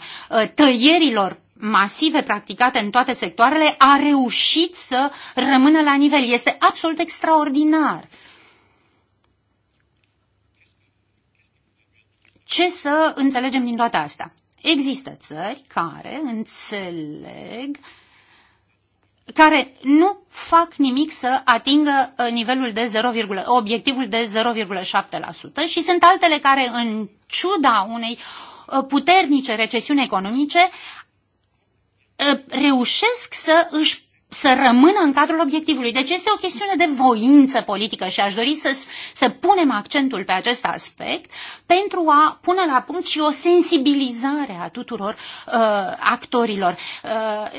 tăierilor masive practicate în toate sectoarele, a reușit să rămână la nivel. Este absolut extraordinar. Ce să înțelegem din toate astea? Există țări care înțeleg care nu fac nimic să atingă uh, nivelul de 0, obiectivul de 0,7% și sunt altele care, în ciuda unei uh, puternice recesiuni economice, uh, reușesc să își să rămână în cadrul obiectivului. Deci este o chestiune de voință politică și aș dori să, să punem accentul pe acest aspect pentru a pune la punct și o sensibilizare a tuturor uh, actorilor. Uh,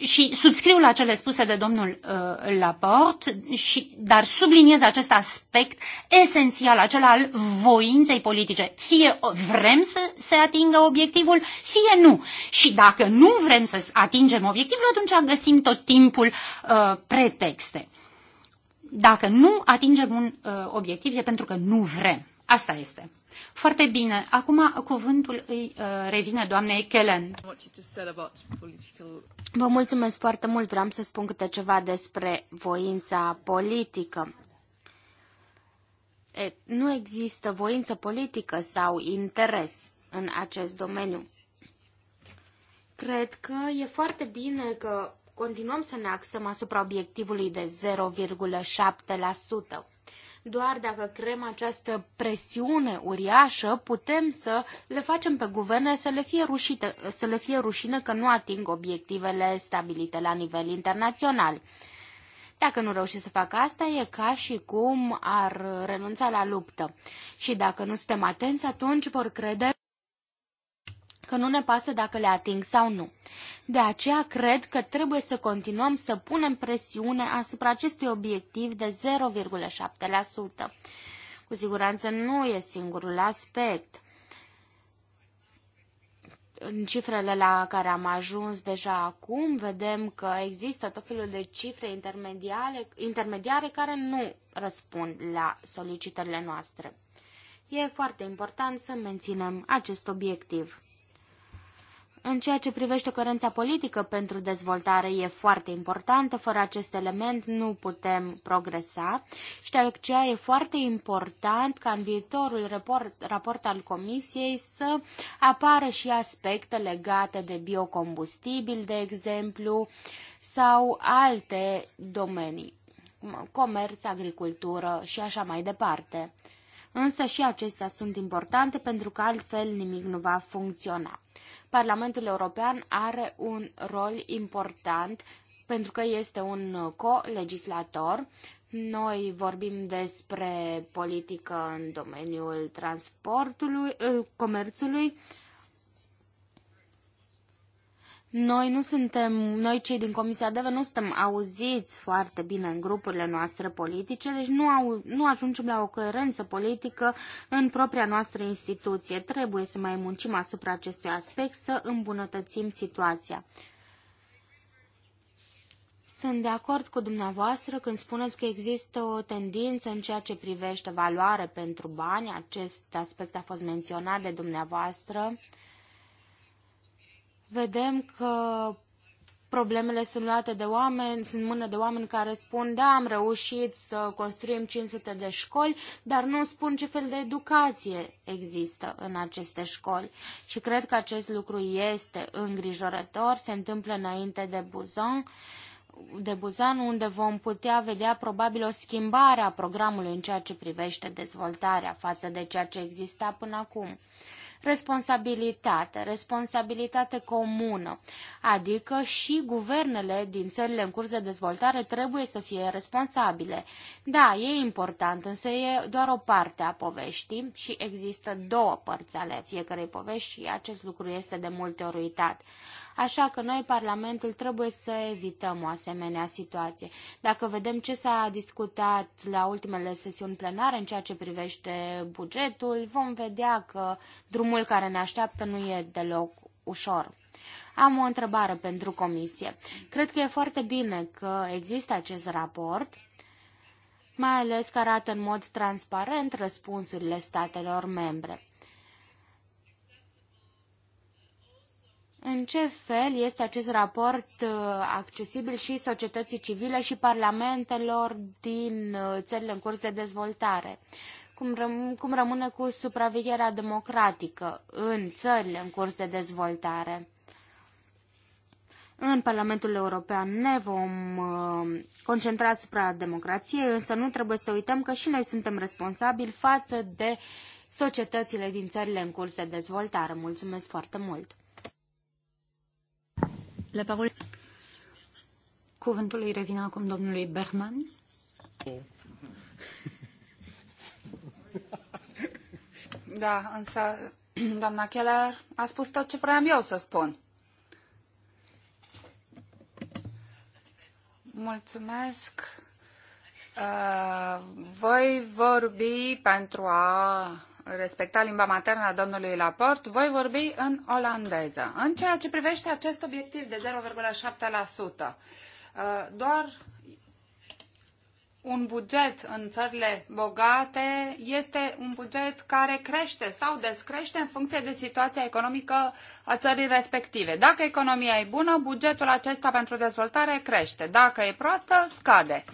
și subscriu la cele spuse de domnul uh, Laport, și, dar subliniez acest aspect esențial, acela al voinței politice. Fie vrem să se atingă obiectivul, fie nu. Și dacă nu vrem să atingem obiectivul, atunci găsim tot timpul uh, pretexte. Dacă nu atingem un uh, obiectiv, e pentru că nu vrem. Asta este. Foarte bine. Acum cuvântul îi uh, revine doamnei Kellen. Vă mulțumesc foarte mult. Vreau să spun câte ceva despre voința politică. E, nu există voință politică sau interes în acest domeniu. Cred că e foarte bine că continuăm să ne axăm asupra obiectivului de 0,7%. Doar dacă creăm această presiune uriașă, putem să le facem pe guverne să le fie, rușite, să le fie rușine că nu ating obiectivele stabilite la nivel internațional. Dacă nu reușesc să facă asta, e ca și cum ar renunța la luptă. Și dacă nu suntem atenți, atunci vor crede că nu ne pasă dacă le ating sau nu. De aceea cred că trebuie să continuăm să punem presiune asupra acestui obiectiv de 0,7%. Cu siguranță nu e singurul aspect în cifrele la care am ajuns deja acum, vedem că există tot felul de cifre intermediare, intermediare care nu răspund la solicitările noastre. E foarte important să menținem acest obiectiv. În ceea ce privește coerența politică pentru dezvoltare e foarte importantă, fără acest element nu putem progresa și de aceea e foarte important ca în viitorul raport, raport al Comisiei să apară și aspecte legate de biocombustibil, de exemplu, sau alte domenii, comerț, agricultură și așa mai departe însă și acestea sunt importante pentru că altfel nimic nu va funcționa. Parlamentul European are un rol important pentru că este un co-legislator. Noi vorbim despre politică în domeniul transportului, eh, comerțului, noi nu suntem, noi cei din Comisia DEVE nu suntem auziți foarte bine în grupurile noastre politice, deci nu, au, nu ajungem la o coerență politică în propria noastră instituție. Trebuie să mai muncim asupra acestui aspect, să îmbunătățim situația. Sunt de acord cu dumneavoastră când spuneți că există o tendință în ceea ce privește valoare pentru bani. Acest aspect a fost menționat de dumneavoastră. Uh, vedem că problemele sunt luate de oameni, sunt mână de oameni care spun, da, am reușit să construim 500 de școli, dar nu spun ce fel de educație există în aceste școli. Și cred că acest lucru este îngrijorător, se întâmplă înainte de Buzon, de Buzan, unde vom putea vedea probabil o schimbare a programului în ceea ce privește dezvoltarea față de ceea ce exista până acum. Responsabilitate, responsabilitate comună, adică și guvernele din țările în curs de dezvoltare trebuie să fie responsabile. Da, e important, însă e doar o parte a poveștii și există două părți ale fiecarei povești și acest lucru este de multe ori uitat. Așa că noi, Parlamentul, trebuie să evităm o asemenea situație. Dacă vedem ce s-a discutat la ultimele sesiuni plenare în ceea ce privește bugetul, vom vedea că drumul care ne așteaptă nu e deloc ușor. Am o întrebare pentru comisie. Cred că e foarte bine că există acest raport, mai ales că arată în mod transparent răspunsurile statelor membre. În ce fel este acest raport uh, accesibil și societății civile și parlamentelor din uh, țările în curs de dezvoltare? Cum, răm- cum rămâne cu supravegherea democratică în țările în curs de dezvoltare? În Parlamentul European ne vom uh, concentra asupra democrației, însă nu trebuie să uităm că și noi suntem responsabili față de societățile din țările în curs de dezvoltare. Mulțumesc foarte mult! La parole... Cuvântul îi revine acum domnului Berman. *laughs* Da, însă doamna Keller a spus tot ce vreau eu să spun. Mulțumesc. Uh, voi vorbi pentru a respecta limba maternă a domnului Laport, voi vorbi în olandeză. În ceea ce privește acest obiectiv de 0,7%, uh, doar un buget în țările bogate este un buget care crește sau descrește în funcție de situația economică a țării respective. Dacă economia e bună, bugetul acesta pentru dezvoltare crește. Dacă e proastă, scade. Uh,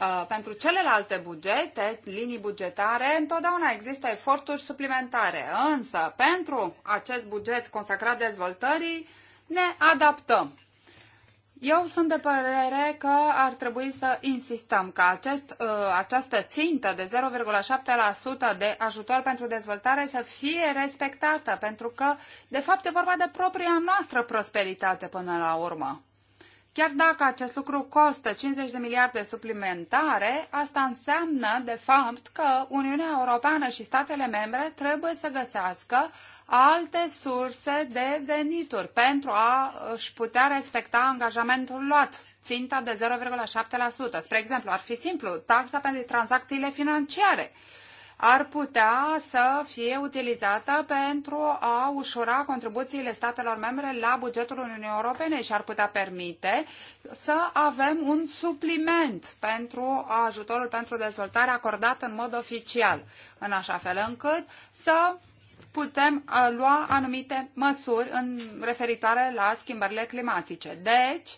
Uh, pentru celelalte bugete, linii bugetare, întotdeauna există eforturi suplimentare, însă pentru acest buget consacrat dezvoltării ne adaptăm. Eu sunt de părere că ar trebui să insistăm că acest, uh, această țintă de 0,7% de ajutor pentru dezvoltare să fie respectată, pentru că, de fapt, e vorba de propria noastră prosperitate până la urmă. Chiar dacă acest lucru costă 50 de miliarde suplimentare, asta înseamnă, de fapt, că Uniunea Europeană și statele membre trebuie să găsească alte surse de venituri pentru a își putea respecta angajamentul luat, ținta de 0,7%. Spre exemplu, ar fi simplu, taxa pentru tranzacțiile financiare. Uh, ar putea să fie utilizată pentru a ușura contribuțiile statelor membre la bugetul Uniunii Europene și ar putea permite să avem un supliment pentru ajutorul pentru dezvoltare acordat în mod oficial, în așa fel încât să putem uh, lua anumite măsuri în referitoare la schimbările climatice. Deci,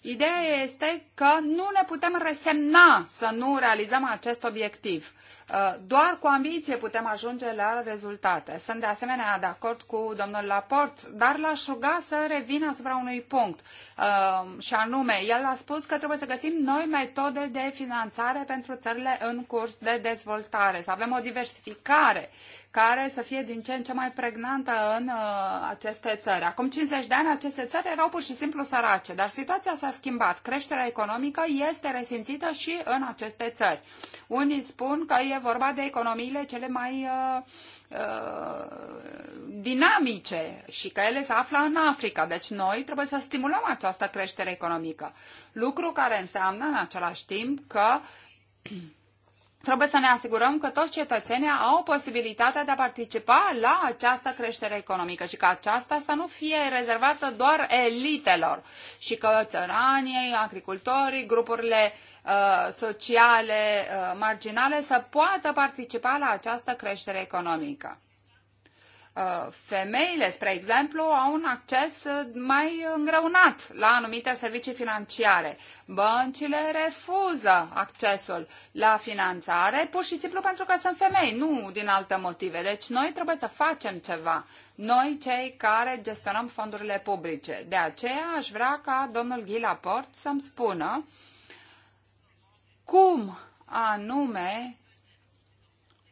Ideea este că nu ne putem resemna să nu realizăm acest obiectiv. Uh, doar cu ambiție putem ajunge la rezultate. Sunt de asemenea de acord cu domnul Laport, dar l-aș ruga să revină asupra unui punct. Uh, și anume, el a spus că trebuie să găsim noi metode de finanțare pentru țările în curs de dezvoltare, să avem o diversificare care să fie din ce în ce mai pregnantă în uh, aceste țări. Acum 50 de ani aceste țări erau pur și simplu sărace, dar situația s-a schimbat. Creșterea economică este resimțită și în aceste țări. Unii spun că e e vorba de economiile cele mai uh, uh, dinamice și că ele se află în Africa. Deci noi trebuie să stimulăm această creștere economică. Lucru care înseamnă în același timp că Trebuie să ne asigurăm că toți cetățenii au posibilitatea de a participa la această creștere economică și că aceasta să nu fie rezervată doar elitelor și că țăranii, agricultorii, grupurile uh, sociale uh, marginale să poată participa la această creștere economică. Uh, femeile, spre exemplu, au un acces uh, mai îngreunat la anumite servicii financiare. Băncile refuză accesul la finanțare pur și simplu pentru că sunt femei, nu din alte motive. Deci noi trebuie să facem ceva. Noi, cei care gestionăm fondurile publice. De aceea aș vrea ca domnul Ghi să-mi spună cum anume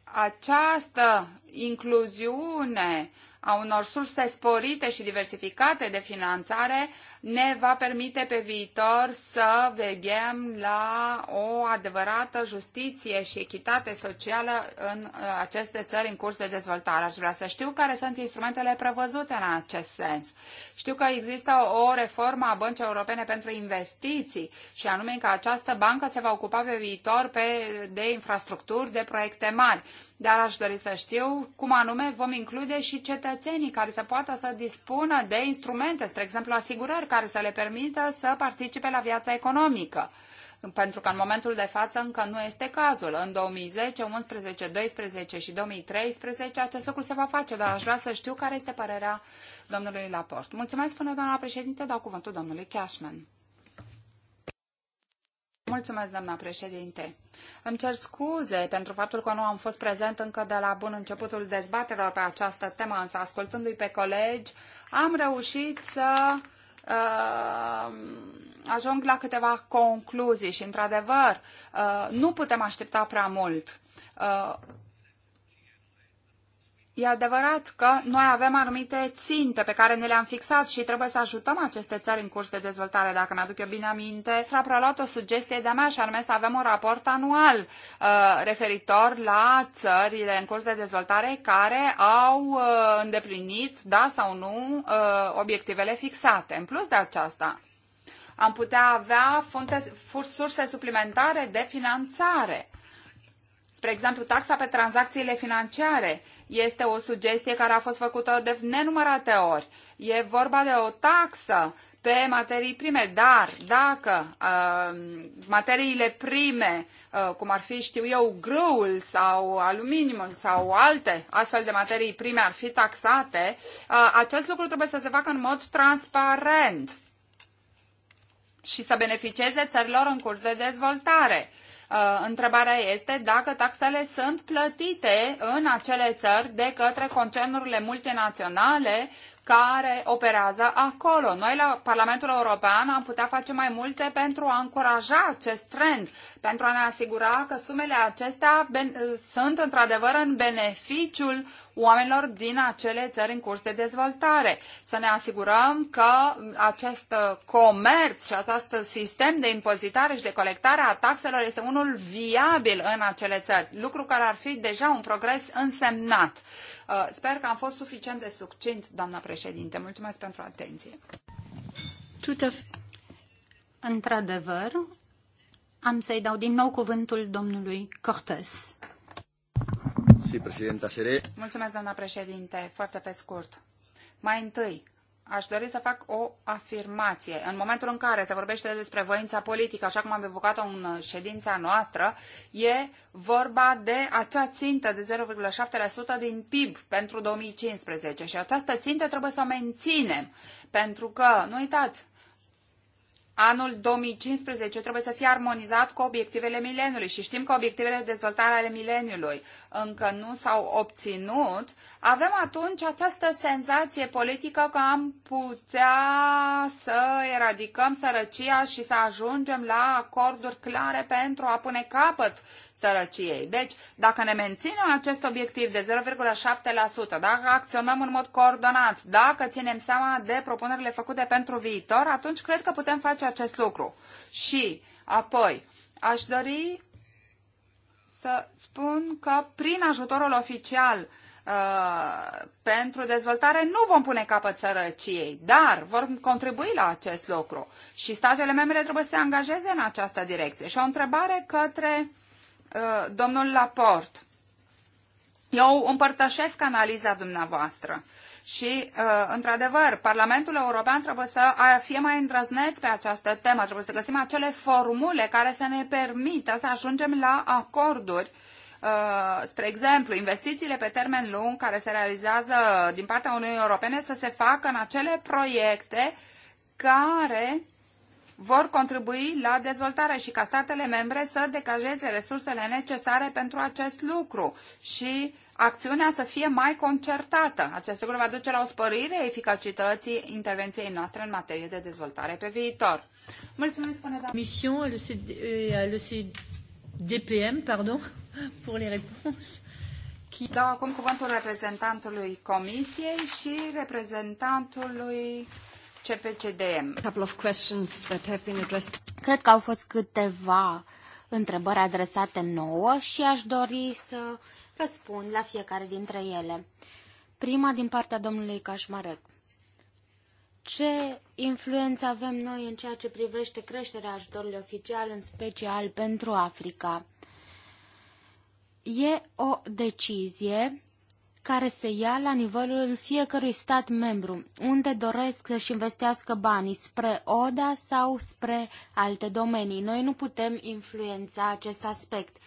această incluziune a unor surse sporite și diversificate de finanțare ne va permite pe viitor să veghem la o adevărată justiție și echitate socială în uh, aceste țări în curs de dezvoltare. Aș vrea să știu care sunt instrumentele prevăzute în acest sens. Știu că există o reformă a Băncii Europene pentru Investiții și anume că această bancă se va ocupa pe viitor pe, de infrastructuri, de proiecte mari. Dar aș dori să știu cum anume vom include și cetățenii care să poată să dispună de instrumente, spre exemplu asigurări care să le permită să participe la viața economică pentru că în momentul de față încă nu este cazul. În 2010, 11, 12 și 2013 acest lucru se va face, dar aș vrea să știu care este părerea domnului Laport. Mulțumesc, până doamna președinte, dau cuvântul domnului Cashman. Mulțumesc, doamna președinte. Îmi cer scuze pentru faptul că nu am fost prezent încă de la bun începutul dezbaterilor pe această temă, însă ascultându-i pe colegi, am reușit să Ehm, ajung la câteva concluzii și, într-adevăr, ehm, nu putem aștepta prea mult. Ehm, E adevărat că noi avem anumite ținte pe care ne le-am fixat și trebuie să ajutăm aceste țări în curs de dezvoltare. Dacă mi-aduc eu bine aminte, s-a preluat o sugestie de-a mea și anume să avem un raport anual uh, referitor la țările în curs de dezvoltare care au uh, îndeplinit, da sau nu, uh, obiectivele fixate. În plus de aceasta, am putea avea funte, surse suplimentare de finanțare Spre exemplu, taxa pe tranzacțiile financiare este o sugestie care a fost făcută de nenumărate ori. E vorba de o taxă pe materii prime, dar dacă uh, materiile prime, uh, cum ar fi, știu eu, grâul sau aluminiumul sau alte astfel de materii prime ar fi taxate, uh, acest lucru trebuie să se facă în mod transparent și să beneficieze țărilor în curs de dezvoltare. Uh, Uh, întrebarea este dacă taxele sunt plătite în acele țări de către concernurile multinaționale care operează acolo. Noi la Parlamentul European am putea face mai multe pentru a încuraja acest trend, pentru a ne asigura că sumele acestea sunt într-adevăr în beneficiul oamenilor din acele țări în curs de dezvoltare. Să ne asigurăm că acest comerț și acest sistem de impozitare și de colectare a taxelor este unul viabil în acele țări, lucru care ar fi deja un progres însemnat. Uh, sper că am fost suficient de succint, doamna președinte. Mulțumesc pentru atenție. Într-adevăr, am să-i dau din nou cuvântul domnului Cortes. Mulțumesc, doamna președinte. Foarte pe scurt. Mai întâi, aș dori să fac o afirmație. În momentul în care se vorbește despre voința politică, așa cum am evocat-o în ședința noastră, e vorba de acea țintă de 0,7% din PIB pentru 2015 și această țintă trebuie să o menținem, pentru că, nu uitați, anul 2015 trebuie să fie armonizat cu obiectivele mileniului și știm că obiectivele de dezvoltare ale mileniului încă nu s-au obținut, avem atunci această senzație politică că am putea să eradicăm sărăcia și să ajungem la acorduri clare pentru a pune capăt sărăciei. Deci, dacă ne menținem acest obiectiv de 0,7%, dacă acționăm în mod coordonat, dacă ținem seama de propunerile făcute pentru viitor, atunci cred că putem face acest lucru. Și apoi, aș dori să spun că prin ajutorul oficial Uh, pentru dezvoltare nu vom pune capăt sărăciei, dar vor contribui la acest lucru. Și statele membre trebuie să se angajeze în această direcție. Și o întrebare către uh, Uh, domnul Laport. Eu împărtășesc analiza dumneavoastră. Și, uh, într-adevăr, Parlamentul European trebuie să fie mai îndrăzneț pe această temă, trebuie să găsim acele formule care să ne permită să ajungem la acorduri. Uh, spre exemplu, investițiile pe termen lung care se realizează din partea Uniunii Europene să se facă în acele proiecte care vor contribui la dezvoltare și ca statele membre să decajeze resursele necesare pentru acest lucru și acțiunea să fie mai concertată. Acest lucru va duce la o spărire eficacității intervenției noastre în materie de dezvoltare pe viitor. Mulțumesc, până doamna. Mission le CDPM, eh, pardon, *laughs* pour les réponses. Dau acum cuvântul reprezentantului Comisiei și reprezentantului CPCDM. Cred că au fost câteva întrebări adresate nouă și aș dori să răspund la fiecare dintre ele. Prima din partea domnului Cașmarec. Ce influență avem noi în ceea ce privește creșterea ajutorului oficial, în special pentru Africa? E o decizie care se ia la nivelul fiecărui stat membru, unde doresc să-și investească banii, spre ODA sau spre alte domenii. Noi nu putem influența acest aspect.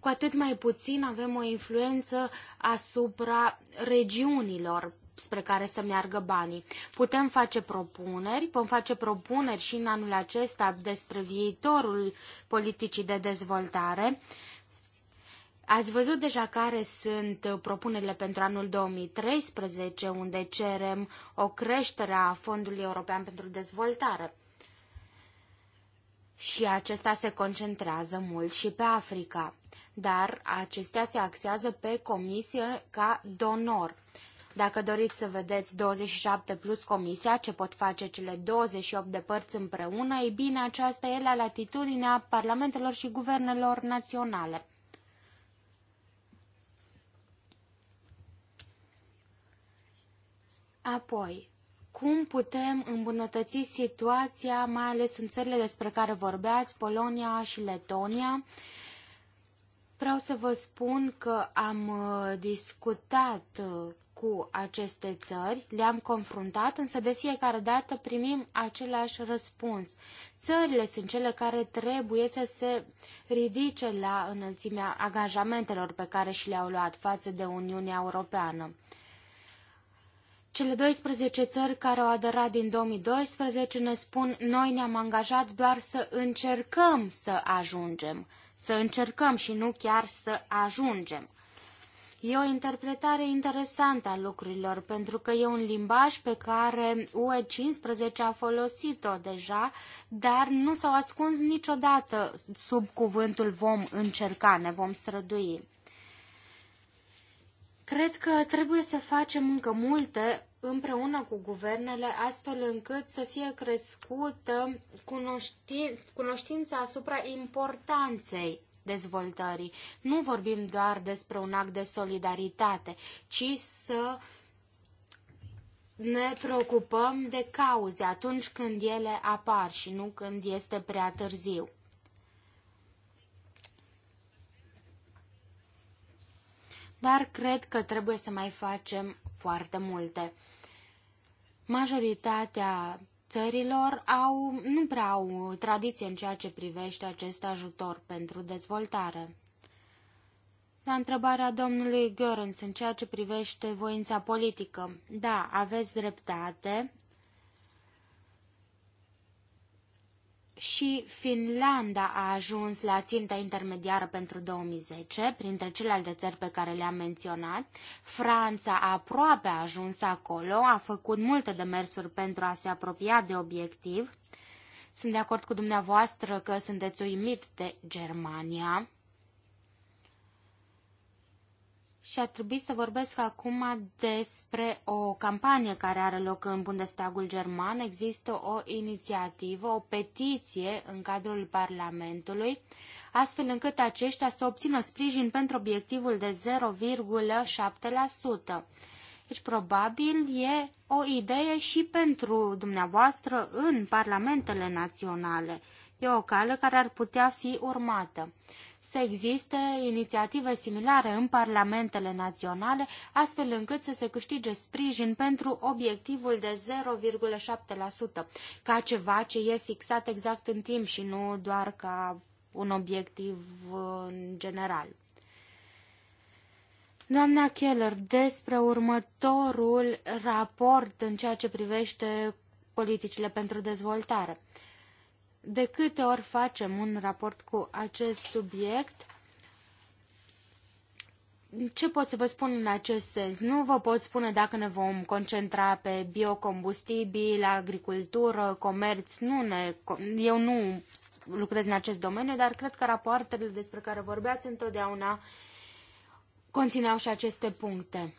Cu atât mai puțin avem o influență asupra regiunilor spre care să meargă banii. Putem face propuneri, vom face propuneri și în anul acesta despre viitorul politicii de dezvoltare. Ați văzut deja care sunt uh, propunerile pentru anul 2013, unde cerem o creștere a Fondului European pentru Dezvoltare. Și acesta se concentrează mult și pe Africa, dar acestea se axează pe comisie ca donor. Dacă doriți să vedeți 27 plus comisia, ce pot face cele 28 de părți împreună, ei bine, aceasta e la latitudinea parlamentelor și guvernelor naționale. Apoi, cum putem îmbunătăți situația, mai ales în țările despre care vorbeați, Polonia și Letonia? Vreau să vă spun că am uh, discutat uh, cu aceste țări, le-am confruntat, însă de fiecare dată primim același răspuns. Țările sunt cele care trebuie să se ridice la înălțimea angajamentelor pe care și le-au luat față de Uniunea Europeană. Cele 12 țări care au aderat din 2012 ne spun noi ne-am angajat doar să încercăm să ajungem, să încercăm și nu chiar să ajungem. E o interpretare interesantă a lucrurilor, pentru că e un limbaj pe care UE15 a folosit-o deja, dar nu s-au ascuns niciodată sub cuvântul vom încerca, ne vom strădui. Cred că trebuie să facem încă multe împreună cu guvernele, astfel încât să fie crescută cunoștin- cunoștința asupra importanței dezvoltării. Nu vorbim doar despre un act de solidaritate, ci să ne preocupăm de cauze atunci când ele apar și nu când este prea târziu. dar cred că trebuie să mai facem foarte multe. Majoritatea țărilor au, nu prea au tradiție în ceea ce privește acest ajutor pentru dezvoltare. La întrebarea domnului Görens în ceea ce privește voința politică, da, aveți dreptate, și Finlanda a ajuns la ținta intermediară pentru 2010, printre celelalte țări pe care le-am menționat. Franța aproape a ajuns acolo, a făcut multe demersuri pentru a se apropia de obiectiv. Sunt de acord cu dumneavoastră că sunteți uimit de Germania și a trebuit să vorbesc acum despre o campanie care are loc în Bundestagul German. Există o inițiativă, o petiție în cadrul Parlamentului, astfel încât aceștia să obțină sprijin pentru obiectivul de 0,7%. Deci, probabil, e o idee și pentru dumneavoastră în parlamentele naționale. E o cale care ar putea fi urmată să existe inițiative similare în parlamentele naționale, astfel încât să se câștige sprijin pentru obiectivul de 0,7%, ca ceva ce e fixat exact în timp și nu doar ca un obiectiv în general. Doamna Keller, despre următorul raport în ceea ce privește politicile pentru dezvoltare. De câte ori facem un raport cu acest subiect, ce pot să vă spun în acest sens? Nu vă pot spune dacă ne vom concentra pe biocombustibili, agricultură, comerț. Nu ne, eu nu lucrez în acest domeniu, dar cred că rapoartele despre care vorbeați întotdeauna conțineau și aceste puncte.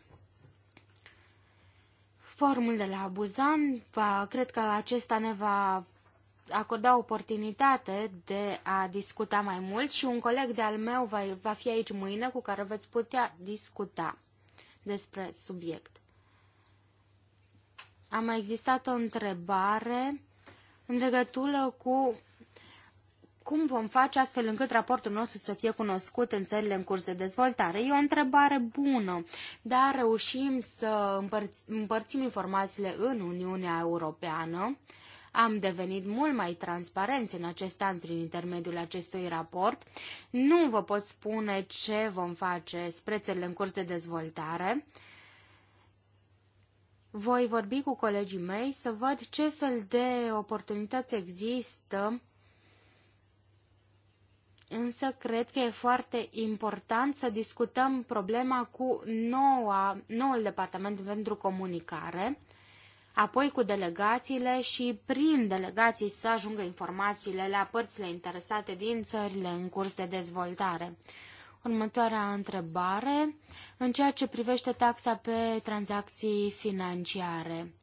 Formul de la Abuzan, va, cred că acesta ne va acorda oportunitate de a discuta mai mult și un coleg de-al meu va, va fi aici mâine cu care veți putea discuta despre subiect. A mai existat o întrebare în legătură cu cum vom face astfel încât raportul nostru să fie cunoscut în țările în curs de dezvoltare? E o întrebare bună, dar reușim să împărț- împărțim informațiile în Uniunea Europeană. Am devenit mult mai transparenți în acest an prin intermediul acestui raport. Nu vă pot spune ce vom face spre țările în curs de dezvoltare. Voi vorbi cu colegii mei să văd ce fel de oportunități există însă cred că e foarte important să discutăm problema cu noua, noul Departament pentru Comunicare apoi cu delegațiile și prin delegații să ajungă informațiile la părțile interesate din țările în curs de dezvoltare. Următoarea întrebare în ceea ce privește taxa pe tranzacții financiare.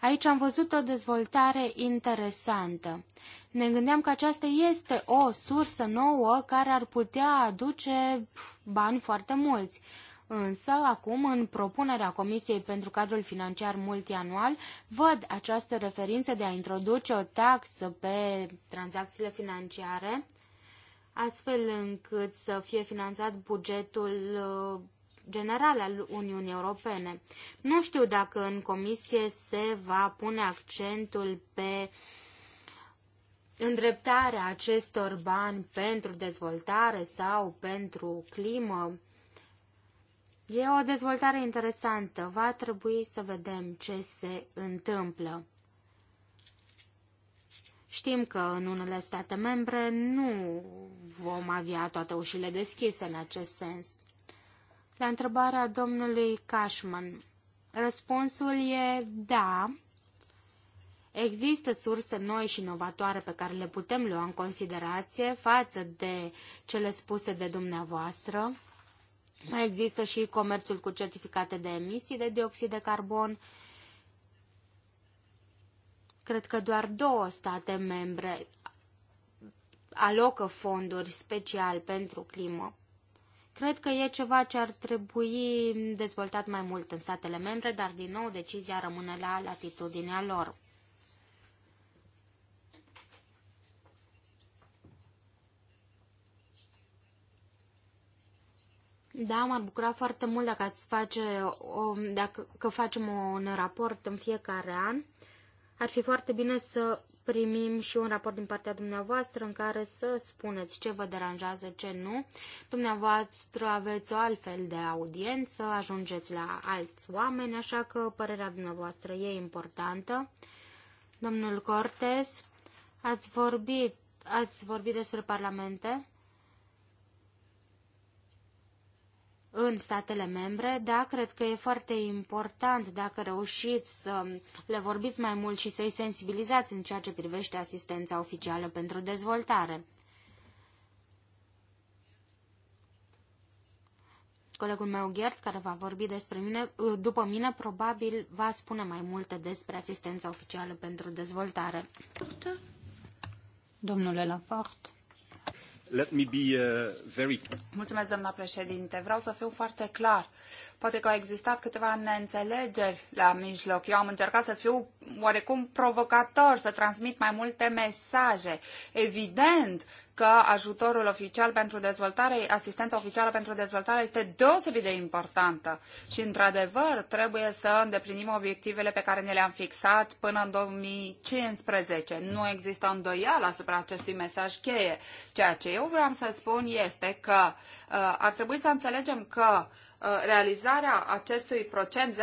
Aici am văzut o dezvoltare interesantă. Ne gândeam că aceasta este o sursă nouă care ar putea aduce bani foarte mulți. Însă, acum, în propunerea Comisiei pentru cadrul financiar multianual, văd această referință de a introduce o taxă pe tranzacțiile financiare, astfel încât să fie finanțat bugetul uh, general al Uniunii Europene. Nu știu dacă în comisie se va pune accentul pe îndreptarea acestor bani pentru dezvoltare sau pentru climă. E o dezvoltare interesantă. Va trebui să vedem ce se întâmplă. Știm că în unele state membre nu vom avea toate ușile deschise în acest sens. La întrebarea domnului Cashman, răspunsul e da. Există surse noi și inovatoare pe care le putem lua în considerație față de cele spuse de dumneavoastră. Mai există și comerțul cu certificate de emisii de dioxid de carbon. Cred că doar două state membre alocă fonduri special pentru climă. Cred că e ceva ce ar trebui dezvoltat mai mult în statele membre, dar din nou decizia rămâne la latitudinea lor. Da, m-ar bucura foarte mult dacă ați face o, dacă că facem un raport în fiecare an. Ar fi foarte bine să primim și un raport din partea dumneavoastră în care să spuneți ce vă deranjează, ce nu. Dumneavoastră aveți o altfel de audiență, ajungeți la alți oameni, așa că părerea dumneavoastră e importantă. Domnul Cortes, ați vorbit, ați vorbit despre parlamente? în statele membre, da, cred că e foarte important dacă reușiți să le vorbiți mai mult și să-i sensibilizați în ceea ce privește asistența oficială pentru dezvoltare. Colegul meu, Gert, care va vorbi despre mine, după mine, probabil va spune mai multe despre asistența oficială pentru dezvoltare. Domnule Laporte. Let me uh, Mulțumesc, doamna președinte. Vreau să fiu foarte clar. Poate că au existat câteva neînțelegeri la mijloc. Eu am încercat să fiu oarecum provocator, să transmit mai multe mesaje. Evident că ajutorul oficial pentru dezvoltare, asistența oficială pentru dezvoltare este deosebit de importantă și, într-adevăr, trebuie să îndeplinim obiectivele pe care ne le-am fixat până în 2015. Nu există îndoială asupra acestui mesaj cheie. Ceea ce eu vreau să spun este că uh, ar trebui să înțelegem că uh, Uh, realizarea acestui procent 0,7%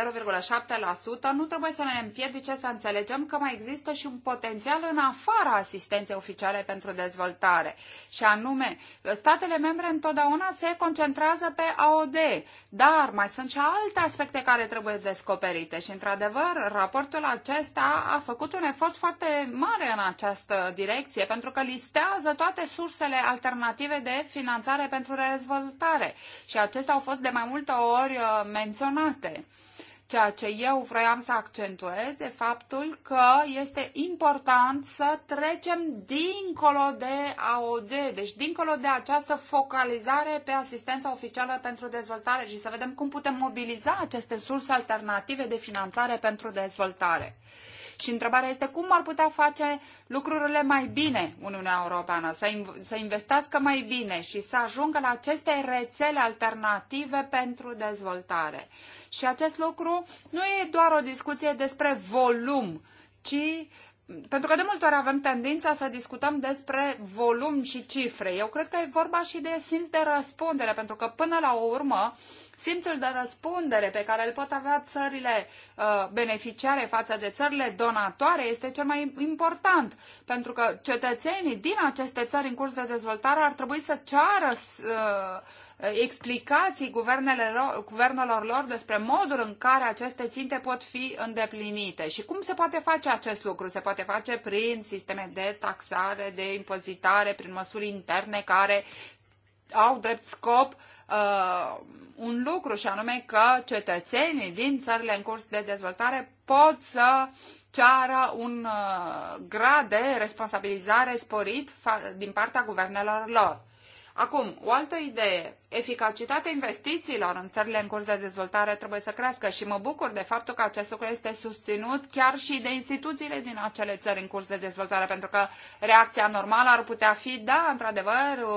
nu trebuie să ne împiedice să înțelegem că mai există și un potențial în afara asistenței oficiale pentru dezvoltare. Și anume, statele membre întotdeauna se concentrează pe AOD, dar mai sunt și alte aspecte care trebuie descoperite și, într-adevăr, raportul acesta a făcut un efort foarte mare în această direcție, pentru că listează toate sursele alternative de finanțare pentru dezvoltare și acestea au fost de mai multe multe ori uh, menționate. Ceea ce eu vroiam să accentuez e faptul că este important să trecem dincolo de AOD, deci dincolo de această focalizare pe asistența oficială pentru dezvoltare și să vedem cum putem mobiliza aceste surse alternative de finanțare pentru dezvoltare. Și întrebarea este cum ar putea face lucrurile mai bine Uniunea Europeană, să, inv- să investească mai bine și să ajungă la aceste rețele alternative pentru dezvoltare. Și acest lucru nu e doar o discuție despre volum, ci pentru că de multe ori avem tendința să discutăm despre volum și cifre. Eu cred că e vorba și de simț de răspundere, pentru că până la urmă simțul de răspundere pe care îl pot avea țările uh, beneficiare față de țările donatoare este cel mai important, pentru că cetățenii din aceste țări în curs de dezvoltare ar trebui să ceară uh, explicații guvernelor lor despre modul în care aceste ținte pot fi îndeplinite și cum se poate face acest lucru. Se poate face prin sisteme de taxare, de impozitare, prin măsuri interne care au drept scop uh, uh, un lucru și anume că cetățenii din țările în curs de dezvoltare pot să ceară un uh, grad de responsabilizare sporit din partea guvernelor lor. Acum, o altă idee eficacitatea investițiilor în țările în curs de dezvoltare trebuie să crească și mă bucur de faptul că acest lucru este susținut chiar și de instituțiile din acele țări în curs de dezvoltare, pentru că reacția normală ar putea fi, da, într-adevăr,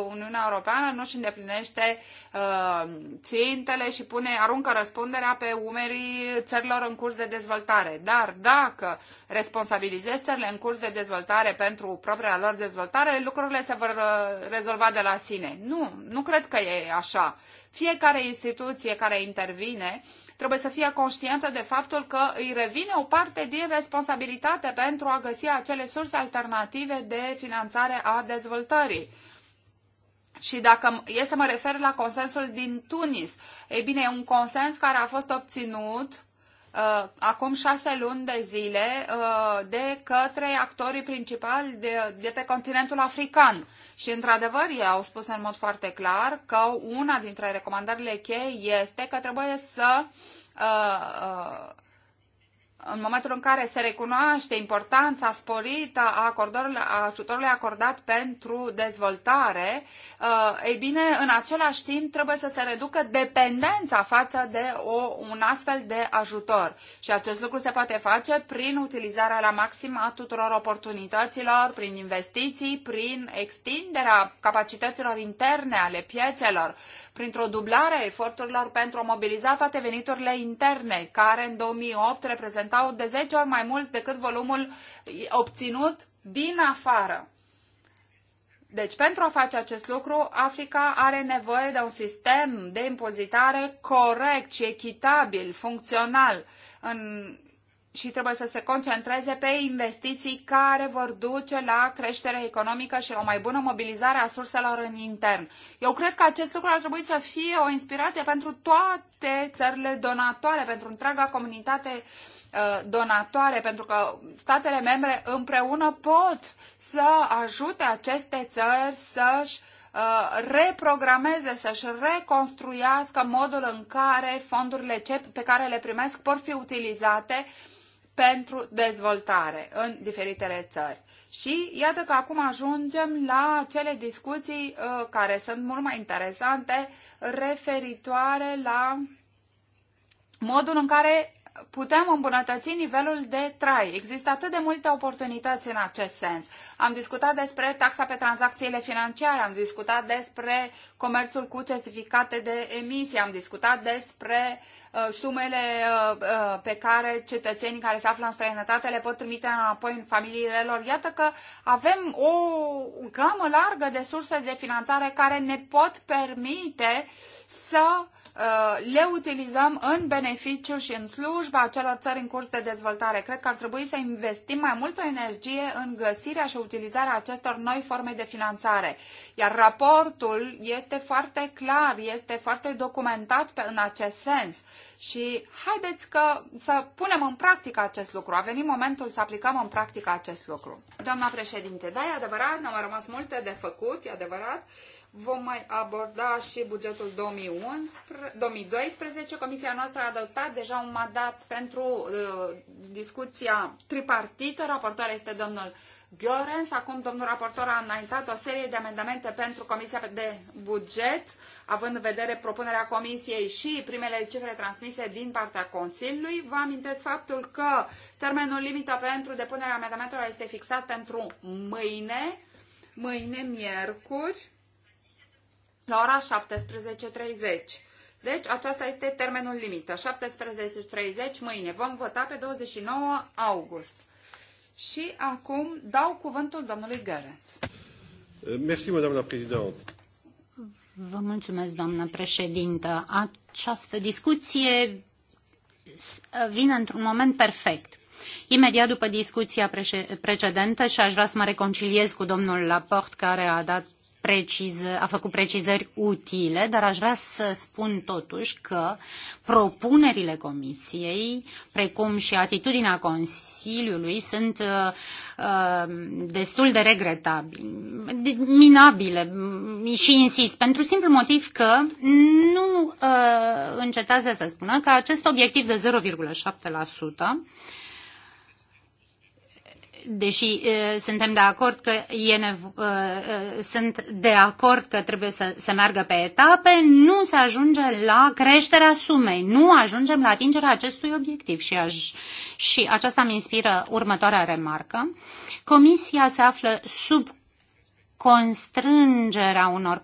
Uniunea Europeană nu își îndeplinește uh, țintele și pune, aruncă răspunderea pe umerii țărilor în curs de dezvoltare. Dar dacă responsabilizezi țările în curs de dezvoltare pentru propria lor dezvoltare, lucrurile se vor uh, rezolva de la sine. Nu, nu cred că e așa așa. Fiecare instituție care intervine trebuie să fie conștientă de faptul că îi revine o parte din responsabilitate pentru a găsi acele surse alternative de finanțare a dezvoltării. Și dacă e să mă refer la consensul din Tunis, e bine, e un consens care a fost obținut uh, acum șase luni de zile uh, de către actorii principali de, de pe continentul african. Și, într-adevăr, ei au spus în mod foarte clar că una dintre recomandările cheie este că trebuie să uh, uh, în momentul în care se recunoaște importanța sporită a ajutorului acordat pentru dezvoltare, uh, ei bine, în același timp trebuie să se reducă dependența față de o, un astfel de ajutor. Și acest lucru se poate face prin utilizarea la maxim a tuturor oportunităților, prin investiții, prin extinderea capacităților interne ale piețelor, printr-o dublare a eforturilor pentru a mobiliza toate veniturile interne, care în 2008 reprezentau de 10 ori mai mult decât volumul obținut din afară. Deci, pentru a face acest lucru, Africa are nevoie de un sistem de impozitare corect și echitabil, funcțional, în și trebuie să se concentreze pe investiții care vor duce la creștere economică și la o mai bună mobilizare a surselor în intern. Eu cred că acest lucru ar trebui să fie o inspirație pentru toate țările donatoare, pentru întreaga comunitate uh, donatoare, pentru că statele membre împreună pot să ajute aceste țări să-și uh, reprogrameze, să-și reconstruiască modul în care fondurile CEP pe care le primesc pot fi utilizate uh, pentru dezvoltare în diferitele țări. Și iată că acum ajungem la cele discuții uh, care sunt mult mai interesante referitoare la modul în care putem îmbunătăți nivelul de trai. Există atât de multe oportunități în acest sens. Am discutat despre taxa pe tranzacțiile financiare, am discutat despre comerțul cu certificate de emisie, am discutat despre uh, sumele uh, uh, pe care cetățenii care se află în străinătate le pot trimite înapoi în familiile lor. Iată că avem o gamă largă de surse de finanțare care ne pot permite să uh, Uh, le utilizăm în beneficiu și în slujba acelor țări în curs de dezvoltare. Cred că ar trebui să investim mai multă energie în găsirea și utilizarea acestor noi forme de finanțare. Iar raportul este foarte clar, este foarte documentat pe, în acest sens. Și haideți că să punem în practică acest lucru. A venit momentul să aplicăm în practică acest lucru. Doamna președinte, da, e adevărat, ne-au rămas multe de făcut, e adevărat. Vom mai aborda și bugetul 2011, 2012. Comisia noastră a adoptat deja un mandat pentru uh, discuția tripartită. Raportoarea este domnul Gheorens. Acum domnul raportor a înaintat o serie de amendamente pentru Comisia de Buget, având în vedere propunerea Comisiei și primele cifre transmise din partea Consiliului. Vă amintesc faptul că termenul limită pentru depunerea amendamentelor este fixat pentru mâine, mâine miercuri la ora 17.30. Deci, aceasta este termenul limită. 17.30 mâine. Vom vota pe 29 august. Și acum dau cuvântul domnului Gărens. Mersi, doamna președinte. Vă mulțumesc, doamnă președintă. Această discuție vine într-un moment perfect. Imediat după discuția precedentă și aș vrea să mă reconciliez cu domnul Laport care a dat a făcut precizări utile, dar aș vrea să spun totuși că propunerile Comisiei, precum și atitudinea Consiliului, sunt uh, uh destul de regretabile, minabile mm, și insist, pentru simplu motiv că nu uh, încetează să spună că acest obiectiv de 0,7% deși uh, suntem de acord că e nevo- uh, uh, sunt de acord că trebuie să se meargă pe etape, nu se ajunge la creșterea sumei, nu ajungem la atingerea acestui obiectiv și, aș, și aceasta mi inspiră următoarea remarcă. Comisia se află sub constrângerea unor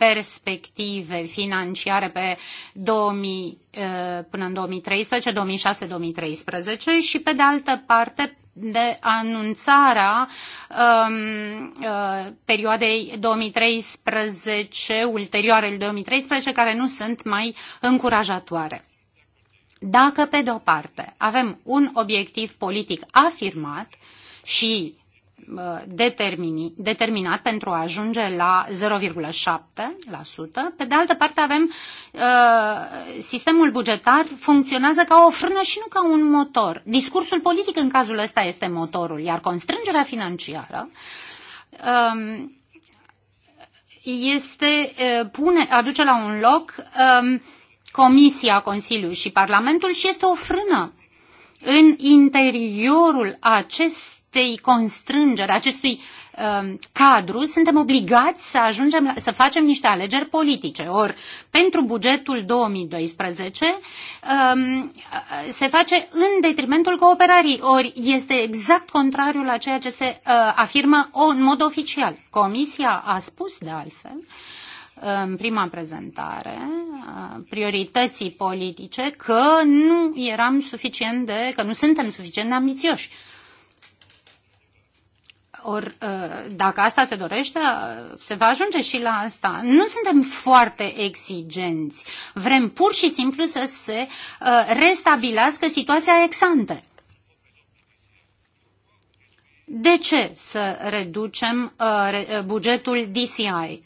perspective financiare pe 2000, eh, până în 2013, 2006-2013 și pe de altă parte de anunțarea um, uh, perioadei 2013, ulterioarele 2013, care nu sunt mai încurajatoare. Dacă, pe de o parte, avem un obiectiv politic afirmat și Uh, determinat pentru a ajunge la 0,7%. Pe de altă parte avem uh, sistemul bugetar funcționează ca o frână și nu ca un motor. Discursul politic în cazul ăsta este motorul, iar constrângerea financiară um, este uh, pune, aduce la un loc um, Comisia, Consiliul și Parlamentul și este o frână în interiorul acest acestei constrângeri, acestui um, cadru, suntem obligați să ajungem la, să facem niște alegeri politice. Ori, pentru bugetul 2012 um, se face în detrimentul cooperării. Ori, este exact contrariul la ceea ce se uh, afirmă o, în mod oficial. Comisia a spus, de altfel, în prima prezentare uh, priorității politice că nu eram suficient de, că nu suntem suficient de ambițioși. Or, uh, dacă asta se dorește, uh, se va ajunge și la asta. Nu suntem foarte exigenți. Vrem pur și simplu să se uh, restabilească situația exante. De ce să reducem bugetul DCI?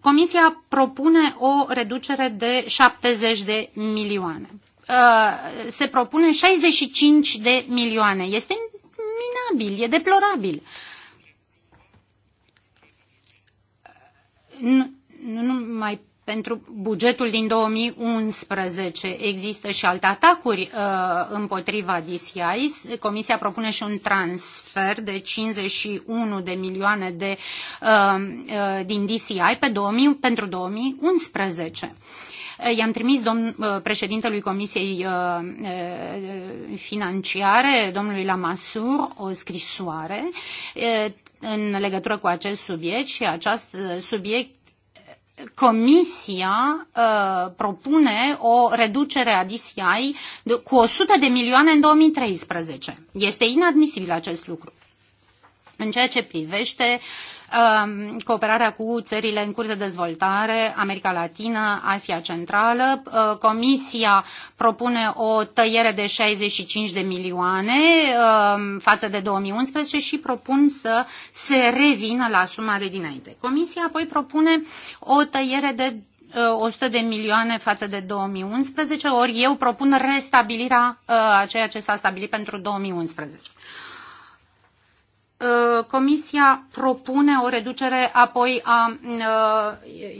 Comisia propune o reducere de 70 de milioane. Se propune 65 de milioane. Este minabil, e deplorabil. Nu, nu numai pentru bugetul din 2011 există și alte atacuri uh, împotriva DCI. Comisia propune și un transfer de 51 de milioane de, uh, uh, din DCI pe 2000, pentru 2011. Eh, i-am trimis domn, eh, președintelui Comisiei eh, Financiare, domnului Lamasur, o scrisoare în legătură cu acest subiect și acest subiect Comisia uh, propune o reducere a DCI de, cu 100 de milioane în 2013. Este inadmisibil acest lucru. În ceea ce privește Um, cooperarea cu țările în curs de dezvoltare, America Latină, Asia Centrală. Uh, comisia propune o tăiere de 65 de milioane um, față de 2011 și propun să se revină la suma de dinainte. Comisia apoi propune o tăiere de 100 uh, de milioane față de 2011, ori eu propun restabilirea uh, a ceea ce s-a stabilit pentru 2011. Uh, comisia propune o reducere apoi a uh,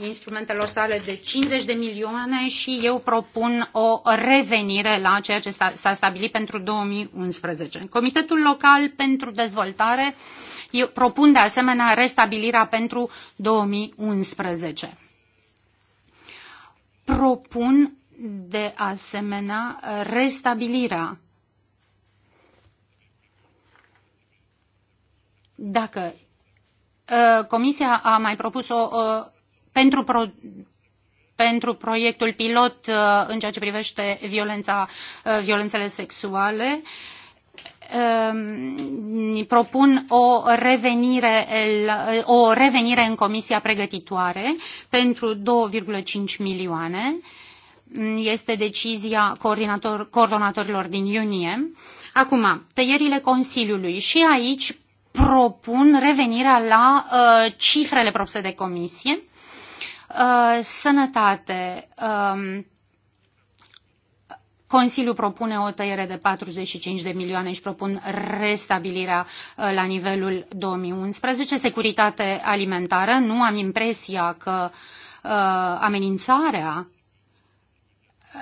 instrumentelor sale de 50 de milioane și eu propun o revenire la ceea ce s-a stabilit pentru 2011. Comitetul Local pentru Dezvoltare propune propun de asemenea restabilirea pentru 2011. Propun de asemenea restabilirea Dacă ă, Comisia a mai propus o ă, pentru, pro, pentru proiectul pilot ă, în ceea ce privește violența, violențele sexuale, propun o revenire, o revenire în comisia pregătitoare pentru 2,5 milioane. Este decizia coordonatorilor din iunie. Acum, tăierile Consiliului. Și aici propun revenirea la uh, cifrele propuse de comisie. Uh, sănătate. Uh, Consiliul propune o tăiere de 45 de milioane și propun restabilirea uh, la nivelul 2011. Securitate alimentară, nu am impresia că uh, amenințarea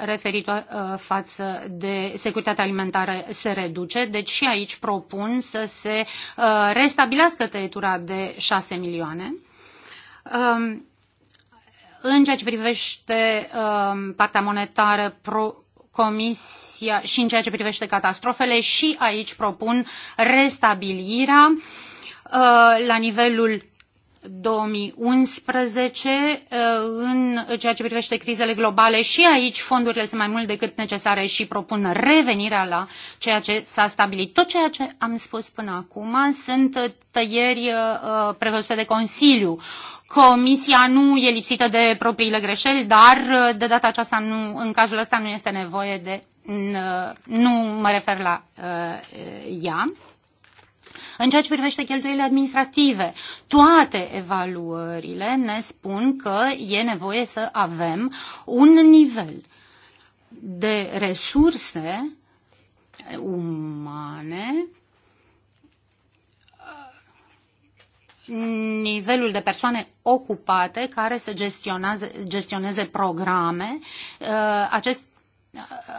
referitor uh, față de securitatea alimentară se reduce, deci și aici propun să se uh, restabilească tăietura de 6 milioane. Um, în ceea ce privește um, partea monetară, pro, Comisia și în ceea ce privește catastrofele și aici propun restabilirea uh, la nivelul 2011 uh, în ceea ce privește crizele globale și aici fondurile sunt mai mult decât necesare și propun revenirea la ceea ce s-a stabilit. Tot ceea ce am spus până acum sunt tăieri uh, prevăzute de Consiliu. Comisia nu e lipsită de propriile greșeli, dar uh, de data aceasta nu, în cazul ăsta nu este nevoie de nu mă refer la uh, ea. În ceea ce privește cheltuielile administrative, toate evaluările ne spun că e nevoie să avem un nivel de resurse umane nivelul de persoane ocupate care să gestioneze programe. Acest,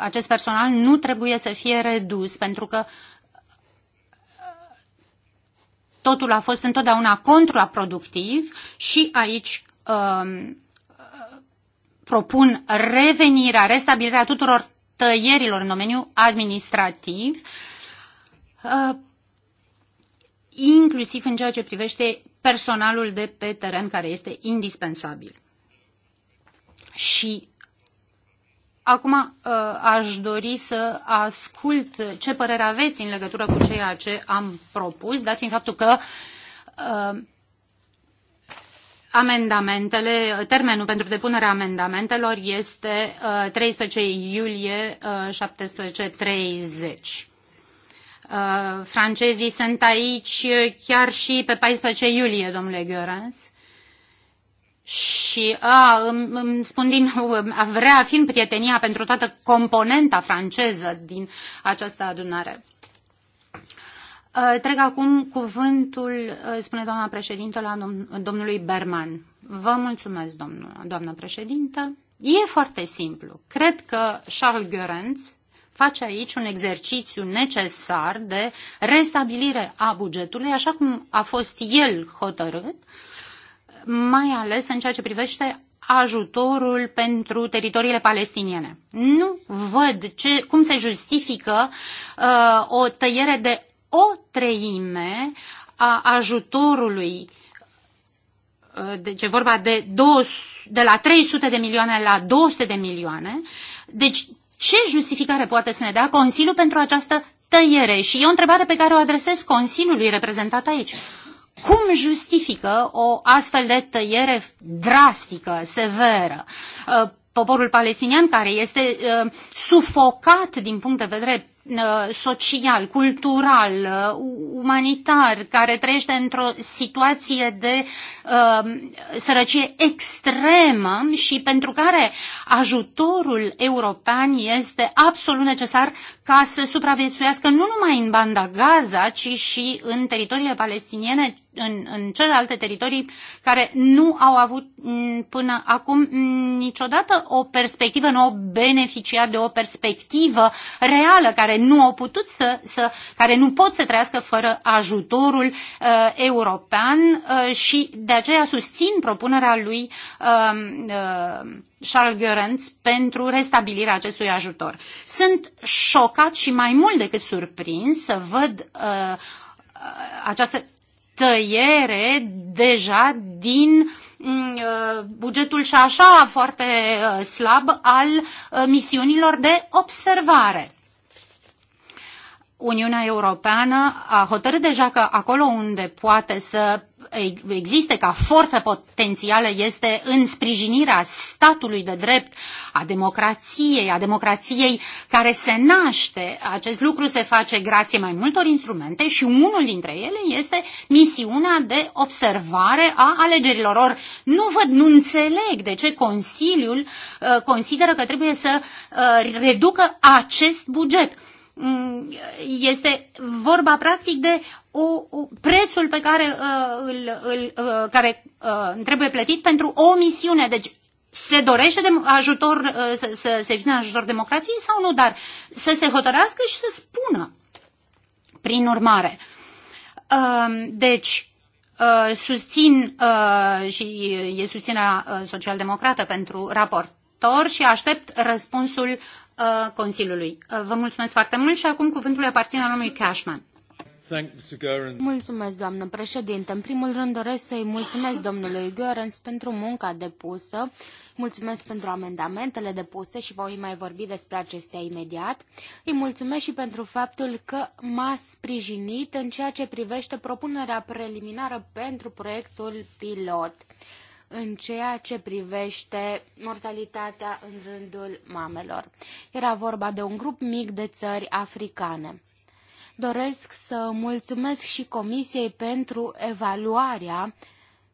acest personal nu trebuie să fie redus pentru că uh, Totul a fost întotdeauna contraproductiv și aici um, propun revenirea, restabilirea tuturor tăierilor în domeniul administrativ, uh, inclusiv în ceea ce privește personalul de pe teren care este indispensabil. Și Acum uh, aș dori să ascult ce părere aveți în legătură cu ceea ce am propus, dat fiind faptul că uh, amendamentele, termenul pentru depunerea amendamentelor este 13 uh, iulie 17.30. Francezii sunt aici chiar și pe 14 iulie, domnule Görens și a, îmi spun din nou, a vrea fiind prietenia pentru toată componenta franceză din această adunare. Trec acum cuvântul, spune doamna președintă, la dom- domnului Berman. Vă mulțumesc, domnul, doamna președintă. E foarte simplu. Cred că Charles Görenz face aici un exercițiu necesar de restabilire a bugetului, așa cum a fost el hotărât, uh, mai ales în ceea ce privește ajutorul pentru teritoriile palestiniene. Nu văd ce, cum se justifică uh, o tăiere de o treime a ajutorului uh, deci e vorba de, 200, de la 300 de milioane la 200 de milioane. Deci ce justificare poate să ne dea Consiliul pentru această tăiere? Și e o întrebare pe care o adresez Consiliului reprezentat aici cum justifică o astfel de tăiere drastică, severă? Uh, poporul palestinian care este uh, sufocat din punct de vedere Uh, social, cultural, uh, umanitar, care trăiește într-o situație de uh, sărăcie extremă și pentru care ajutorul european este absolut necesar ca să supraviețuiască nu numai în banda Gaza, ci și în teritoriile palestiniene, în, în celelalte teritorii care nu au avut mm, până acum mm, niciodată o perspectivă, nu au beneficiat de o perspectivă reală care care nu au putut să, să care nu pot să trăiască fără ajutorul uh, european uh, și de aceea susțin propunerea lui uh, uh, Charles Görens pentru restabilirea acestui ajutor. Sunt șocat și mai mult decât surprins să văd uh, această tăiere deja din mm, uh, bugetul și așa foarte uh, slab al uh, misiunilor de observare. Uniunea Europeană a hotărât deja că acolo unde poate să existe ca forță potențială este în sprijinirea statului de drept, a democrației, a democrației care se naște. Acest lucru se face grație mai multor instrumente și unul dintre ele este misiunea de observare a alegerilor. Or, nu văd, nu înțeleg de ce Consiliul uh, consideră că trebuie să uh, reducă acest buget. Mm, este vorba practic de o, o, prețul pe care, uh, îl, îl, uh, care uh, trebuie plătit pentru o misiune. Deci se dorește de ajutor, uh, să, se vină ajutor democrației sau nu, dar să se hotărească și să spună. Prin urmare, uh, deci uh, susțin uh, și e susținerea uh, social-democrată pentru raport raportor și aștept răspunsul uh, Consiliului. Uh, vă mulțumesc foarte mult și acum cuvântul aparține domnului Cashman. Mulțumesc, doamnă președinte. În primul rând doresc să-i mulțumesc domnului Görens pentru munca depusă. Mulțumesc pentru amendamentele depuse și voi mai vorbi despre acestea imediat. Îi mulțumesc și pentru faptul că m-a sprijinit în ceea ce privește propunerea preliminară pentru proiectul pilot. Uh, în ceea ce privește mortalitatea în rândul mamelor. Era vorba de un grup mic de țări africane. Doresc să mulțumesc și Comisiei pentru evaluarea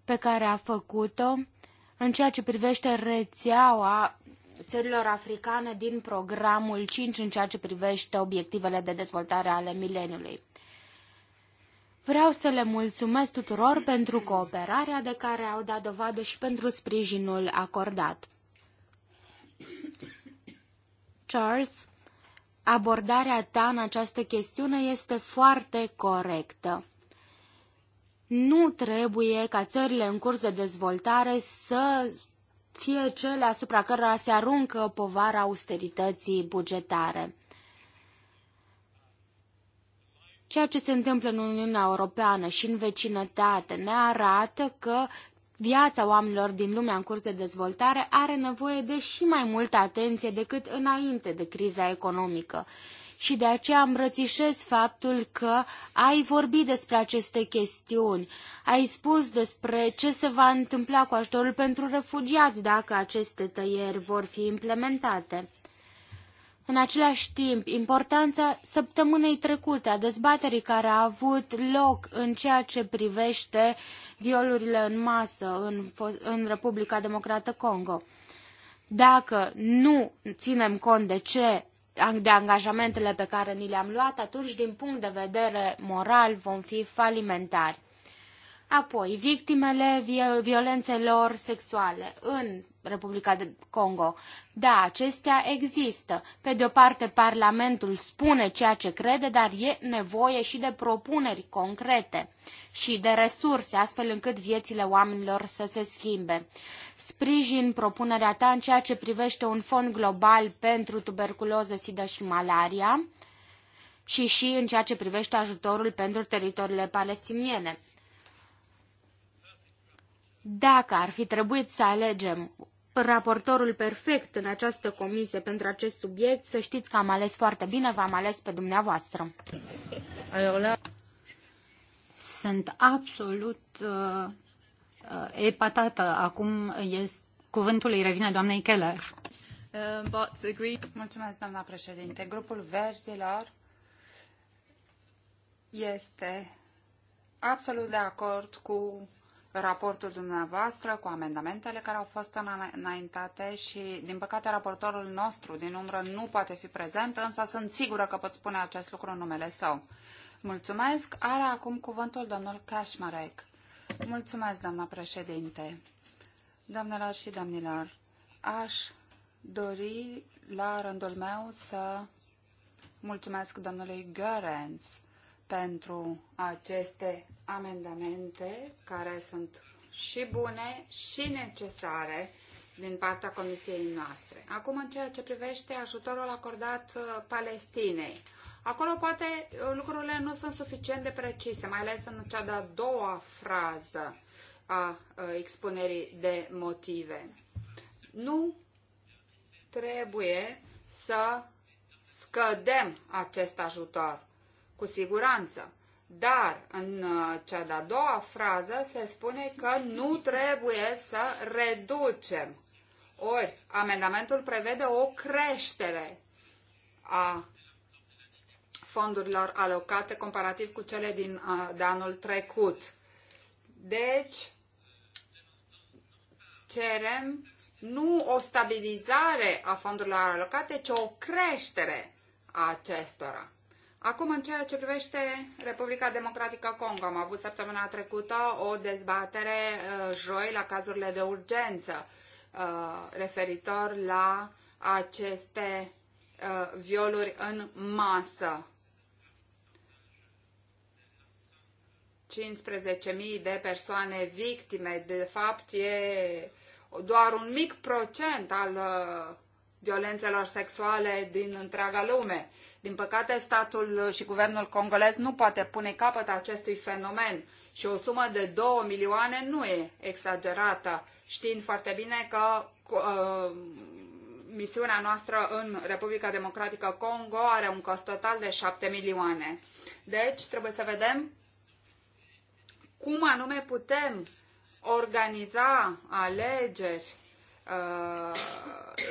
pe care a făcut-o în ceea ce privește rețeaua țărilor africane din programul 5 în ceea ce privește obiectivele de dezvoltare ale mileniului. Vreau să le mulțumesc tuturor pentru cooperarea de care au dat dovadă și pentru sprijinul acordat. Charles, abordarea ta în această chestiune este foarte corectă. Nu trebuie ca țările în curs de dezvoltare să fie cele asupra cărora se aruncă povara austerității bugetare. Ceea ce se întâmplă în Uniunea Europeană și în vecinătate ne arată că Viața oamenilor din lumea în curs de dezvoltare are nevoie de și mai multă atenție decât înainte de criza economică. Și de aceea îmbrățișez faptul că ai vorbit despre aceste chestiuni, ai spus despre ce se va întâmpla cu ajutorul pentru refugiați dacă aceste tăieri vor fi implementate. În același timp, importanța săptămânei trecute a dezbaterii care a avut loc în ceea ce privește violurile în masă în, în Republica Democrată Congo. Dacă nu ținem cont de ce de angajamentele pe care ni le-am luat, atunci, din punct de vedere moral, vom fi falimentari. Apoi, victimele violențelor sexuale în Republica de Congo. Da, acestea există. Pe de o parte, Parlamentul spune ceea ce crede, dar e nevoie și de propuneri concrete și de resurse, astfel încât viețile oamenilor să se schimbe. Sprijin propunerea ta în ceea ce privește un fond global pentru tuberculoză, sida și malaria și și în ceea ce privește ajutorul pentru teritoriile palestiniene. Dacă ar fi trebuit să alegem raportorul perfect în această comisie pentru acest subiect, să știți că am ales foarte bine, v-am ales pe dumneavoastră. Sunt absolut uh, uh, epatată. Acum este, cuvântul îi revine doamnei Keller. Uh, Mulțumesc, doamna președinte. Grupul verzilor este absolut de acord cu raportul dumneavoastră cu amendamentele care au fost înaintate și, din păcate, raportorul nostru din umbră nu poate fi prezent, însă sunt sigură că pot spune acest lucru în numele său. Mulțumesc. Are acum cuvântul domnul Kașmarek. Mulțumesc, doamna președinte. Doamnelor și domnilor, aș dori la rândul meu să mulțumesc domnului Görens pentru aceste amendamente care sunt și bune și necesare din partea comisiei noastre. Acum, în ceea ce privește ajutorul acordat uh, Palestinei, acolo poate uh, lucrurile nu sunt suficient de precise, mai ales în cea de-a doua frază a uh, expunerii de motive. Nu trebuie să scădem acest ajutor cu siguranță. Dar în uh, cea de-a doua frază se spune că nu trebuie să reducem. Ori, amendamentul prevede o creștere a fondurilor alocate comparativ cu cele din, uh, de anul trecut. Deci, cerem nu o stabilizare a fondurilor alocate, ci o creștere a acestora. Acum, în ceea ce privește Republica Democratică Congo, am avut săptămâna trecută o dezbatere uh, joi la cazurile de urgență uh, referitor la aceste uh, violuri în masă. 15.000 de persoane victime, de fapt e doar un mic procent al violențelor sexuale din întreaga lume. Din păcate, statul și guvernul congolez nu poate pune capăt acestui fenomen și o sumă de 2 milioane nu e exagerată, știind foarte bine că uh, misiunea noastră în Republica Democratică Congo are un cost total de 7 milioane. Deci, trebuie să vedem cum anume putem organiza alegeri uh,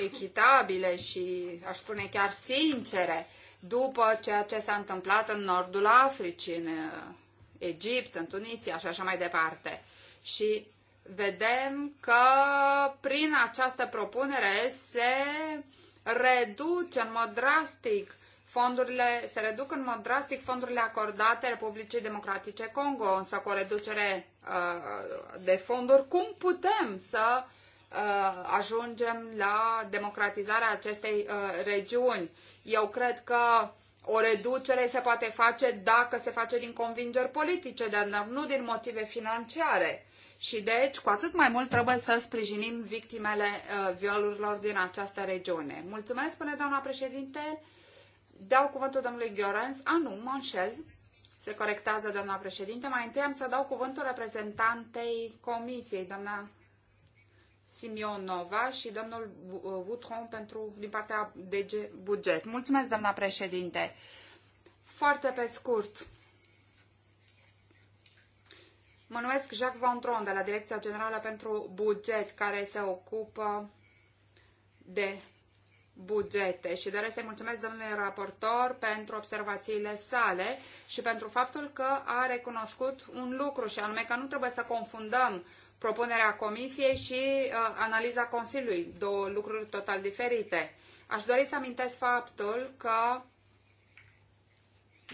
echitabile și, aș spune, chiar sincere după ceea ce s-a întâmplat în nordul Africii, în uh, Egipt, în Tunisia și așa mai departe. Și vedem că prin această propunere se reduce în mod drastic fondurile, se reduc în mod drastic fondurile acordate Republicii Democratice Congo, însă cu o reducere uh, de fonduri, cum putem să uh, Uh, ajungem la democratizarea acestei uh, regiuni. Eu cred că o reducere se poate face dacă se face din convingeri politice, dar nu din motive financiare. Și deci, cu atât mai mult trebuie să sprijinim victimele uh, violurilor din această regiune. Mulțumesc, spune doamna președinte. Dau cuvântul domnului Gheorens. A, nu, mă înșel. Se corectează doamna președinte. Mai întâi am să dau cuvântul reprezentantei comisiei, doamna Simionova și domnul uh, Vutron pentru, din partea DG Buget. Mulțumesc, doamna președinte. Foarte pe scurt. Mă numesc Jacques Vontron de la Direcția Generală pentru Buget, care se ocupă de bugete și doresc să-i mulțumesc domnului raportor pentru observațiile sale și pentru faptul că a recunoscut un lucru și anume că nu trebuie să confundăm propunerea Comisiei și uh, analiza Consiliului, două lucruri total diferite. Aș dori să amintesc faptul că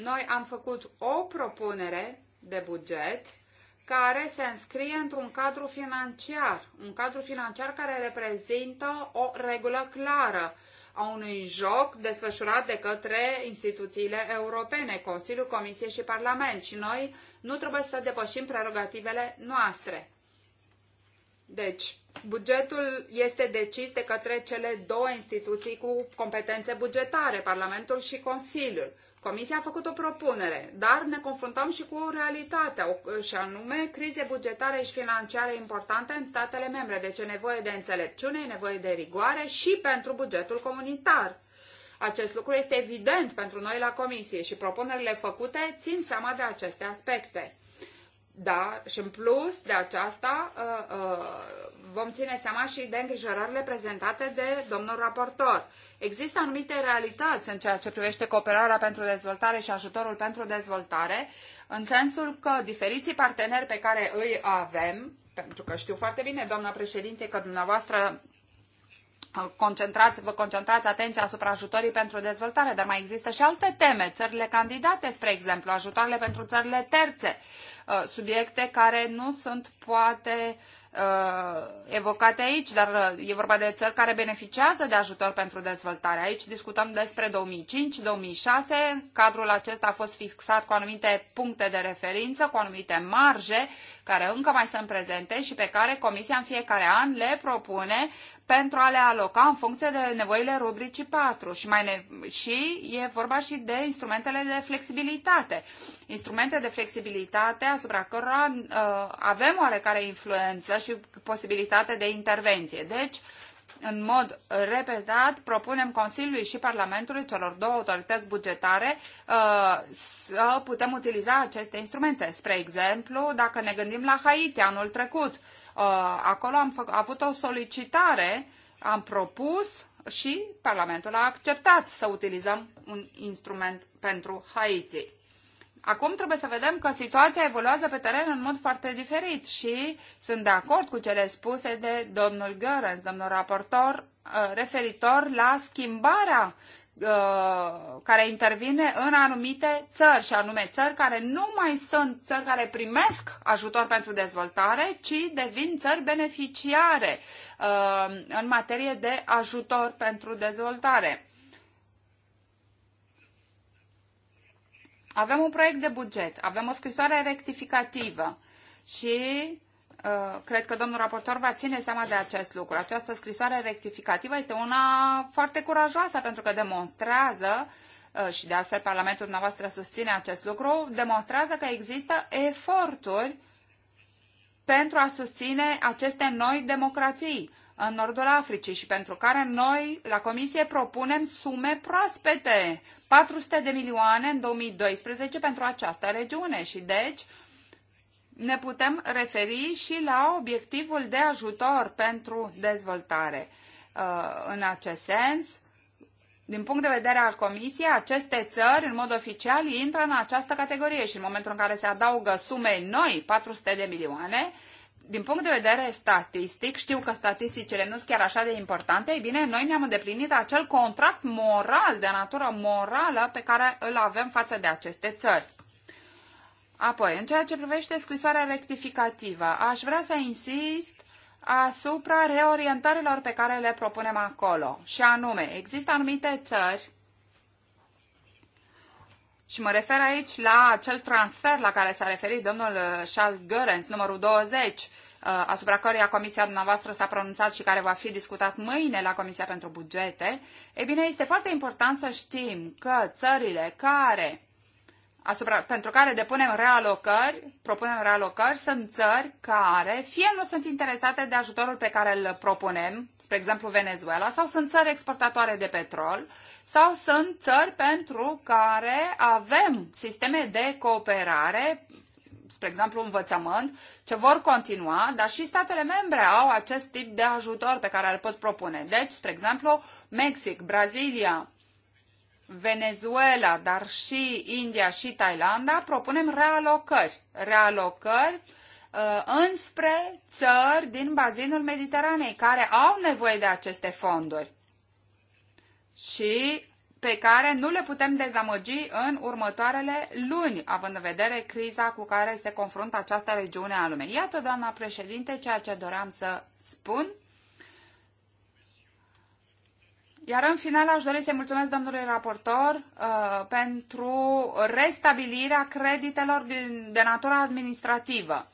noi am făcut o propunere de buget care se înscrie într-un cadru financiar, un cadru financiar care reprezintă o regulă clară a unui joc desfășurat de către instituțiile europene, Consiliu, Comisie și Parlament. Și noi nu trebuie să depășim prerogativele noastre. Deci, bugetul este decis de către cele două instituții cu competențe bugetare, Parlamentul și Consiliul. Comisia a făcut o propunere, dar ne confruntăm și cu realitatea, și anume crize bugetare și financiare importante în statele membre. Deci e nevoie de înțelepciune, e nevoie de rigoare și pentru bugetul comunitar. Acest lucru este evident pentru noi la Comisie și propunerile făcute țin seama de aceste aspecte. Da, și în plus de aceasta uh, uh, vom ține seama și de îngrijorările prezentate de domnul raportor. Există anumite realități în ceea ce privește cooperarea pentru dezvoltare și ajutorul pentru dezvoltare, în sensul că diferiții parteneri pe care îi avem, pentru că știu foarte bine, doamna președinte, că dumneavoastră uh, concentrați, vă concentrați atenția asupra ajutorii pentru dezvoltare, dar mai există și alte teme, țările candidate, spre exemplu, ajutoarele pentru țările terțe, Uh, subiecte care nu sunt poate uh, evocate aici, dar uh, e vorba de țări care beneficiază de ajutor pentru dezvoltare. Aici discutăm despre 2005-2006, cadrul acesta a fost fixat cu anumite puncte de referință, cu anumite marje care încă mai sunt prezente și pe care Comisia în fiecare an le propune pentru a le aloca în funcție de nevoile rubricii 4 și, mai ne- și e vorba și de instrumentele de flexibilitate. Instrumente de flexibilitate asupra cărora uh, avem oarecare influență și posibilitate de intervenție. Deci, în mod repetat, propunem Consiliului și Parlamentului, celor două autorități bugetare, uh, să putem utiliza aceste instrumente. Spre exemplu, dacă ne gândim la Haiti anul trecut, uh, acolo am avut o solicitare, am propus și Parlamentul a acceptat să utilizăm un instrument pentru Haiti. Acum trebuie să vedem că situația evoluează pe teren în mod foarte diferit și sunt de acord cu cele spuse de domnul Görens, domnul raportor, uh, referitor la schimbarea uh, care intervine în anumite țări, și anume țări care nu mai sunt țări care primesc ajutor pentru dezvoltare, ci devin țări beneficiare uh, în materie de ajutor pentru dezvoltare. Avem un proiect de buget, avem o scrisoare rectificativă și uh, cred că domnul raportor va ține seama de acest lucru. Această scrisoare rectificativă este una foarte curajoasă pentru că demonstrează uh, și de altfel Parlamentul dumneavoastră susține acest lucru, demonstrează că există eforturi pentru a susține aceste noi democrații în nordul Africii și pentru care noi la comisie propunem sume proaspete, 400 de milioane în 2012 pentru această regiune și deci ne putem referi și la obiectivul de ajutor pentru dezvoltare. Uh, în acest sens, din punct de vedere al Comisiei, aceste țări, în mod oficial, intră în această categorie și în momentul în care se adaugă sume noi, 400 de milioane, din punct de vedere statistic, știu că statisticile nu sunt chiar așa de importante, ei bine, noi ne-am îndeplinit acel contract moral, de natură morală, pe care îl avem față de aceste țări. Apoi, în ceea ce privește scrisoarea rectificativă, aș vrea să insist asupra reorientărilor pe care le propunem acolo. Și anume, există anumite țări și mă refer aici la acel transfer la care s-a referit domnul uh, Charles Görens, numărul 20, uh, asupra căruia comisia dumneavoastră s-a pronunțat și care va fi discutat mâine la Comisia pentru Bugete, e bine, este foarte important să știm că țările care asupra, pentru care depunem realocări, propunem realocări, sunt țări care fie nu sunt interesate de ajutorul pe care îl propunem, spre exemplu Venezuela, sau sunt țări exportatoare de petrol, sau sunt țări pentru care avem sisteme de cooperare, spre exemplu învățământ, ce vor continua, dar și statele membre au acest tip de ajutor pe care îl pot propune. Deci, spre exemplu, Mexic, Brazilia, Venezuela, dar și India și Thailanda, propunem realocări. Realocări uh, înspre țări din bazinul Mediteranei care au nevoie de aceste fonduri și pe care nu le putem dezamăgi în următoarele luni, având în vedere criza cu care se confruntă această regiune a lumei. Iată, doamna președinte, ceea ce doream să spun. Iar în final aș dori să-i mulțumesc domnului raportor uh, pentru restabilirea creditelor din, de natură administrativă.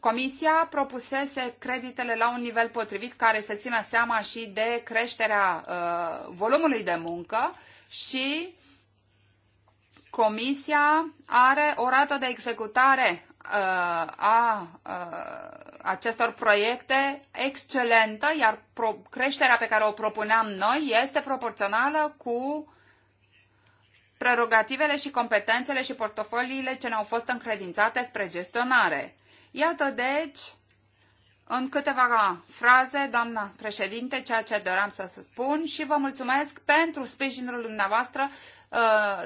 Comisia propusese creditele la un nivel potrivit care să țină seama și de creșterea uh, volumului de muncă și Comisia are o rată de executare uh, a uh, acestor proiecte excelentă, iar creșterea pe care o propuneam noi este proporțională cu prerogativele și competențele și portofoliile ce ne-au fost încredințate spre gestionare. Iată, deci, în câteva fraze, doamna președinte, ceea ce doream să spun și vă mulțumesc pentru sprijinul dumneavoastră uh,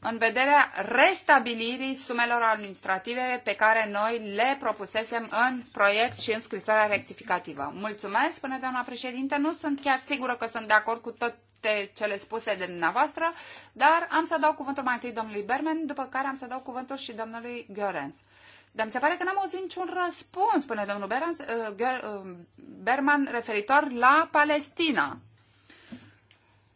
în vederea restabilirii sumelor administrative pe care noi le propusesem în proiect și în scrisoarea rectificativă. Mulțumesc, spune doamna președinte, nu sunt chiar sigură că sunt de acord cu toate cele spuse de dumneavoastră, dar am să dau cuvântul mai întâi domnului Berman, după care am să dau cuvântul și domnului Görens. Dar mi se pare că n-am auzit niciun răspuns, spune domnul Berans, uh, uh, Berman, referitor la Palestina.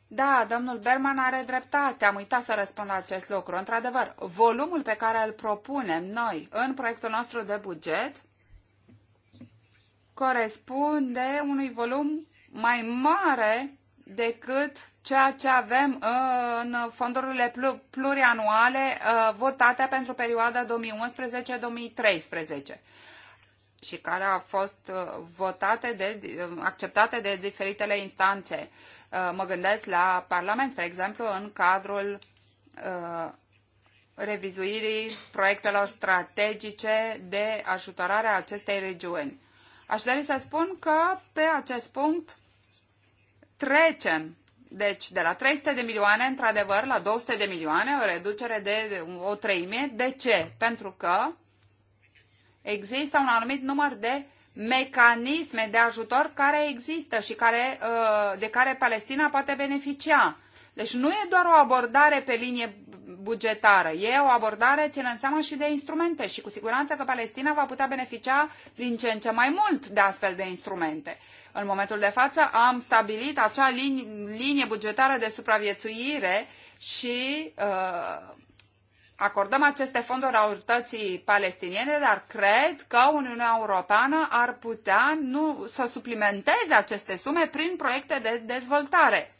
Da, domnul Berman are dreptate, am uitat să răspund la acest lucru. Într-adevăr, volumul pe care îl propunem noi în proiectul nostru de buget corespunde unui volum mai mare decât ceea ce avem uh, în fondurile plurianuale uh, votate pentru perioada 2011-2013 și care au fost uh, votate de, acceptate de diferitele instanțe. Mă gândesc la Parlament, spre exemplu, în cadrul revizuirii proiectelor strategice de ajutorare a acestei regiuni. Aș dori să spun că pe acest punct trecem deci de la 300 de milioane, într-adevăr, la 200 de milioane, o reducere de o treime. De ce? Pentru că există un anumit număr de mecanisme de ajutor care există și care, uh, de care Palestina poate beneficia. Deci nu e doar o abordare pe linie bugetară. E o abordare ținând seama și de instrumente și cu siguranță că Palestina va putea beneficia din ce în ce mai mult de astfel de instrumente. În momentul de față am stabilit acea linie, bugetară de supraviețuire și uh, acordăm aceste fonduri autorității palestiniene, dar cred că Uniunea Europeană ar putea nu, să suplimenteze aceste sume prin proiecte de dezvoltare.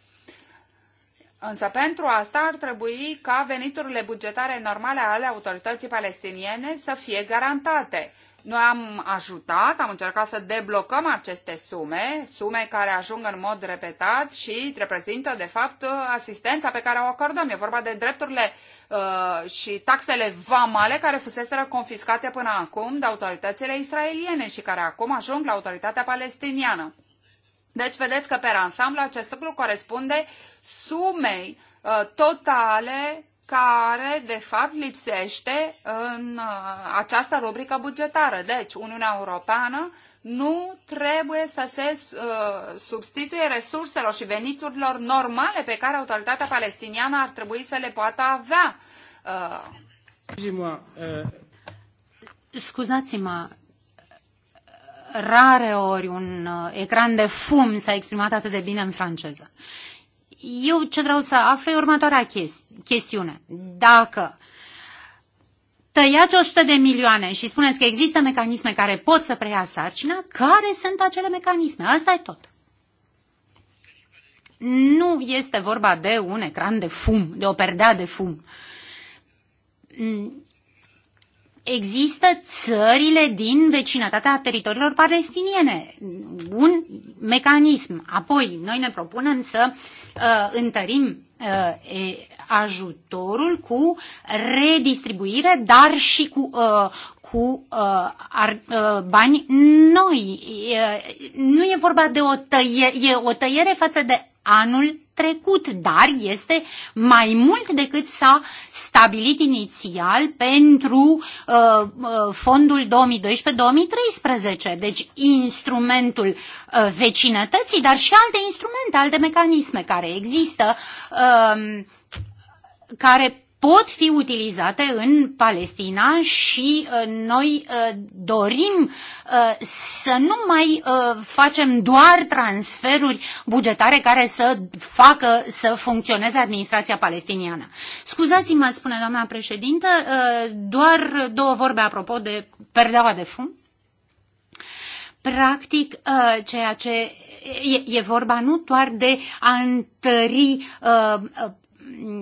Însă pentru asta ar trebui ca veniturile bugetare normale ale autorității palestiniene să fie garantate. Noi am ajutat, am încercat să deblocăm aceste sume, sume care ajung în mod repetat și reprezintă, de fapt, asistența pe care o acordăm. E vorba de drepturile uh, și taxele vamale care fuseseră confiscate până acum de autoritățile israeliene și care acum ajung la autoritatea palestiniană. Deci vedeți că pe ansamblu acest lucru corespunde sumei uh, totale care, de fapt, lipsește în uh, această rubrică bugetară. Deci, Uniunea Europeană nu trebuie să se uh, substituie resurselor și veniturilor normale pe care autoritatea palestiniană ar trebui să le poată avea. Uh... Scuzați-mă, rare ori un uh, ecran de fum s-a exprimat atât de bine în franceză. Eu ce vreau să aflu e următoarea chesti- chestiune. Dacă tăiați 100 de milioane și spuneți că există mecanisme care pot să preia sarcina, care sunt acele mecanisme? Asta e tot. Nu este vorba de un ecran de fum, de o perdea de fum există țările din vecinătatea teritoriilor palestiniene. Un mecanism. Apoi, noi ne propunem să uh, întărim uh, e, ajutorul cu redistribuire, dar și cu, uh, cu uh, ar, uh, bani noi. E, nu e vorba de o tăiere, e o tăiere față de anul trecut, dar este mai mult decât s-a stabilit inițial pentru uh, uh fondul 2012-2013. Deci instrumentul uh, vecinătății, dar și alte instrumente, alte mecanisme care există, uh, care pot fi utilizate în Palestina și uh, noi uh, dorim uh, să nu mai facem doar transferuri bugetare care să facă să funcționeze administrația palestiniană. Scuzați-mă, spune doamna președintă, doar două vorbe apropo de perdeaua de fum. Practic, ceea ce e, vorba nu doar de a întări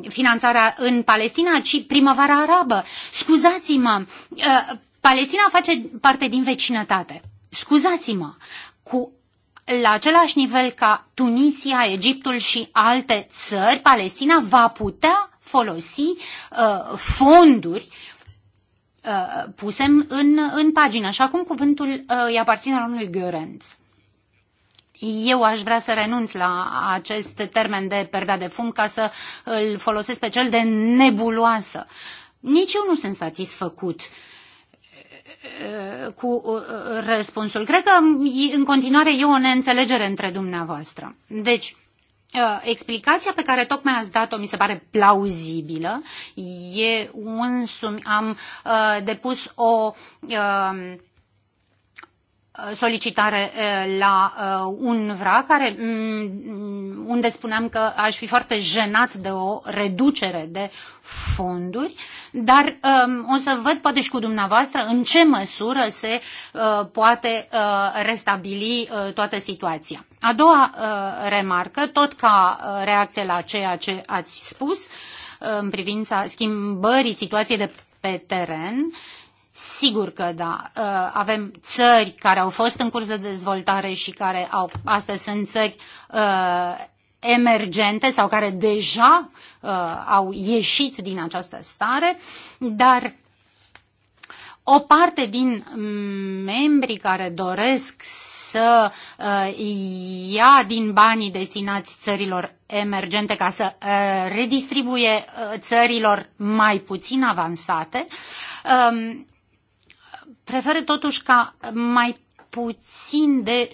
finanțarea în Palestina, ci primăvara arabă. Scuzați-mă, ă, Palestina face parte din vecinătate. Scuzați-mă, cu la același nivel ca Tunisia, Egiptul și alte țări, Palestina va putea folosi uh, fonduri uh, ă, puse în, în pagină, așa cum cuvântul uh, îi aparține domnului Gheorenț eu aș vrea să renunț la acest termen de perdea de fum ca să îl folosesc pe cel de nebuloasă. Nici eu nu sunt satisfăcut uh, cu uh, răspunsul. Cred că um, în continuare e o neînțelegere între dumneavoastră. Deci, uh, explicația pe care tocmai ați dat-o mi se pare plauzibilă. E un sum, am uh, depus o uh, solicitare eh, la eh, un vra care, mm, mm, unde spuneam că aș fi foarte jenat de o reducere de fonduri, dar eh, o să văd poate și cu dumneavoastră în ce măsură se poate restabili toată situația. A doua remarcă, tot ca reacție la ceea ce ați spus, în privința schimbării situației de pe teren Sigur că da. Uh, avem țări care au fost în curs de dezvoltare și care au, astăzi sunt țări uh, emergente sau care deja uh, au ieșit din această stare, dar o parte din mm, membrii care doresc să ia din banii destinați țărilor emergente ca să redistribuie țărilor mai puțin avansate, um, Preferă totuși ca mai puțin de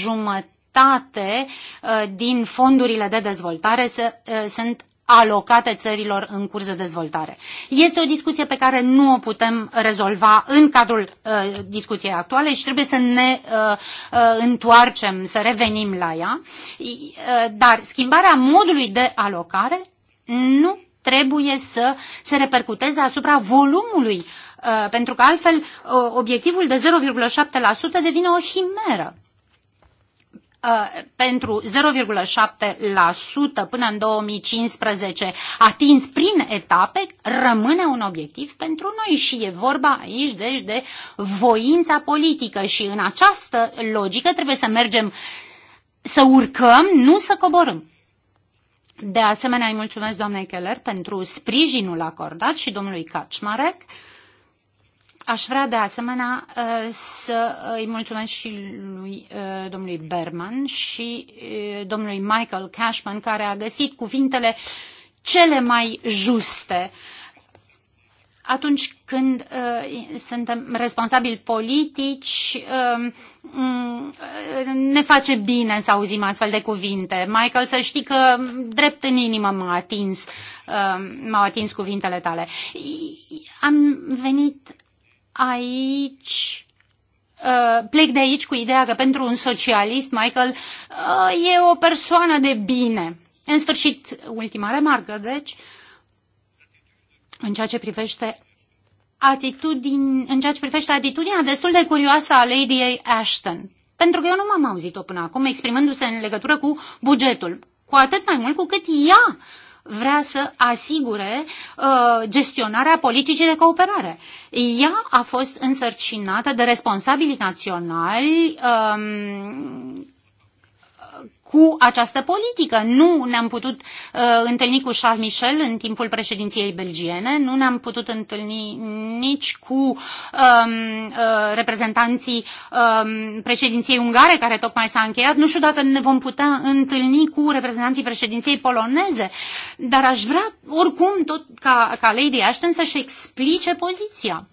jumătate uh, din fondurile de dezvoltare să, uh, sunt alocate țărilor în curs de dezvoltare. Este o discuție pe care nu o putem rezolva în cadrul uh, discuției actuale și trebuie să ne uh, uh, întoarcem, să revenim la ea, uh, dar schimbarea modului de alocare nu trebuie să se repercuteze asupra volumului uh, Uh, pentru că altfel uh, obiectivul de 0,7% devine o himeră uh, pentru 0,7% până în 2015 atins prin etape, rămâne un obiectiv pentru noi și e vorba aici deci de voința politică și în această logică trebuie să mergem să urcăm, nu să coborâm. De asemenea, îi mulțumesc doamnei Keller pentru sprijinul acordat și domnului Kaczmarek. Uh, Aș vrea de asemenea uh, să uh, îi mulțumesc și lui uh, domnului Berman și domnului Michael Cashman care a găsit cuvintele cele mai juste atunci când uh, suntem responsabili politici, uh, ne face bine să auzim astfel de cuvinte. Michael, să știi că drept în inimă m-a atins, uh, m-au atins cuvintele tale. Am venit aici uh, plec de aici cu ideea că pentru un socialist, Michael, uh, e o persoană de bine. În sfârșit, ultima remarcă, deci, în ceea ce privește atitudin, în ceea ce privește atitudinea destul de curioasă a Lady Ashton. Pentru că eu nu m-am auzit-o până acum exprimându-se în legătură cu bugetul. Cu atât mai mult cu cât ea vrea să asigure uh, gestionarea politicii de cooperare. Ea a fost însărcinată de responsabili naționali um, cu această politică. Nu ne-am putut uh, întâlni cu Charles Michel în timpul președinției belgiene, nu ne-am putut întâlni nici cu um, uh, reprezentanții um, președinției ungare, care tocmai s-a încheiat. Nu știu dacă ne vom putea întâlni cu reprezentanții președinției poloneze, dar aș vrea oricum tot ca, ca Lady Ashton să-și explice poziția.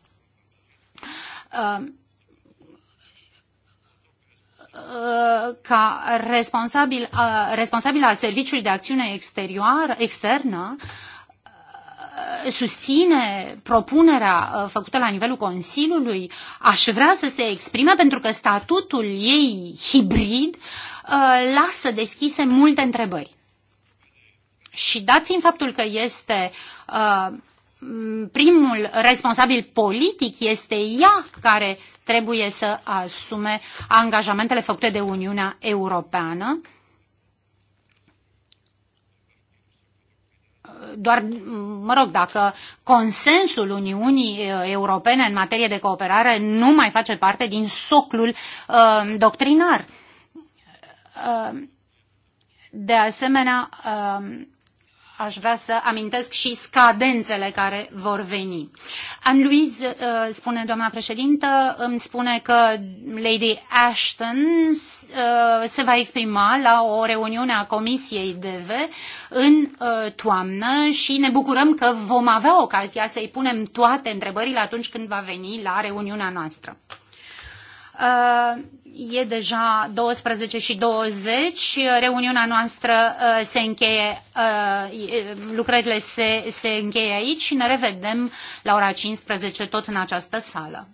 Uh, ca responsabil, responsabil al Serviciului de Acțiune Exterioară, Externă susține propunerea făcută la nivelul Consiliului, aș vrea să se exprime pentru că statutul ei hibrid lasă deschise multe întrebări. Și dat fiind faptul că este uh, primul responsabil politic este ea care trebuie să asume angajamentele făcute de Uniunea Europeană. Doar, mă rog, dacă consensul Uniunii uh, Europene în materie de cooperare nu mai face parte din soclul uh, doctrinar. Uh, de asemenea, uh, aș vrea să amintesc și scadențele care vor veni. Anne-Louise, uh, spune doamna președintă, îmi spune că Lady Ashton uh, se va exprima la o reuniune a Comisiei DV în uh, toamnă și ne bucurăm că vom avea ocazia să-i punem toate întrebările atunci când va veni la reuniunea noastră. Uh, e deja 12 și 20, uh, reuniunea noastră uh, se încheie, lucrările se, se încheie aici și ne revedem la ora 15 tot în această sală.